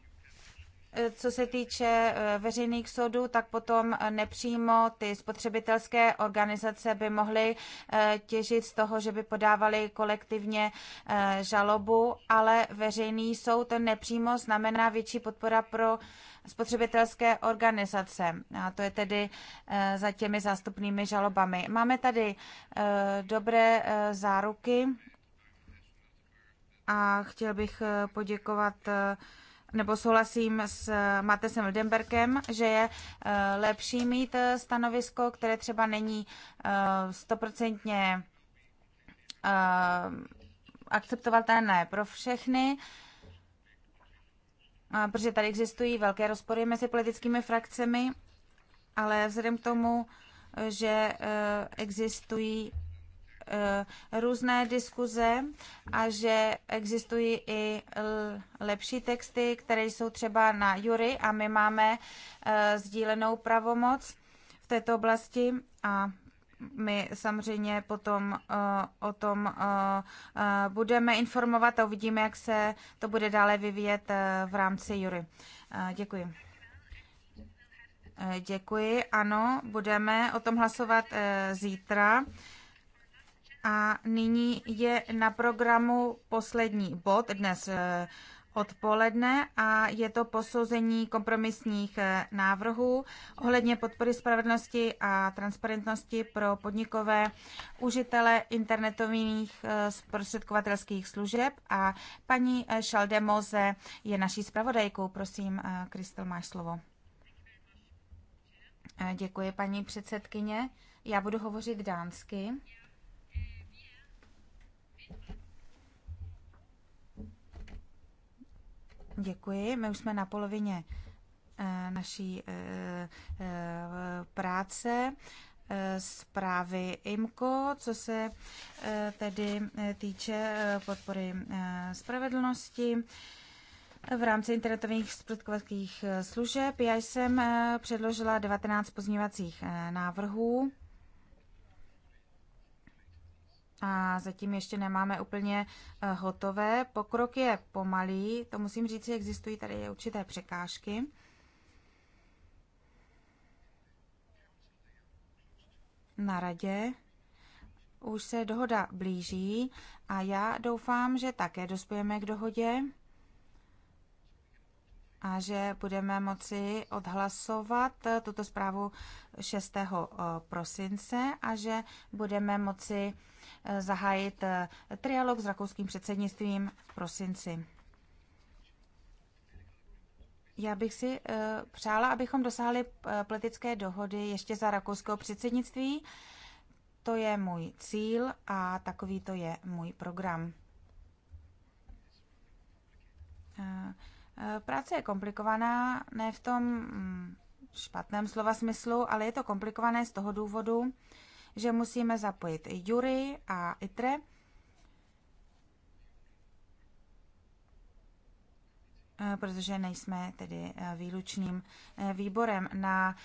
co se týče eh, veřejných soudů, tak potom eh, nepřímo ty spotřebitelské organizace by mohly eh, těžit z toho, že by podávali kolektivně žalobu, ale veřejný soud nepřímo znamená větší podpora pro spotřebitelské organizace. A to je tedy za těmi zástupnými žalobami. Máme tady dobré záruky a chtěl bych poděkovat nebo souhlasím s eh, Matesem Ldenberkem, že je eh, lepší mít eh, stanovisko, které třeba není stoprocentně akceptovatelné pro všechny, protože tady existují velké rozpory mezi politickými frakcemi, ale vzhledem k tomu, že existují Eh, různé diskuze a že existují i lepší texty, které jsou třeba na jury a my máme eh, sdílenou pravomoc v této oblasti a my samozřejmě potom eh, o tom budeme informovat a uvidíme, jak se to bude dále vyvíjet v rámci jury. Děkuji. Děkuji, ano, budeme o tom hlasovat zítra. A nyní je na programu poslední bod dnes eh, odpoledne a je to posouzení kompromisních eh, návrhů ohledně podpory spravedlnosti a transparentnosti pro podnikové užitele internetových eh, zprostředkovatelských služeb a paní Šaldemoze je naší zpravodajkou. Prosím, Kristel, máš slovo. Děkuji, paní předsedkyně. Já budu hovořit dánsky. Děkuji. My už jsme na polovině eh, naší eh, eh, práce zprávy Imko, co se tedy týče podpory spravedlnosti v rámci internetových zprostředkovacích služeb. Já jsem předložila 19 pozměňovacích návrhů a zatím ještě nemáme úplně eh, hotové. Pokrok je pomalý, to musím říct, že existují tady určité překážky. Na radě už se dohoda blíží a já doufám, že také dospějeme k dohodě a že budeme moci odhlasovat tuto zprávu 6. Eh, prosince a že budeme moci eh, zahájit eh, trialog s rakouským předsednictvím v prosinci. Já bych si přála, abychom dosáhli politické dohody ještě za rakouského předsednictví. To je můj cíl a takový to je můj program. Uh, Práce je komplikovaná, ne v tom mm, špatném slova smyslu, ale je to komplikované z toho důvodu, že musíme zapojit Jury a ITRE. Eh, protože nejsme tedy eh, výlučným eh, výborem. Na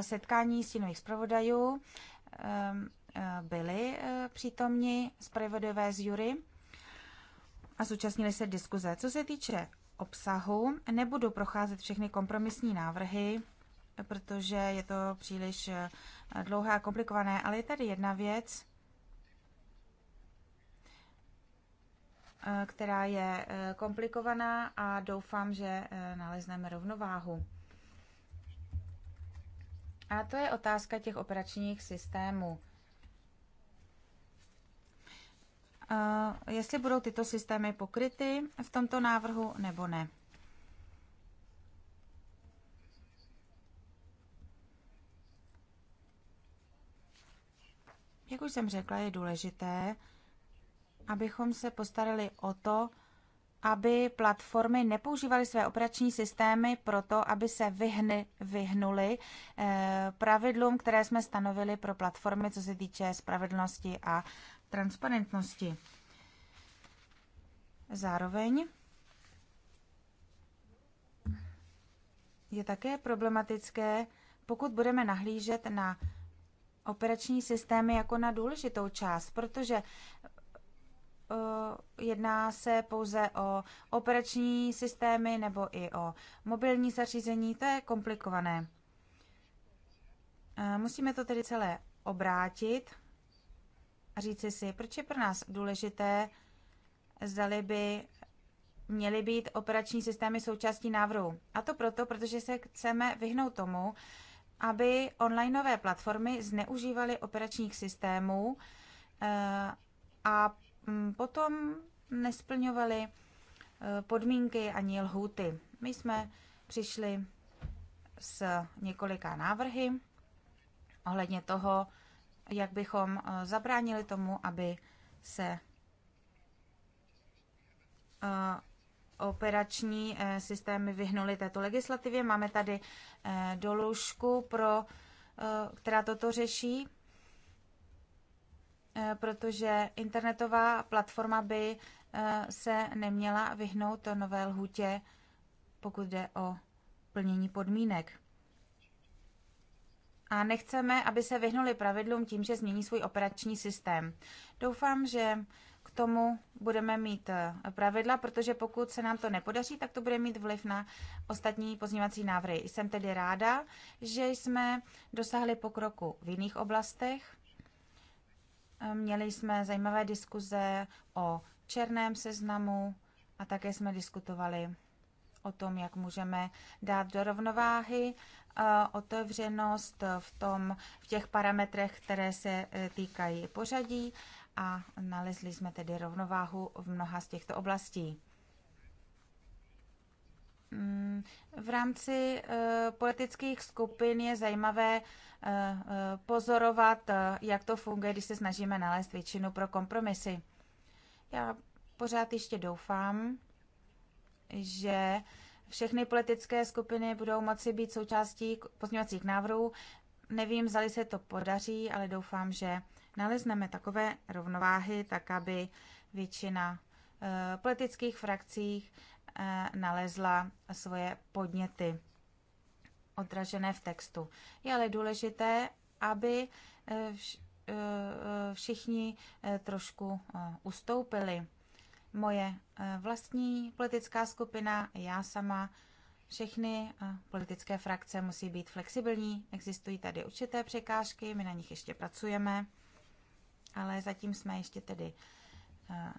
setkání stínových zpravodajů ehm, byli přítomni zpravodajové z jury a zúčastnili se diskuze. Co se týče obsahu. Nebudu procházet všechny kompromisní návrhy, protože je to příliš eh, dlouhé a komplikované, ale je tady jedna věc, eh, která je eh, komplikovaná a doufám, že nalezneme rovnováhu. A to je otázka těch operačních systémů. Eh, jestli budou tyto systémy pokryty v tomto návrhu nebo ne. Jak už jsem řekla, je důležité, abychom se postarali o to, aby platformy nepoužívaly své operační systémy proto, aby se vyhny, vyhnuli eh, pravidlům, které jsme stanovili pro platformy, co se týče spravedlnosti a transparentnosti. Zároveň je také problematické, pokud budeme nahlížet na operační systémy jako na důležitou část, protože e, jedná se pouze o operační systémy nebo i o mobilní zařízení, to je komplikované. E, musíme to tedy celé obrátit a říci si, proč je pro nás důležité, zdali by měly být operační systémy součástí návrhu. A to proto, protože se chceme vyhnout tomu, aby onlineové platformy zneužívaly operačních systémů eh, a mm, potom nesplňovaly eh, podmínky ani lhůty. My jsme přišli s několika návrhy ohledně toho, jak bychom eh, zabránili tomu, aby se eh, operační eh, systémy vyhnuly této legislativě. Máme tady doložku, pro, která toto řeší, protože internetová platforma by se neměla vyhnout nové lhutě, pokud jde o plnění podmínek a nechceme, aby se vyhnuli pravidlům tím, že změní svůj operační systém. Doufám, že k tomu budeme mít eh, pravidla, protože pokud se nám to nepodaří, tak to bude mít vliv na ostatní pozměňovací návrhy. Jsem tedy ráda, že jsme dosáhli pokroku v jiných oblastech. Eh, měli jsme zajímavé diskuze o černém seznamu a také jsme diskutovali o tom, jak můžeme dát do rovnováhy otevřenost v, tom, v těch parametrech, které se e, týkají pořadí a nalezli jsme tedy rovnováhu v mnoha z těchto oblastí. Mm, v rámci e, politických skupin je zajímavé e, pozorovat, jak to funguje, když se snažíme nalézt většinu pro kompromisy. Já pořád ještě doufám, že všechny politické skupiny budou moci být součástí pozměňovacích návrhů. Nevím, zali se to podaří, ale doufám, že nalezneme takové rovnováhy, tak aby většina eh, politických frakcích eh, nalezla svoje podněty odražené v textu. Je ale důležité, aby eh, všichni trošku ustoupili moje eh, vlastní politická skupina, já sama, všechny eh, politické frakce musí být flexibilní. Existují tady určité překážky, my na nich ještě pracujeme, ale zatím jsme ještě tedy eh,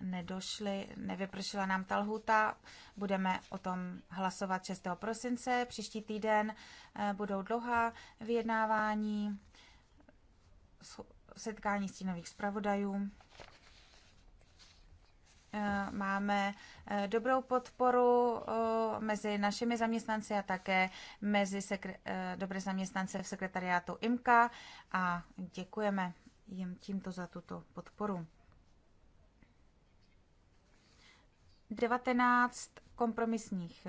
nedošli, nevypršila nám ta lhuta. Budeme o tom hlasovat 6. prosince. Příští týden budou dlouhá vyjednávání, setkání stínových zpravodajů. Eh, máme eh, dobrou podporu eh, mezi našimi zaměstnanci a také mezi sekre- dobré zaměstnance v sekretariátu IMKA a děkujeme jim tímto za tuto podporu. 19 kompromisních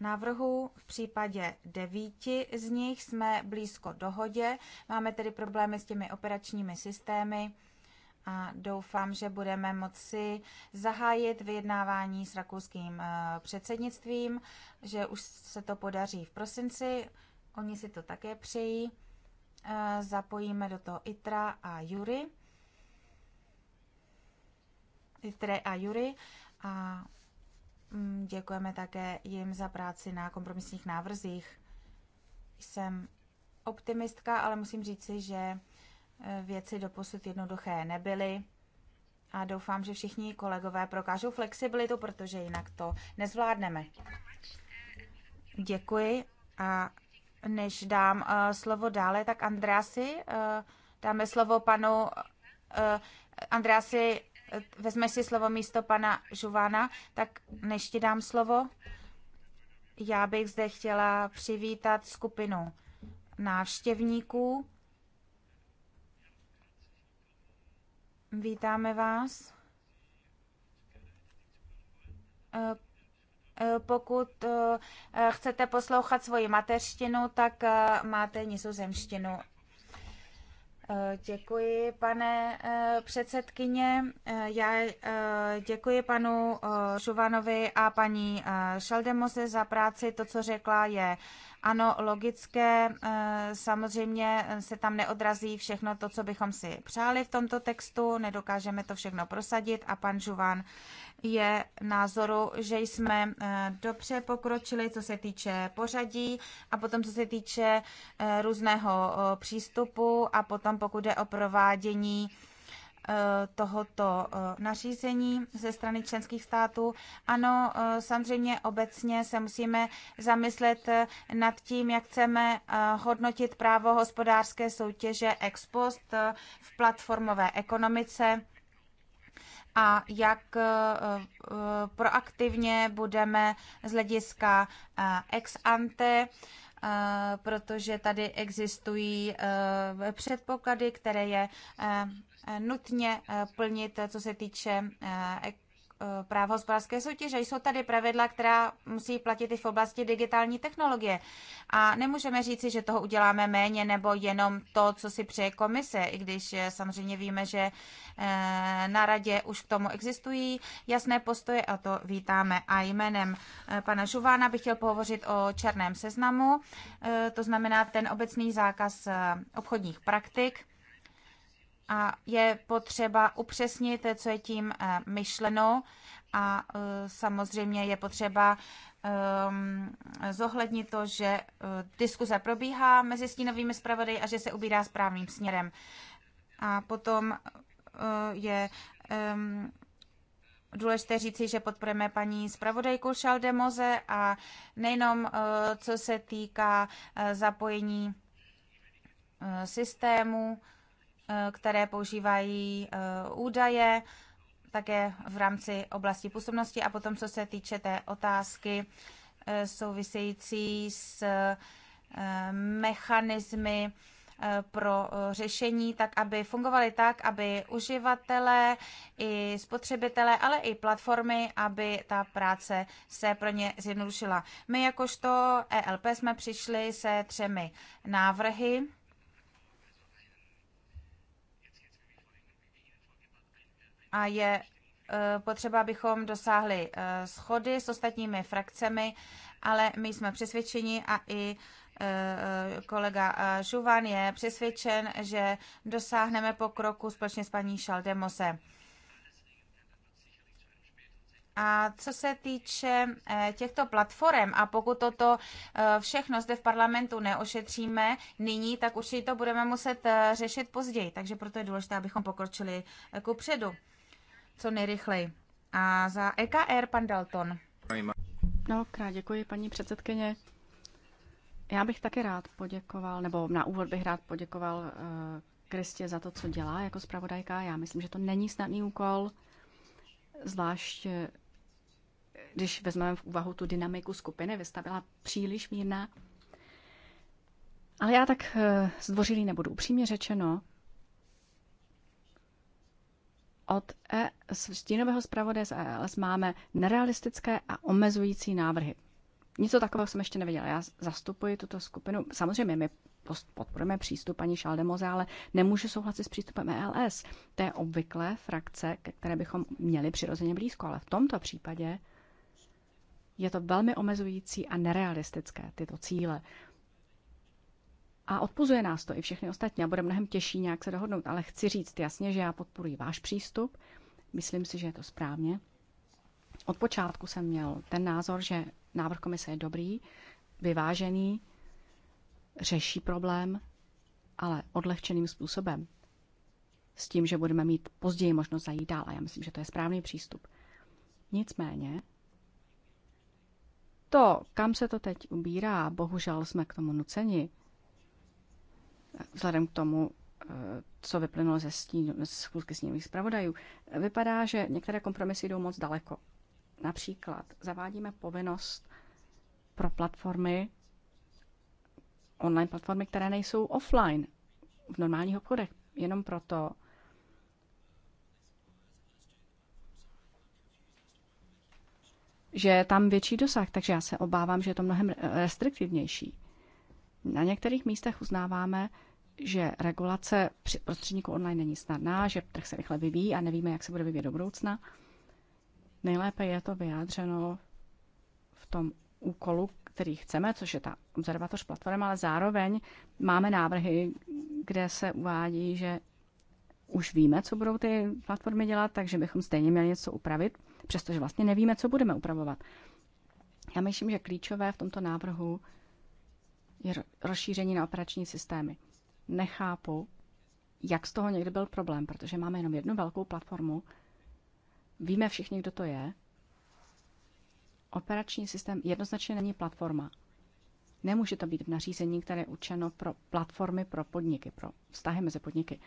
návrhů. V případě devíti z nich jsme blízko dohodě. Máme tedy problémy s těmi operačními systémy a doufám, že budeme moci zahájit vyjednávání s rakouským eh, předsednictvím, že už se to podaří v prosinci, oni si to také přejí. Eh, zapojíme do toho Itra a Jury. Itre a Jury a mm, děkujeme také jim za práci na kompromisních návrzích. Jsem optimistka, ale musím říci, že Eh, věci doposud jednoduché nebyly. A doufám, že všichni kolegové prokážou flexibilitu, protože jinak to nezvládneme. Děkuji a než dám uh, slovo dále, tak Andreasi, uh, dáme slovo panu uh, Andreasi, vezme si slovo místo pana Žuvana, tak než ti dám slovo, já bych zde chtěla přivítat skupinu návštěvníků Vítáme vás. Eh, eh, pokud eh, chcete poslouchat svoji mateřštinu, tak máte nizozemštinu. Děkuji, pane předsedkyně. Já děkuji panu Šuvanovi a paní Šaldemose za práci. To, co řekla, je ano, logické, eh, samozřejmě se tam neodrazí všechno to, co bychom si přáli v tomto textu, nedokážeme to všechno prosadit a pan Žuvan je názoru, že jsme eh, dobře pokročili, co se týče pořadí a potom co se týče eh, různého přístupu a potom pokud je o provádění Eh, tohoto eh, nařízení ze strany členských států. Ano, eh, samozřejmě obecně se musíme zamyslet nad tím, jak chceme hodnotit právo hospodářské soutěže ex post v platformové ekonomice a jak proaktivně budeme z hlediska ex ante protože tady existují předpoklady, které je Eh, nutně eh, plnit, eh, co se týče práv hospodářské soutěže. Jsou tady pravidla, která musí platit i v oblasti digitální technologie. A nemůžeme říci, že toho uděláme méně nebo jenom to, co si přeje komise, i když samozřejmě víme, že na radě už k tomu existují jasné postoje a to vítáme. A jménem pana Žuvána bych chtěl pohovořit o černém seznamu, to znamená ten obecný zákaz obchodních praktik a je potřeba upřesnit, co je tím eh, myšleno a eh, samozřejmě je potřeba ehm, zohlednit to, že eh, diskuze probíhá mezi stínovými zpravodaji a že se ubírá správným směrem. A potom je ehm, důležité říci, že podporujeme paní zpravodajku Šaldemoze a nejenom co se týká zapojení systému, Eh, které používají eh, údaje, také v rámci oblasti působnosti. A potom, co se týče té otázky eh, související s mechanismy pro řešení, tak aby fungovaly tak, aby uživatelé i spotřebitelé, ale i platformy, aby ta práce se pro ně zjednodušila. My jakožto ELP jsme přišli se třemi návrhy. a je eh, potřeba, abychom dosáhli eh, schody s ostatními frakcemi, ale my jsme přesvědčeni a i eh, kolega Žuvan je přesvědčen, že dosáhneme pokroku společně s paní Šaldemose. A co se týče těchto platform, a pokud toto všechno zde v parlamentu neošetříme nyní, tak určitě to budeme muset řešit později. Takže proto je důležité, abychom pokročili ku předu co nejrychleji. A za EKR pan Dalton. No, krát děkuji, paní předsedkyně. Já bych taky rád poděkoval, nebo na úvod bych rád poděkoval uh, Kristě za to, co dělá jako zpravodajka. Já myslím, že to není snadný úkol, zvlášť eh, když vezmeme v úvahu tu dynamiku skupiny, vystavila příliš mírná. Ale já tak eh, zdvořilý nebudu upřímně řečeno. Od e, stínového zpravodaje z ELS máme nerealistické a omezující návrhy. Něco takového jsem ještě neviděla. Já zastupuji tuto skupinu. Samozřejmě my podporujeme přístup paní Šaldemoze, ale nemůžu souhlasit s přístupem ELS. To je obvyklé frakce, ke které bychom měli přirozeně blízko, ale v tomto případě je to velmi omezující a nerealistické, tyto cíle. A odpuzuje nás to i všechny ostatní a bude mnohem těžší nějak se dohodnout. Ale chci říct jasně, že já podporuji váš přístup. Myslím si, že je to správně. Od počátku jsem měl ten názor, že návrh komise je dobrý, vyvážený, řeší problém, ale odlehčeným způsobem. S tím, že budeme mít později možnost zajít dál a já myslím, že to je správný přístup. Nicméně, to, kam se to teď ubírá, bohužel jsme k tomu nuceni, vzhledem k tomu, eh, co vyplynulo ze stín, z schůzky sněmových zpravodajů, vypadá, že některé kompromisy jdou moc daleko. Například zavádíme povinnost pro platformy, online platformy, které nejsou offline v normálních obchodech, jenom proto, že je tam větší dosah, takže já se obávám, že je to mnohem restriktivnější. Na některých místech uznáváme, že regulace při prostředníku online není snadná, že trh se rychle vyvíjí a nevíme, jak se bude vyvíjet do budoucna. Nejlépe je to vyjádřeno v tom úkolu, který chceme, což je ta observatoř platforma, ale zároveň máme návrhy, kde se uvádí, že už víme, co budou ty platformy dělat, takže bychom stejně měli něco upravit, přestože vlastně nevíme, co budeme upravovat. Já myslím, že klíčové v tomto návrhu je rozšíření na operační systémy nechápu, jak z toho někdy byl problém, protože máme jenom jednu velkou platformu, víme všichni, kdo to je. Operační systém jednoznačně není platforma. Nemůže to být v nařízení, které je učeno pro platformy pro podniky, pro vztahy mezi podniky.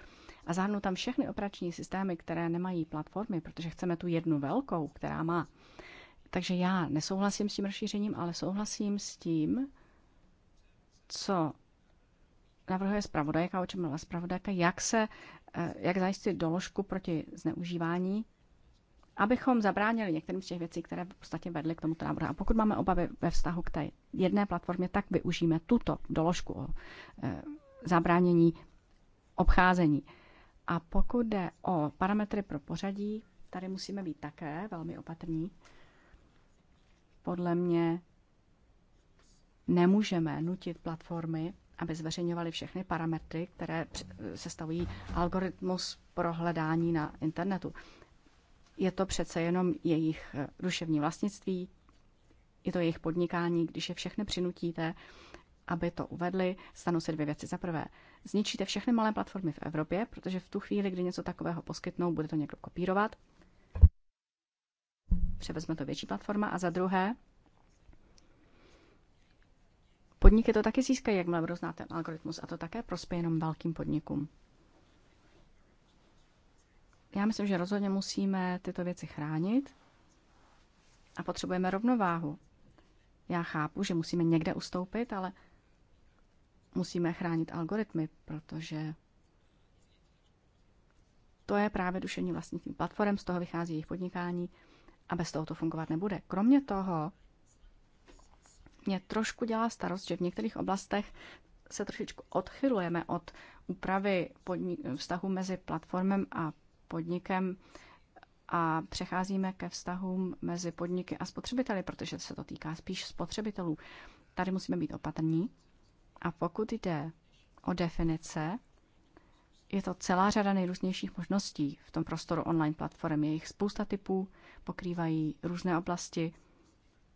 A zahrnu tam všechny operační systémy, které nemají platformy, protože chceme tu jednu velkou, která má. Takže já nesouhlasím s tím rozšířením, ale souhlasím s tím, co navrhuje zpravodajka, o čem mluvila zpravodajka, jak, se, eh, jak zajistit doložku proti zneužívání, abychom zabránili některým z těch věcí, které v podstatě vedly k tomuto návrhu. A pokud máme obavy ve vztahu k té jedné platformě, tak využijeme tuto doložku o eh, zabránění obcházení. A pokud jde o parametry pro pořadí, tady musíme být také velmi opatrní. Podle mě nemůžeme nutit platformy, aby zveřejňovali všechny parametry, které sestavují algoritmus pro hledání na internetu. Je to přece jenom jejich eh, duševní vlastnictví, je to jejich podnikání, když je všechny přinutíte, aby to uvedli, stanou se dvě věci. Za prvé, zničíte všechny malé platformy v Evropě, protože v tu chvíli, kdy něco takového poskytnou, bude to někdo kopírovat. Převezme to větší platforma. A za druhé, Podniky to taky získají, jakmile budou znát ten algoritmus a to také prospěje jenom velkým podnikům. Já myslím, že rozhodně musíme tyto věci chránit a potřebujeme rovnováhu. Já chápu, že musíme někde ustoupit, ale musíme chránit algoritmy, protože to je právě dušení vlastnictví platform, z toho vychází jejich podnikání a bez toho to fungovat nebude. Kromě toho mě trošku dělá starost, že v některých oblastech se trošičku odchylujeme od úpravy podnik- vztahu mezi platformem a podnikem a přecházíme ke vztahům mezi podniky a spotřebiteli, protože se to týká spíš spotřebitelů. Tady musíme být opatrní. A pokud jde o definice, je to celá řada nejrůznějších možností v tom prostoru online platform. Je jich spousta typů, pokrývají různé oblasti,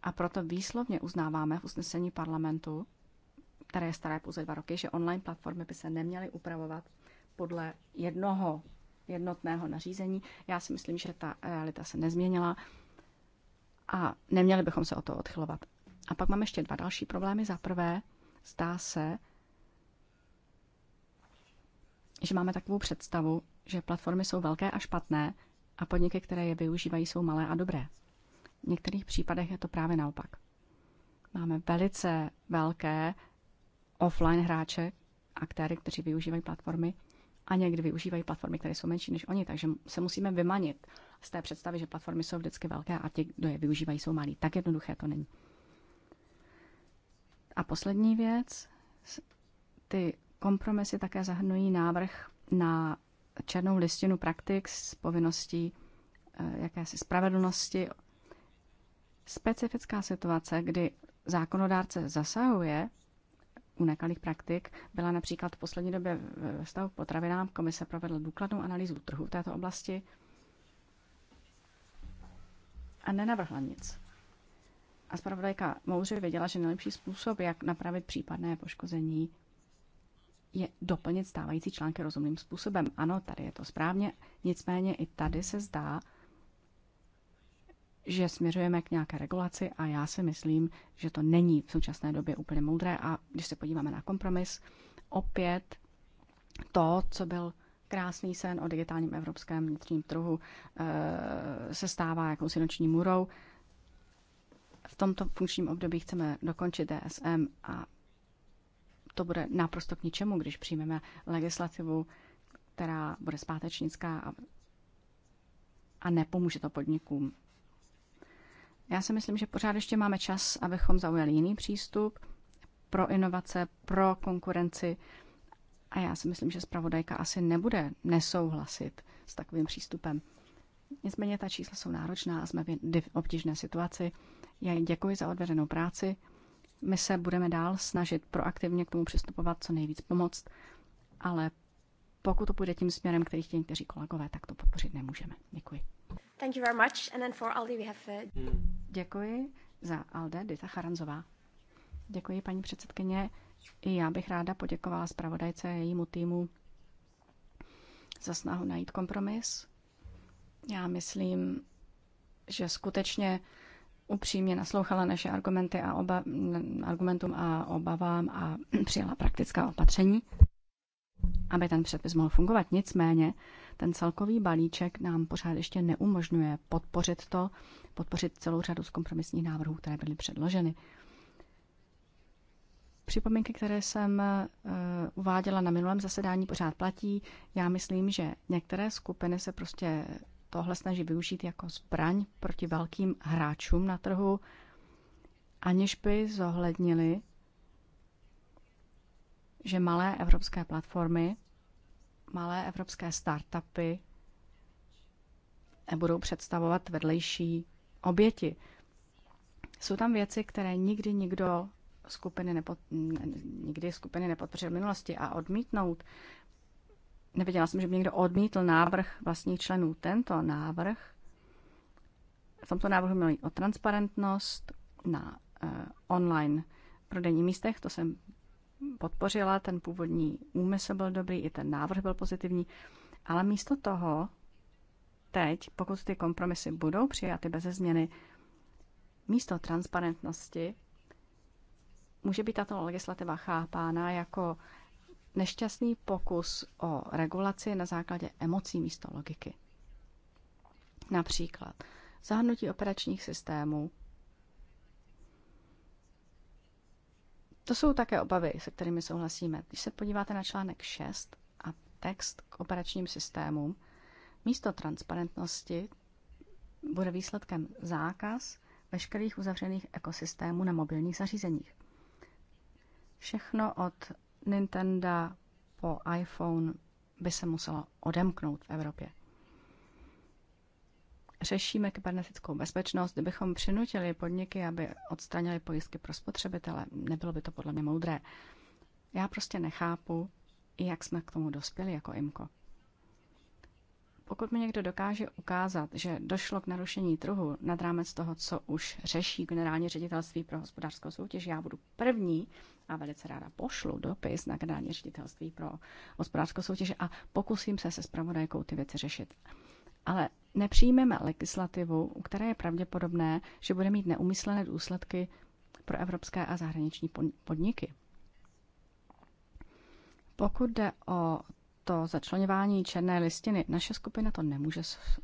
a proto výslovně uznáváme v usnesení parlamentu, které je staré pouze dva roky, že online platformy by se neměly upravovat podle jednoho jednotného nařízení. Já si myslím, že ta realita se nezměnila a neměli bychom se o to odchylovat. A pak máme ještě dva další problémy. Za prvé, zdá se, že máme takovou představu, že platformy jsou velké a špatné a podniky, které je využívají, jsou malé a dobré. V některých případech je to právě naopak. Máme velice velké offline hráče, aktéry, kteří využívají platformy a někdy využívají platformy, které jsou menší než oni, takže se musíme vymanit z té představy, že platformy jsou vždycky velké a ti, kdo je využívají, jsou malí. Tak jednoduché to není. A poslední věc, ty kompromisy také zahrnují návrh na černou listinu praktik s povinností eh, jakési spravedlnosti, Specifická situace, kdy zákonodárce zasahuje u nekalých praktik, byla například v poslední době ve stavu potravinám. Komise provedla důkladnou analýzu trhu v této oblasti a nenavrhla nic. A zpravodajka moudře věděla, že nejlepší způsob, jak napravit případné poškození, je doplnit stávající články rozumným způsobem. Ano, tady je to správně, nicméně i tady se zdá, že směřujeme k nějaké regulaci a já si myslím, že to není v současné době úplně moudré a když se podíváme na kompromis, opět to, co byl krásný sen o digitálním evropském vnitřním trhu, eh, se stává jakousi noční murou. V tomto funkčním období chceme dokončit DSM a to bude naprosto k ničemu, když přijmeme legislativu, která bude zpátečnická a, nepomůže to podnikům já si myslím, že pořád ještě máme čas, abychom zaujali jiný přístup pro inovace, pro konkurenci. A já si myslím, že zpravodajka asi nebude nesouhlasit s takovým přístupem. Nicméně ta čísla jsou náročná a jsme v obtížné situaci. Já jim děkuji za odvedenou práci. My se budeme dál snažit proaktivně k tomu přistupovat, co nejvíc pomoct, ale pokud to půjde tím směrem, který chtějí někteří kolegové, tak to podpořit nemůžeme. Děkuji. Thank you very much. And then for Aldi we have... A... Uh, Děkuji za Alde, Dita Charanzová. Děkuji, paní předsedkyně. I já bych ráda poděkovala zpravodajce a jejímu týmu za snahu najít kompromis. Já myslím, že skutečně upřímně naslouchala naše argumenty a oba, argumentům a obavám a přijala praktická opatření, aby ten předpis mohl fungovat. Nicméně ten celkový balíček nám pořád ještě neumožňuje podpořit to, podpořit celou řadu z kompromisních návrhů, které byly předloženy. Připomínky, které jsem eh, uváděla na minulém zasedání, pořád platí. Já myslím, že některé skupiny se prostě tohle snaží využít jako zbraň proti velkým hráčům na trhu, aniž by zohlednili, že malé evropské platformy malé evropské startupy budou představovat vedlejší oběti. Jsou tam věci, které nikdy nikdo skupiny nepo, nikdy skupiny nepodpořil v minulosti a odmítnout. Neviděla jsem, že by někdo odmítl návrh vlastních členů. Tento návrh, v tomto návrhu mluví o transparentnost na uh, online prodejních místech, to jsem podpořila, ten původní úmysl byl dobrý, i ten návrh byl pozitivní, ale místo toho teď, pokud ty kompromisy budou přijaty bez změny, místo transparentnosti může být tato legislativa chápána jako nešťastný pokus o regulaci na základě emocí místo logiky. Například zahrnutí operačních systémů To jsou také obavy, se kterými souhlasíme. Když se podíváte na článek 6 a text k operačním systémům, místo transparentnosti bude výsledkem zákaz veškerých uzavřených ekosystémů na mobilních zařízeních. Všechno od Nintendo po iPhone by se muselo odemknout v Evropě řešíme kybernetickou bezpečnost, kdybychom přinutili podniky, aby odstranili pojistky pro spotřebitele, nebylo by to podle mě moudré. Já prostě nechápu, jak jsme k tomu dospěli jako IMKO. Pokud mi někdo dokáže ukázat, že došlo k narušení trhu nad rámec toho, co už řeší generální ředitelství pro hospodářskou soutěž, já budu první a velice ráda pošlu dopis na generální ředitelství pro hospodářskou soutěž a pokusím se se spravodajkou ty věci řešit. Ale nepřijmeme legislativu, u které je pravděpodobné, že bude mít neumyslené důsledky pro evropské a zahraniční podniky. Pokud jde o to začlenování černé listiny, naše skupina to nemůže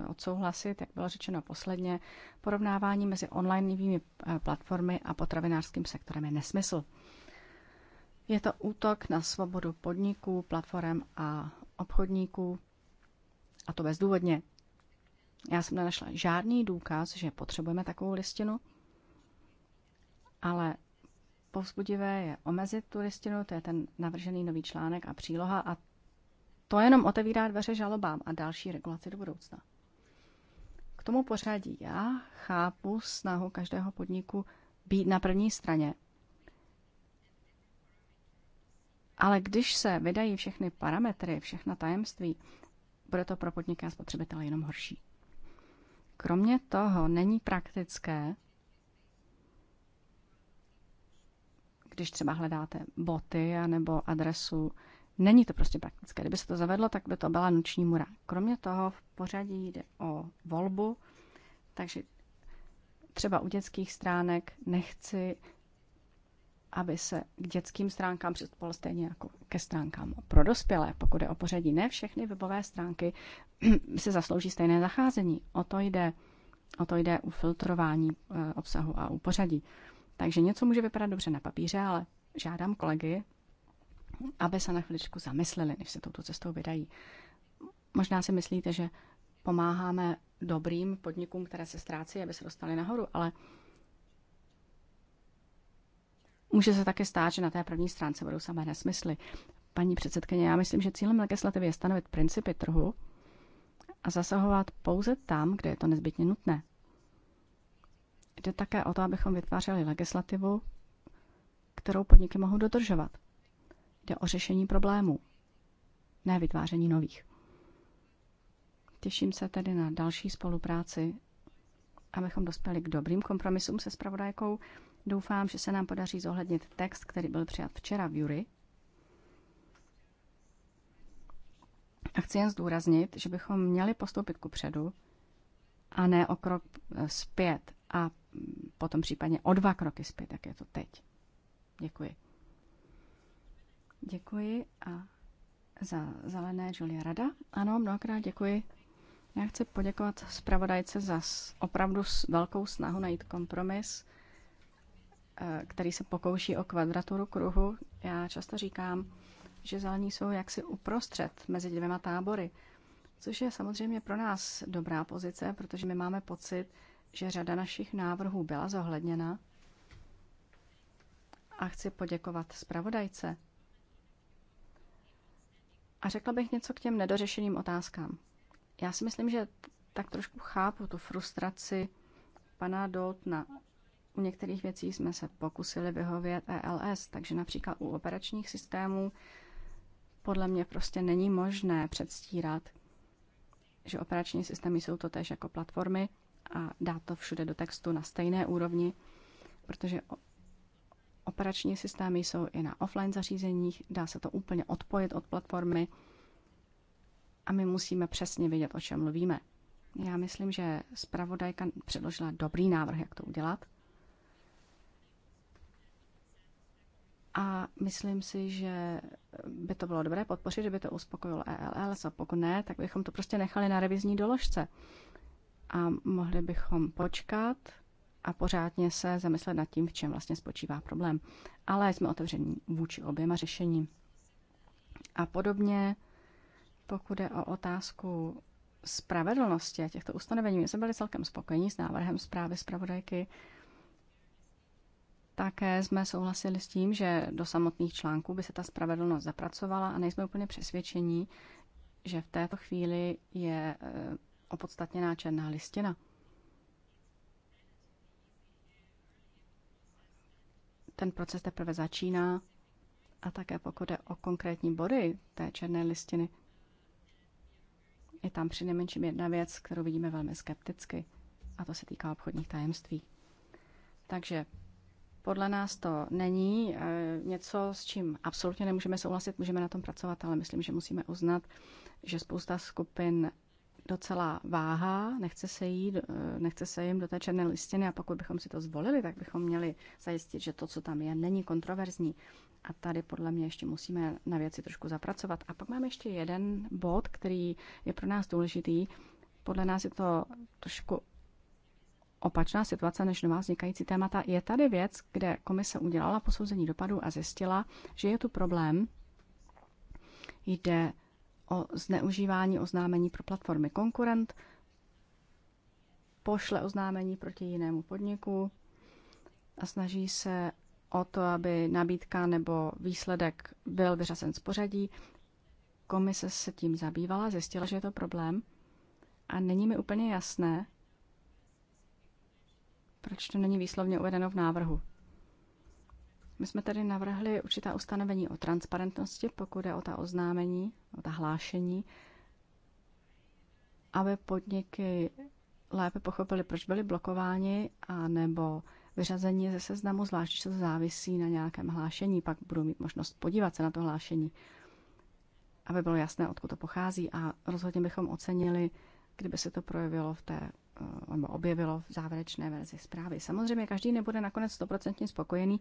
odsouhlasit, jak bylo řečeno posledně. Porovnávání mezi online eh, platformy a potravinářským sektorem je nesmysl. Je to útok na svobodu podniků, platform a obchodníků, a to bezdůvodně. Já jsem nenašla žádný důkaz, že potřebujeme takovou listinu, ale povzbudivé je omezit tu listinu, to je ten navržený nový článek a příloha a to jenom otevírá dveře žalobám a další regulaci do budoucna. K tomu pořadí já chápu snahu každého podniku být na první straně. Ale když se vydají všechny parametry, všechna tajemství, bude to pro podniky a spotřebitele jenom horší. Kromě toho není praktické, když třeba hledáte boty nebo adresu, není to prostě praktické. Kdyby se to zavedlo, tak by to byla noční mura. Kromě toho v pořadí jde o volbu, takže třeba u dětských stránek nechci aby se k dětským stránkám přistupovalo stejně jako ke stránkám pro dospělé. Pokud je o pořadí, ne všechny webové stránky se zaslouží stejné zacházení. O to jde, o to jde u filtrování eh, obsahu a u pořadí. Takže něco může vypadat dobře na papíře, ale žádám kolegy, aby se na chviličku zamysleli, než se touto cestou vydají. Možná si myslíte, že pomáháme dobrým podnikům, které se ztrácí, aby se dostali nahoru, ale Může se také stát, že na té první stránce budou samé nesmysly. Paní předsedkyně, já myslím, že cílem legislativy je stanovit principy trhu a zasahovat pouze tam, kde je to nezbytně nutné. Jde také o to, abychom vytvářeli legislativu, kterou podniky mohou dodržovat. Jde o řešení problémů, ne vytváření nových. Těším se tedy na další spolupráci, abychom dospěli k dobrým kompromisům se spravodajkou Doufám, že se nám podaří zohlednit text, který byl přijat včera v jury. A chci jen zdůraznit, že bychom měli postoupit ku předu a ne o krok eh, zpět a potom případně o dva kroky zpět, jak je to teď. Děkuji. Děkuji a za zelené Julia Rada. Ano, mnohokrát děkuji. Já chci poděkovat zpravodajce za opravdu velkou snahu najít kompromis Eh, který se pokouší o kvadraturu kruhu. Já často říkám, že zelení jsou jaksi uprostřed mezi dvěma tábory, což je samozřejmě pro nás dobrá pozice, protože my máme pocit, že řada našich návrhů byla zohledněna. A chci poděkovat zpravodajce. A řekla bych něco k těm nedořešeným otázkám. Já si myslím, že tak trošku chápu tu frustraci pana Doltna u některých věcí jsme se pokusili vyhovět ELS, takže například u operačních systémů podle mě prostě není možné předstírat, že operační systémy jsou to tež jako platformy a dát to všude do textu na stejné úrovni, protože operační systémy jsou i na offline zařízeních, dá se to úplně odpojit od platformy a my musíme přesně vědět, o čem mluvíme. Já myslím, že zpravodajka předložila dobrý návrh, jak to udělat. A myslím si, že by to bylo dobré podpořit, kdyby to uspokojilo ELL. a pokud ne, tak bychom to prostě nechali na revizní doložce. A mohli bychom počkat a pořádně se zamyslet nad tím, v čem vlastně spočívá problém. Ale jsme otevření vůči oběma řešením. A podobně, pokud je o otázku spravedlnosti a těchto ustanovení, my jsme byli celkem spokojení s návrhem zprávy zpravodajky, také jsme souhlasili s tím, že do samotných článků by se ta spravedlnost zapracovala a nejsme úplně přesvědčení, že v této chvíli je e, opodstatněná černá listina. Ten proces teprve začíná a také pokud jde o konkrétní body té černé listiny, je tam přinejmenším jedna věc, kterou vidíme velmi skepticky, a to se týká obchodních tajemství. Takže podle nás to není eh, něco, s čím absolutně nemůžeme souhlasit, můžeme na tom pracovat, ale myslím, že musíme uznat, že spousta skupin docela váha, nechce se, jít, eh, nechce se jim do té černé listiny a pokud bychom si to zvolili, tak bychom měli zajistit, že to, co tam je, není kontroverzní. A tady podle mě ještě musíme na věci trošku zapracovat. A pak máme ještě jeden bod, který je pro nás důležitý. Podle nás je to trošku opačná situace než nová vznikající témata, je tady věc, kde komise udělala posouzení dopadů a zjistila, že je tu problém. Jde o zneužívání oznámení pro platformy konkurent, pošle oznámení proti jinému podniku a snaží se o to, aby nabídka nebo výsledek byl vyřazen z pořadí. Komise se tím zabývala, zjistila, že je to problém a není mi úplně jasné, proč to není výslovně uvedeno v návrhu? My jsme tady navrhli určitá ustanovení o transparentnosti, pokud je o ta oznámení, o ta hlášení, aby podniky lépe pochopili, proč byli blokováni, a nebo vyřazení ze seznamu, zvlášť když to závisí na nějakém hlášení, pak budou mít možnost podívat se na to hlášení, aby bylo jasné, odkud to pochází a rozhodně bychom ocenili, kdyby se to projevilo v té Eh, nebo objevilo v závěrečné verzi zprávy. Samozřejmě každý nebude nakonec stoprocentně spokojený,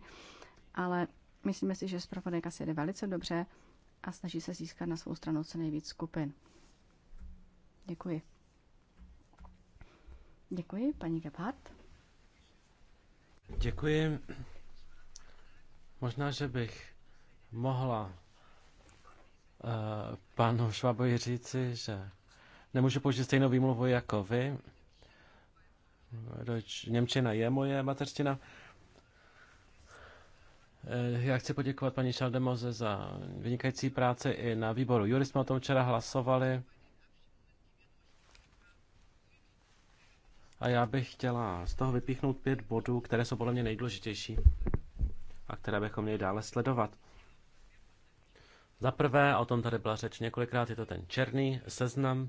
ale myslíme si, že zpravodajka se jede velice dobře a snaží se získat na svou stranu co nejvíc skupin. Děkuji. Děkuji, paní Gebhardt. Děkuji. Možná, že bych mohla uh, panu Švaboji říci, že nemůžu použít stejnou výmluvu jako vy, Deutsch, Němčina je moje mateřština. Eh, já chci poděkovat paní Šaldemoze za vynikající práci i na výboru. Jury jsme o tom včera hlasovali. A já bych chtěla z toho vypíchnout pět bodů, které jsou podle mě nejdůležitější a které bychom měli dále sledovat. Za prvé, o tom tady byla řeč několikrát, je to ten černý seznam.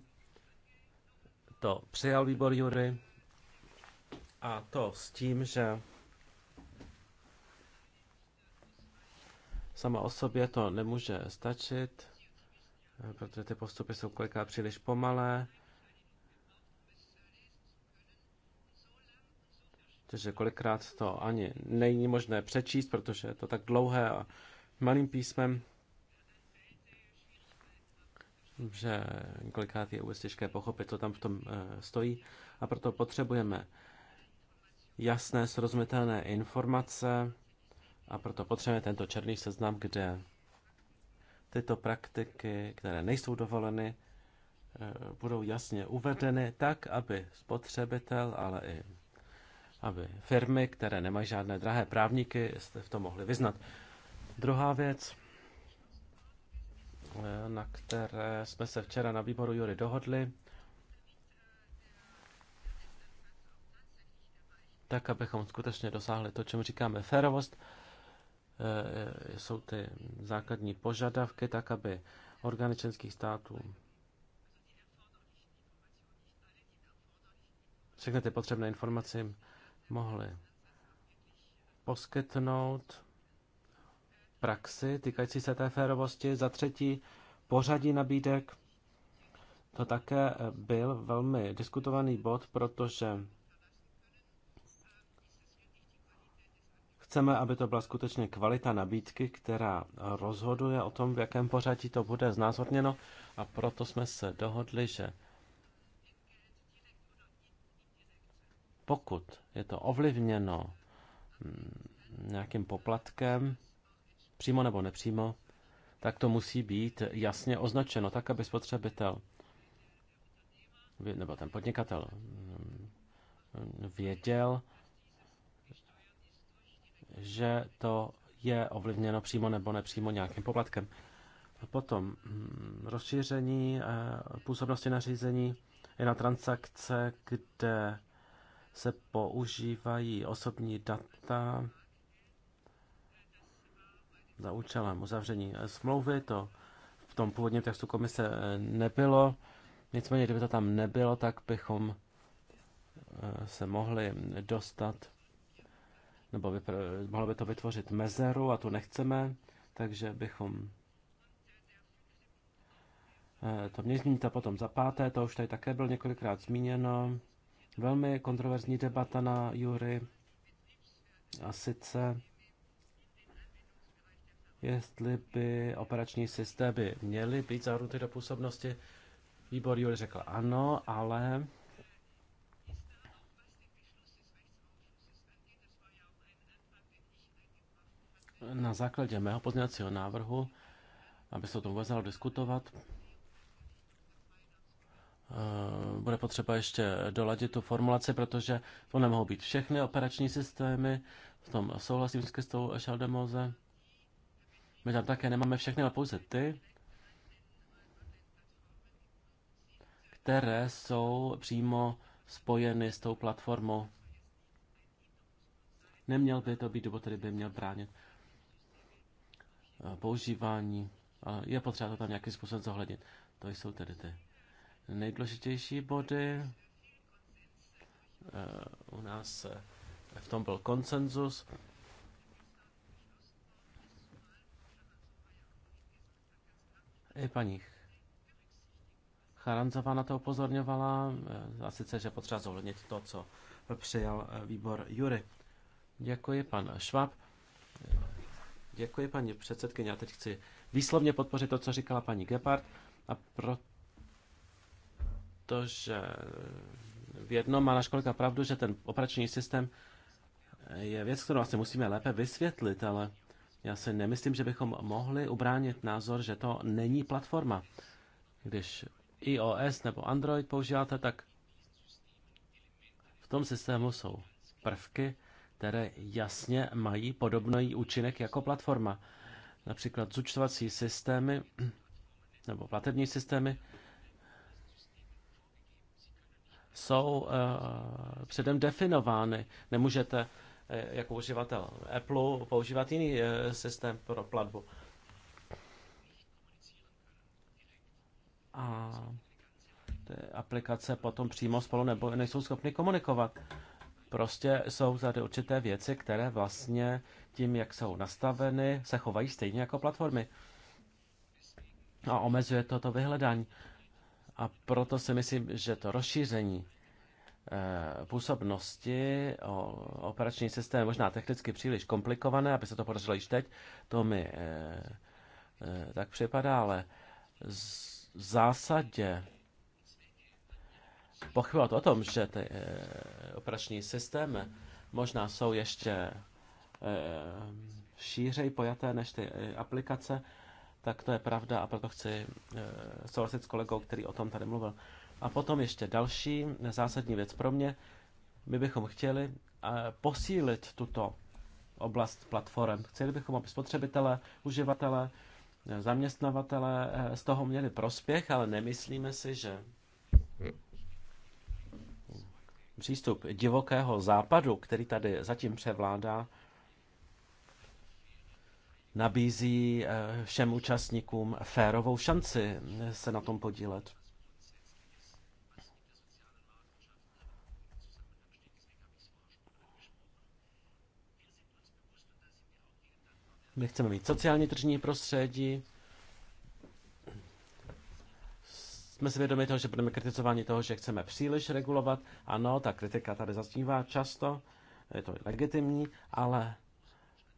To přijal výbor Jury. A to s tím, že sama o sobě to nemůže stačit, protože ty postupy jsou kolikrát příliš pomalé. Takže kolikrát to ani není možné přečíst, protože je to tak dlouhé a malým písmem, že kolikrát je vůbec těžké pochopit, co tam v tom eh, stojí. A proto potřebujeme jasné, srozumitelné informace a proto potřebujeme tento černý seznam, kde tyto praktiky, které nejsou dovoleny, eh, budou jasně uvedeny tak, aby spotřebitel, ale i aby firmy, které nemají žádné drahé právníky, jste v tom mohli vyznat. Druhá věc, eh, na které jsme se včera na výboru Jury dohodli, tak abychom skutečně dosáhli to, čemu říkáme férovost. Eh, eh, jsou ty základní požadavky, tak aby orgány členských států všechny ty potřebné informace mohly poskytnout praxi týkající se té férovosti. Za třetí, pořadí nabídek. To také byl velmi diskutovaný bod, protože Chceme, aby to byla skutečně kvalita nabídky, která rozhoduje o tom, v jakém pořadí to bude znázorněno a proto jsme se dohodli, že pokud je to ovlivněno mm, nějakým poplatkem, přímo nebo nepřímo, tak to musí být jasně označeno, tak aby spotřebitel nebo ten podnikatel mm, věděl, že to je ovlivněno přímo nebo nepřímo nějakým poplatkem. Potom mm, rozšíření eh, působnosti nařízení je na transakce, kde se používají osobní data za účelem uzavření eh, smlouvy. To v tom původním textu komise eh, nebylo. Nicméně, kdyby to tam nebylo, tak bychom se mohli dostat nebo vypr- mohlo by to vytvořit mezeru a tu nechceme, takže bychom eh, to mě zmínit a potom za páté, to už tady také bylo několikrát zmíněno, velmi kontroverzní debata na Jury a sice jestli by operační systémy měly být zahrnuty do působnosti. Výbor Jury řekl ano, ale na základě mého pozměňovacího návrhu, aby se o tom vůbec dalo diskutovat. Eh, bude potřeba ještě doladit tu formulaci, protože to nemohou být všechny operační systémy. V tom souhlasím s Kristou Šaldemoze. My tam také nemáme všechny, ale pouze ty, které jsou přímo spojeny s tou platformou. Neměl by to být, nebo tedy by měl bránit používání, ale je potřeba to tam nějakým způsobem zohlednit. To jsou tedy ty nejdůležitější body. E, u nás v tom byl konsenzus. I paní Charanzová na to upozorňovala, e, a sice, že potřeba zohlednit to, co přijal e, výbor Jury. Děkuji, pan Švab. Děkuji, paní předsedkyně. Já teď chci výslovně podpořit to, co říkala paní Gepard, a protože v jednom má náš kolega pravdu, že ten operační systém je věc, kterou asi musíme lépe vysvětlit, ale já si nemyslím, že bychom mohli ubránit názor, že to není platforma. Když iOS nebo Android používáte, tak v tom systému jsou prvky, které jasně mají podobný účinek jako platforma. Například zúčtovací systémy nebo platební systémy jsou uh, předem definovány. Nemůžete eh, jako uživatel Apple používat jiný uh, systém pro platbu. A ty aplikace potom přímo spolu nebo nejsou schopny komunikovat. Uh, Prostě jsou tady určité věci, které vlastně tím, jak jsou nastaveny, se chovají stejně jako platformy. A omezuje to to vyhledání. A proto si myslím, že to rozšíření eh, působnosti o operační systém možná technicky příliš komplikované, aby se to podařilo již teď, to mi eh, eh, tak připadá, ale v zásadě pochybovat o tom, že ty eh, operační systémy možná jsou ještě eh, šířej pojaté než ty eh, aplikace, tak to je pravda a proto chci souhlasit s kolegou, který o tom tady mluvil. A potom ještě další zásadní věc pro mě. My bychom chtěli posílit tuto oblast platform. Chtěli bychom, aby spotřebitele, uživatele, zaměstnavatele z toho měli prospěch, ale nemyslíme si, že přístup divokého západu, který tady zatím převládá, nabízí eh, všem účastníkům férovou šanci se na tom podílet. My chceme mít sociální tržní prostředí, jsme si vědomi toho, že budeme kritizováni toho, že chceme příliš regulovat. Ano, ta kritika tady zaznívá často, je to legitimní, ale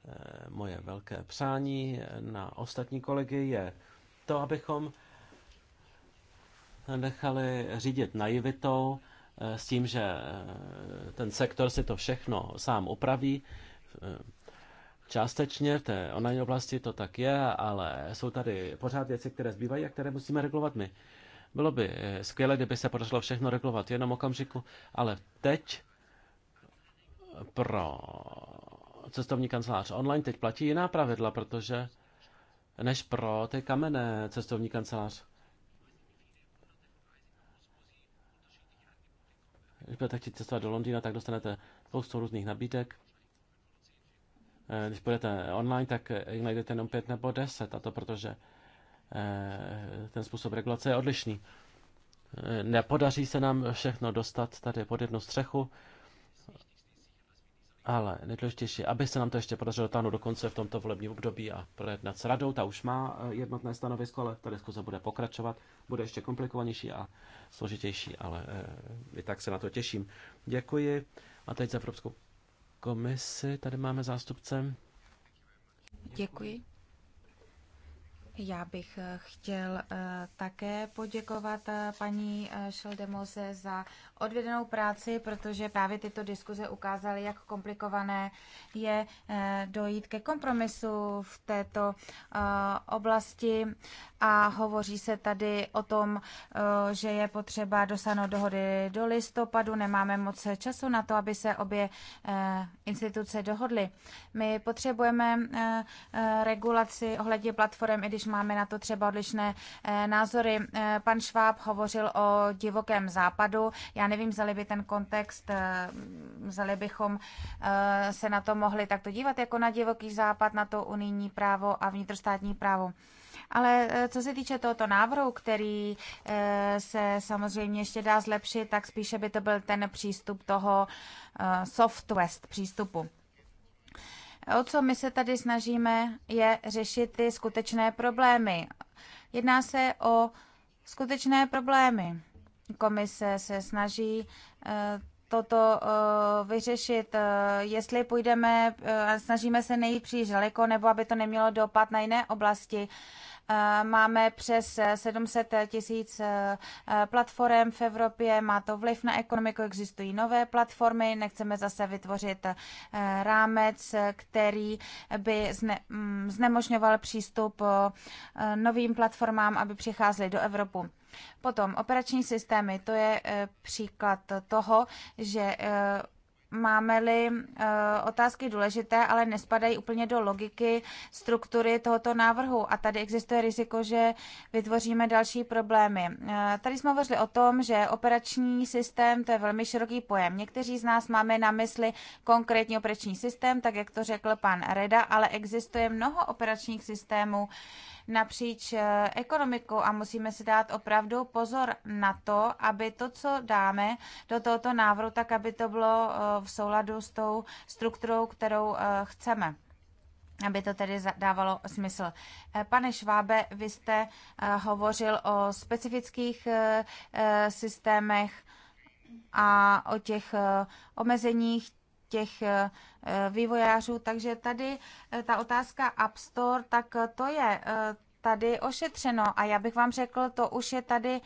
eh, moje velké přání na ostatní kolegy je to, abychom nechali řídit naivitou eh, s tím, že eh, ten sektor si to všechno sám upraví. Částečně v té online oblasti to tak je, ale jsou tady pořád věci, které zbývají a které musíme regulovat my. Bylo by eh, skvělé, kdyby se podařilo všechno regulovat v jednom okamžiku, ale teď pro cestovní kancelář online teď platí jiná pravidla, protože než pro ty kamenné cestovní kancelář. Když budete chtít cestovat do Londýna, tak dostanete spoustu různých nabídek. Eh, když budete online, tak najdete jenom pět nebo deset, a to protože Eh, ten způsob regulace je odlišný. Eh, nepodaří se nám všechno dostat tady pod jednu střechu, ale nejdůležitější, aby se nám to ještě podařilo dotáhnout do konce v tomto volebním období a projednat s radou, ta už má eh, jednotné stanovisko, ale ta diskuze bude pokračovat, bude ještě komplikovanější a složitější, ale i tak se na to těším. Děkuji. A teď za Evropskou komisi, tady máme zástupce. Děkuji. Já bych eh, chtěl eh, také poděkovat eh, paní Šeldemose za odvedenou práci, protože právě tyto diskuze ukázaly, jak komplikované je dojít ke kompromisu v této oblasti a hovoří se tady o tom, že je potřeba dosáhnout dohody do listopadu. Nemáme moc času na to, aby se obě instituce dohodly. My potřebujeme regulaci ohledně platform, i když máme na to třeba odlišné eh, názory. Eh, pan Šváb hovořil o divokém západu. Já nevím, zali by ten kontext, eh, zali bychom se na to mohli takto dívat jako na divoký západ, na to unijní právo a vnitrostátní právo. Ale co se týče tohoto návrhu, který se samozřejmě ještě dá zlepšit, tak spíše by to byl ten přístup toho soft west přístupu. O co my se tady snažíme, je řešit ty skutečné problémy. Jedná se o skutečné problémy. Komise se snaží eh, toto eh, vyřešit, eh, jestli půjdeme, snažíme se nejpříž daleko, nebo aby to nemělo dopad na jiné oblasti Eh, máme přes 700 eh, tisíc eh, platform v Evropě, má to vliv na ekonomiku, existují nové platformy, nechceme zase vytvořit rámec, který by zne, mm, znemožňoval přístup novým platformám, aby přicházely do Evropu. Potom operační systémy, to je příklad toho, že máme-li eh, otázky důležité, ale nespadají úplně do logiky struktury tohoto návrhu. A tady existuje riziko, že vytvoříme další problémy. Eh, tady jsme hovořili o tom, že operační systém to je velmi široký pojem. Někteří z nás máme na mysli konkrétní operační systém, tak jak to řekl pan Reda, ale existuje mnoho operačních systémů, napříč eh, ekonomikou a musíme si dát opravdu pozor na to, aby to, co dáme do tohoto návrhu, tak aby to bylo eh, v souladu s tou strukturou, kterou eh, chceme aby to tedy dávalo smysl. Pane Švábe, vy jste hovořil o specifických systémech a o těch omezeních těch eh, eh, vývojářů. Takže tady eh, ta otázka App Store, tak to je tady ošetřeno a já bych vám řekl, to už je tady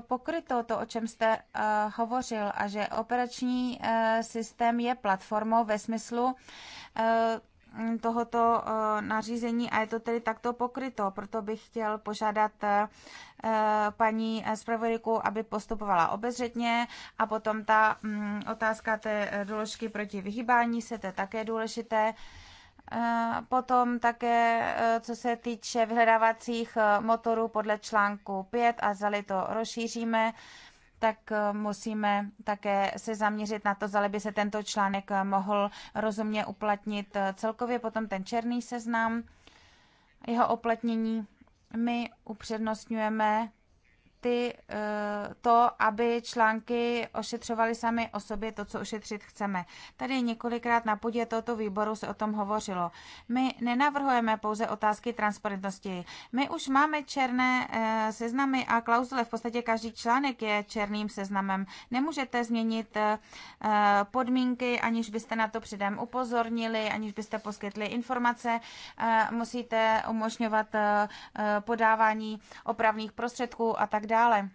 pokryto, to, o čem jste hovořil a že operační systém je platformou ve smyslu Mm, tohoto eh, nařízení a je to tedy takto pokryto. Proto bych chtěl požádat eh, paní zpravodajku, aby postupovala obezřetně a potom ta mm, otázka té eh, doložky proti vyhýbání se, to je také důležité. Potom také, co se týče vyhledávacích motorů podle článku 5 a zali to rozšíříme, tak eh, musíme také se zaměřit na to, zda by se tento článek eh, mohl rozumně uplatnit eh, celkově, potom ten černý seznam, jeho uplatnění. My upřednostňujeme ty, eh, to, aby články ošetřovaly sami o sobě to, co ošetřit chceme. Tady několikrát na půdě tohoto výboru se o tom hovořilo. My nenavrhujeme pouze otázky transparentnosti. My už máme černé eh, seznamy a klauzule. V podstatě každý článek je černým seznamem. Nemůžete změnit eh, podmínky, aniž byste na to předem upozornili, aniž byste poskytli informace. Musíte umožňovat podávání opravných prostředků a tak dále.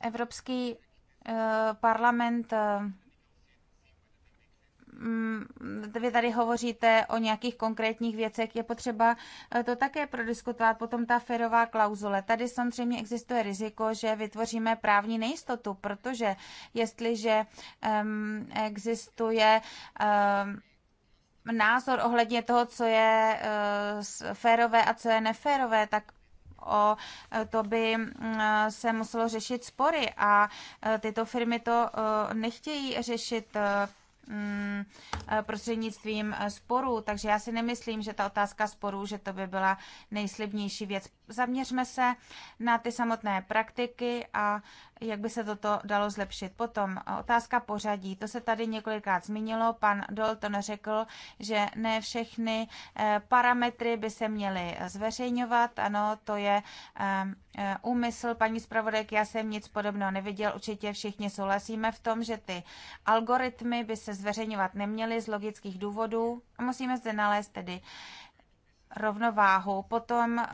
Evropský eh, parlament eh, mm, vy tady hovoříte o nějakých konkrétních věcech, je potřeba eh, to také prodiskutovat. Potom ta ferová klauzule. Tady samozřejmě existuje riziko, že vytvoříme právní nejistotu, protože jestliže um, existuje um, názor ohledně toho, co je uh, férové a co je neférové, tak o eh, to by mm, eh, se muselo řešit spory a eh, tyto firmy to nechtějí řešit mm, prostřednictvím sporů, takže já si nemyslím, že ta otázka sporů, že to by byla nejslibnější věc zaměřme se na ty samotné praktiky a jak by se toto dalo zlepšit. Potom otázka pořadí. To se tady několikrát zmínilo. Pan Dalton řekl, že ne všechny eh, parametry by se měly eh, zveřejňovat. Ano, to je eh, úmysl. Paní zpravodajk, já jsem nic podobného neviděl. Určitě všichni souhlasíme v tom, že ty algoritmy by se zveřejňovat neměly z logických důvodů. Musíme zde nalézt tedy rovnováhu. Potom uh,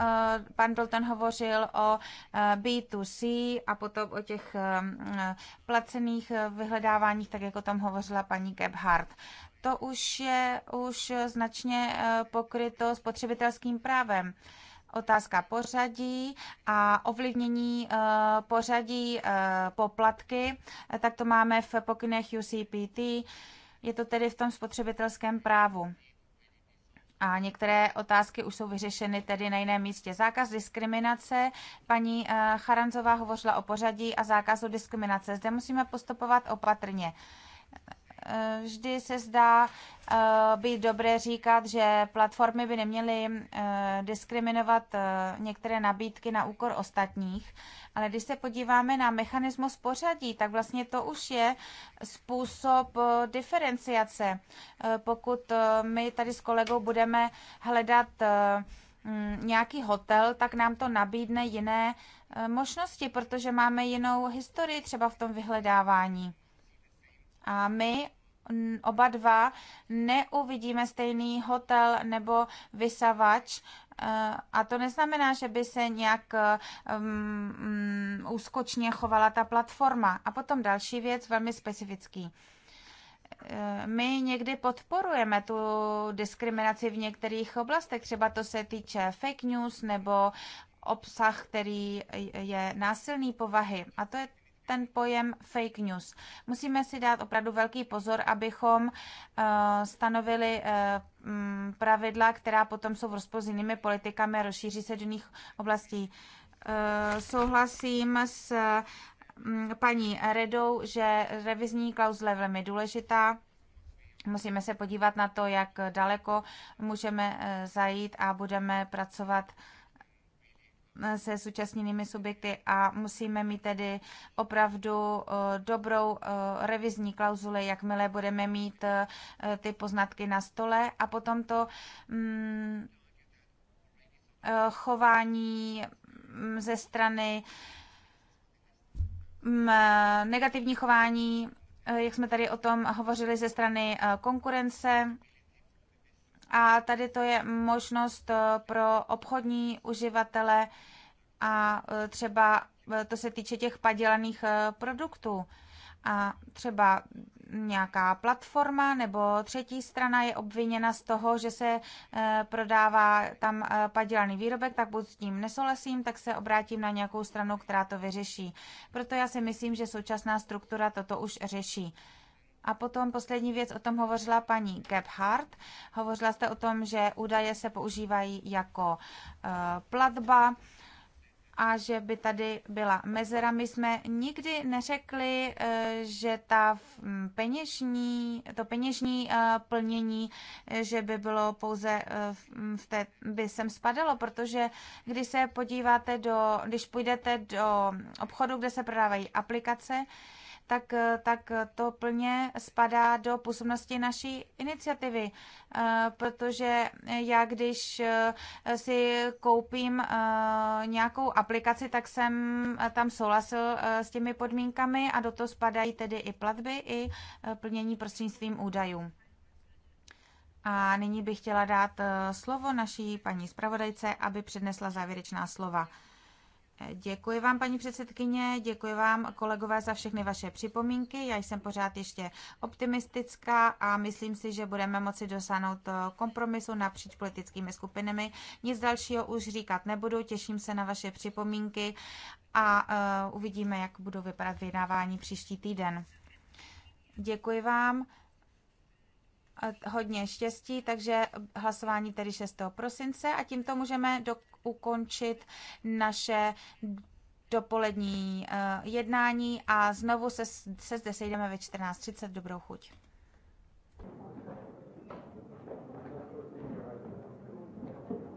pan Dalton hovořil o uh, eh, B2C a potom o těch uh, placených vyhledáváních, tak jako tam hovořila paní Gebhardt. To už je už značně uh, pokryto spotřebitelským právem. Otázka pořadí a ovlivnění uh, pořadí uh, poplatky, tak to máme v pokynech UCPT. Je to tedy v tom spotřebitelském právu. A některé otázky už jsou vyřešeny tedy na jiném místě. Zákaz diskriminace. Paní eh, Charanzová hovořila o pořadí a zákazu diskriminace. Zde musíme postupovat opatrně. Eh, vždy se zdá eh, být dobré říkat, že platformy by neměly eh, diskriminovat některé nabídky na úkor ostatních, ale když se podíváme na mechanismus pořadí, tak vlastně to už je způsob diferenciace. Pokud my tady s kolegou budeme hledat mm, nějaký hotel, tak nám to nabídne jiné možnosti, protože máme jinou historii třeba v tom vyhledávání. A my oba dva neuvidíme stejný hotel nebo vysavač, eh, a to neznamená, že by se nějak um, um, úskočně chovala ta platforma. A potom další věc, velmi specifický. Eh, my někdy podporujeme tu diskriminaci v některých oblastech, třeba to se týče fake news nebo obsah, který je násilný povahy. A to je ten pojem fake news. Musíme si dát opravdu velký pozor, abychom eh, stanovili eh, mm, pravidla, která potom jsou v rozporu s jinými politikami a rozšíří se do jiných oblastí. Eh, souhlasím s mm, paní Redou, že revizní klauzule je velmi důležitá. Musíme se podívat na to, jak daleko můžeme zajít a budeme pracovat se současnými subjekty a musíme mít tedy opravdu eh, dobrou eh, revizní klauzuli, jakmile budeme mít eh, ty poznatky na stole a potom to mm, chování mm, ze strany mm, negativní chování, jak jsme tady o tom hovořili ze strany konkurence, a tady to je možnost eh, pro obchodní uživatele a eh, třeba eh, to se týče těch padělaných produktů. A třeba nějaká platforma nebo třetí strana je obviněna z toho, že se prodává tam padělaný výrobek, tak buď s tím nesolesím, tak se obrátím na nějakou stranu, která to vyřeší. Proto já si myslím, že současná struktura toto už řeší. A potom poslední věc, o tom hovořila paní Gebhardt. Hovořila jste o tom, že údaje se používají jako eh, platba a že by tady byla mezera. My jsme nikdy neřekli, eh, že ta mm, peněžní, to peněžní eh, plnění, že by bylo pouze mm, v té, by sem spadalo, protože když se podíváte do, když půjdete do obchodu, kde se prodávají aplikace, tak, eh, tak eh, to plně spadá do působnosti naší iniciativy, eh, protože já když si koupím nějakou aplikaci, tak jsem tam souhlasil s těmi podmínkami a do toho spadají tedy i platby, i plnění prostřednictvím údajů. A nyní bych chtěla dát slovo naší paní zpravodajce, aby přednesla závěrečná slova. Děkuji vám, paní předsedkyně, děkuji vám, kolegové, za všechny vaše připomínky. Já jsem pořád ještě optimistická a myslím si, že budeme moci dosáhnout kompromisu napříč politickými skupinami. Nic dalšího už říkat nebudu, těším se na vaše připomínky a uh, uvidíme, jak budou vypadat vyjednávání příští týden. Děkuji vám eh, hodně štěstí, takže hlasování tedy 6. prosince a tímto můžeme do, ukončit naše dopolední eh, jednání a znovu se, se zde sejdeme ve 14.30. Dobrou chuť.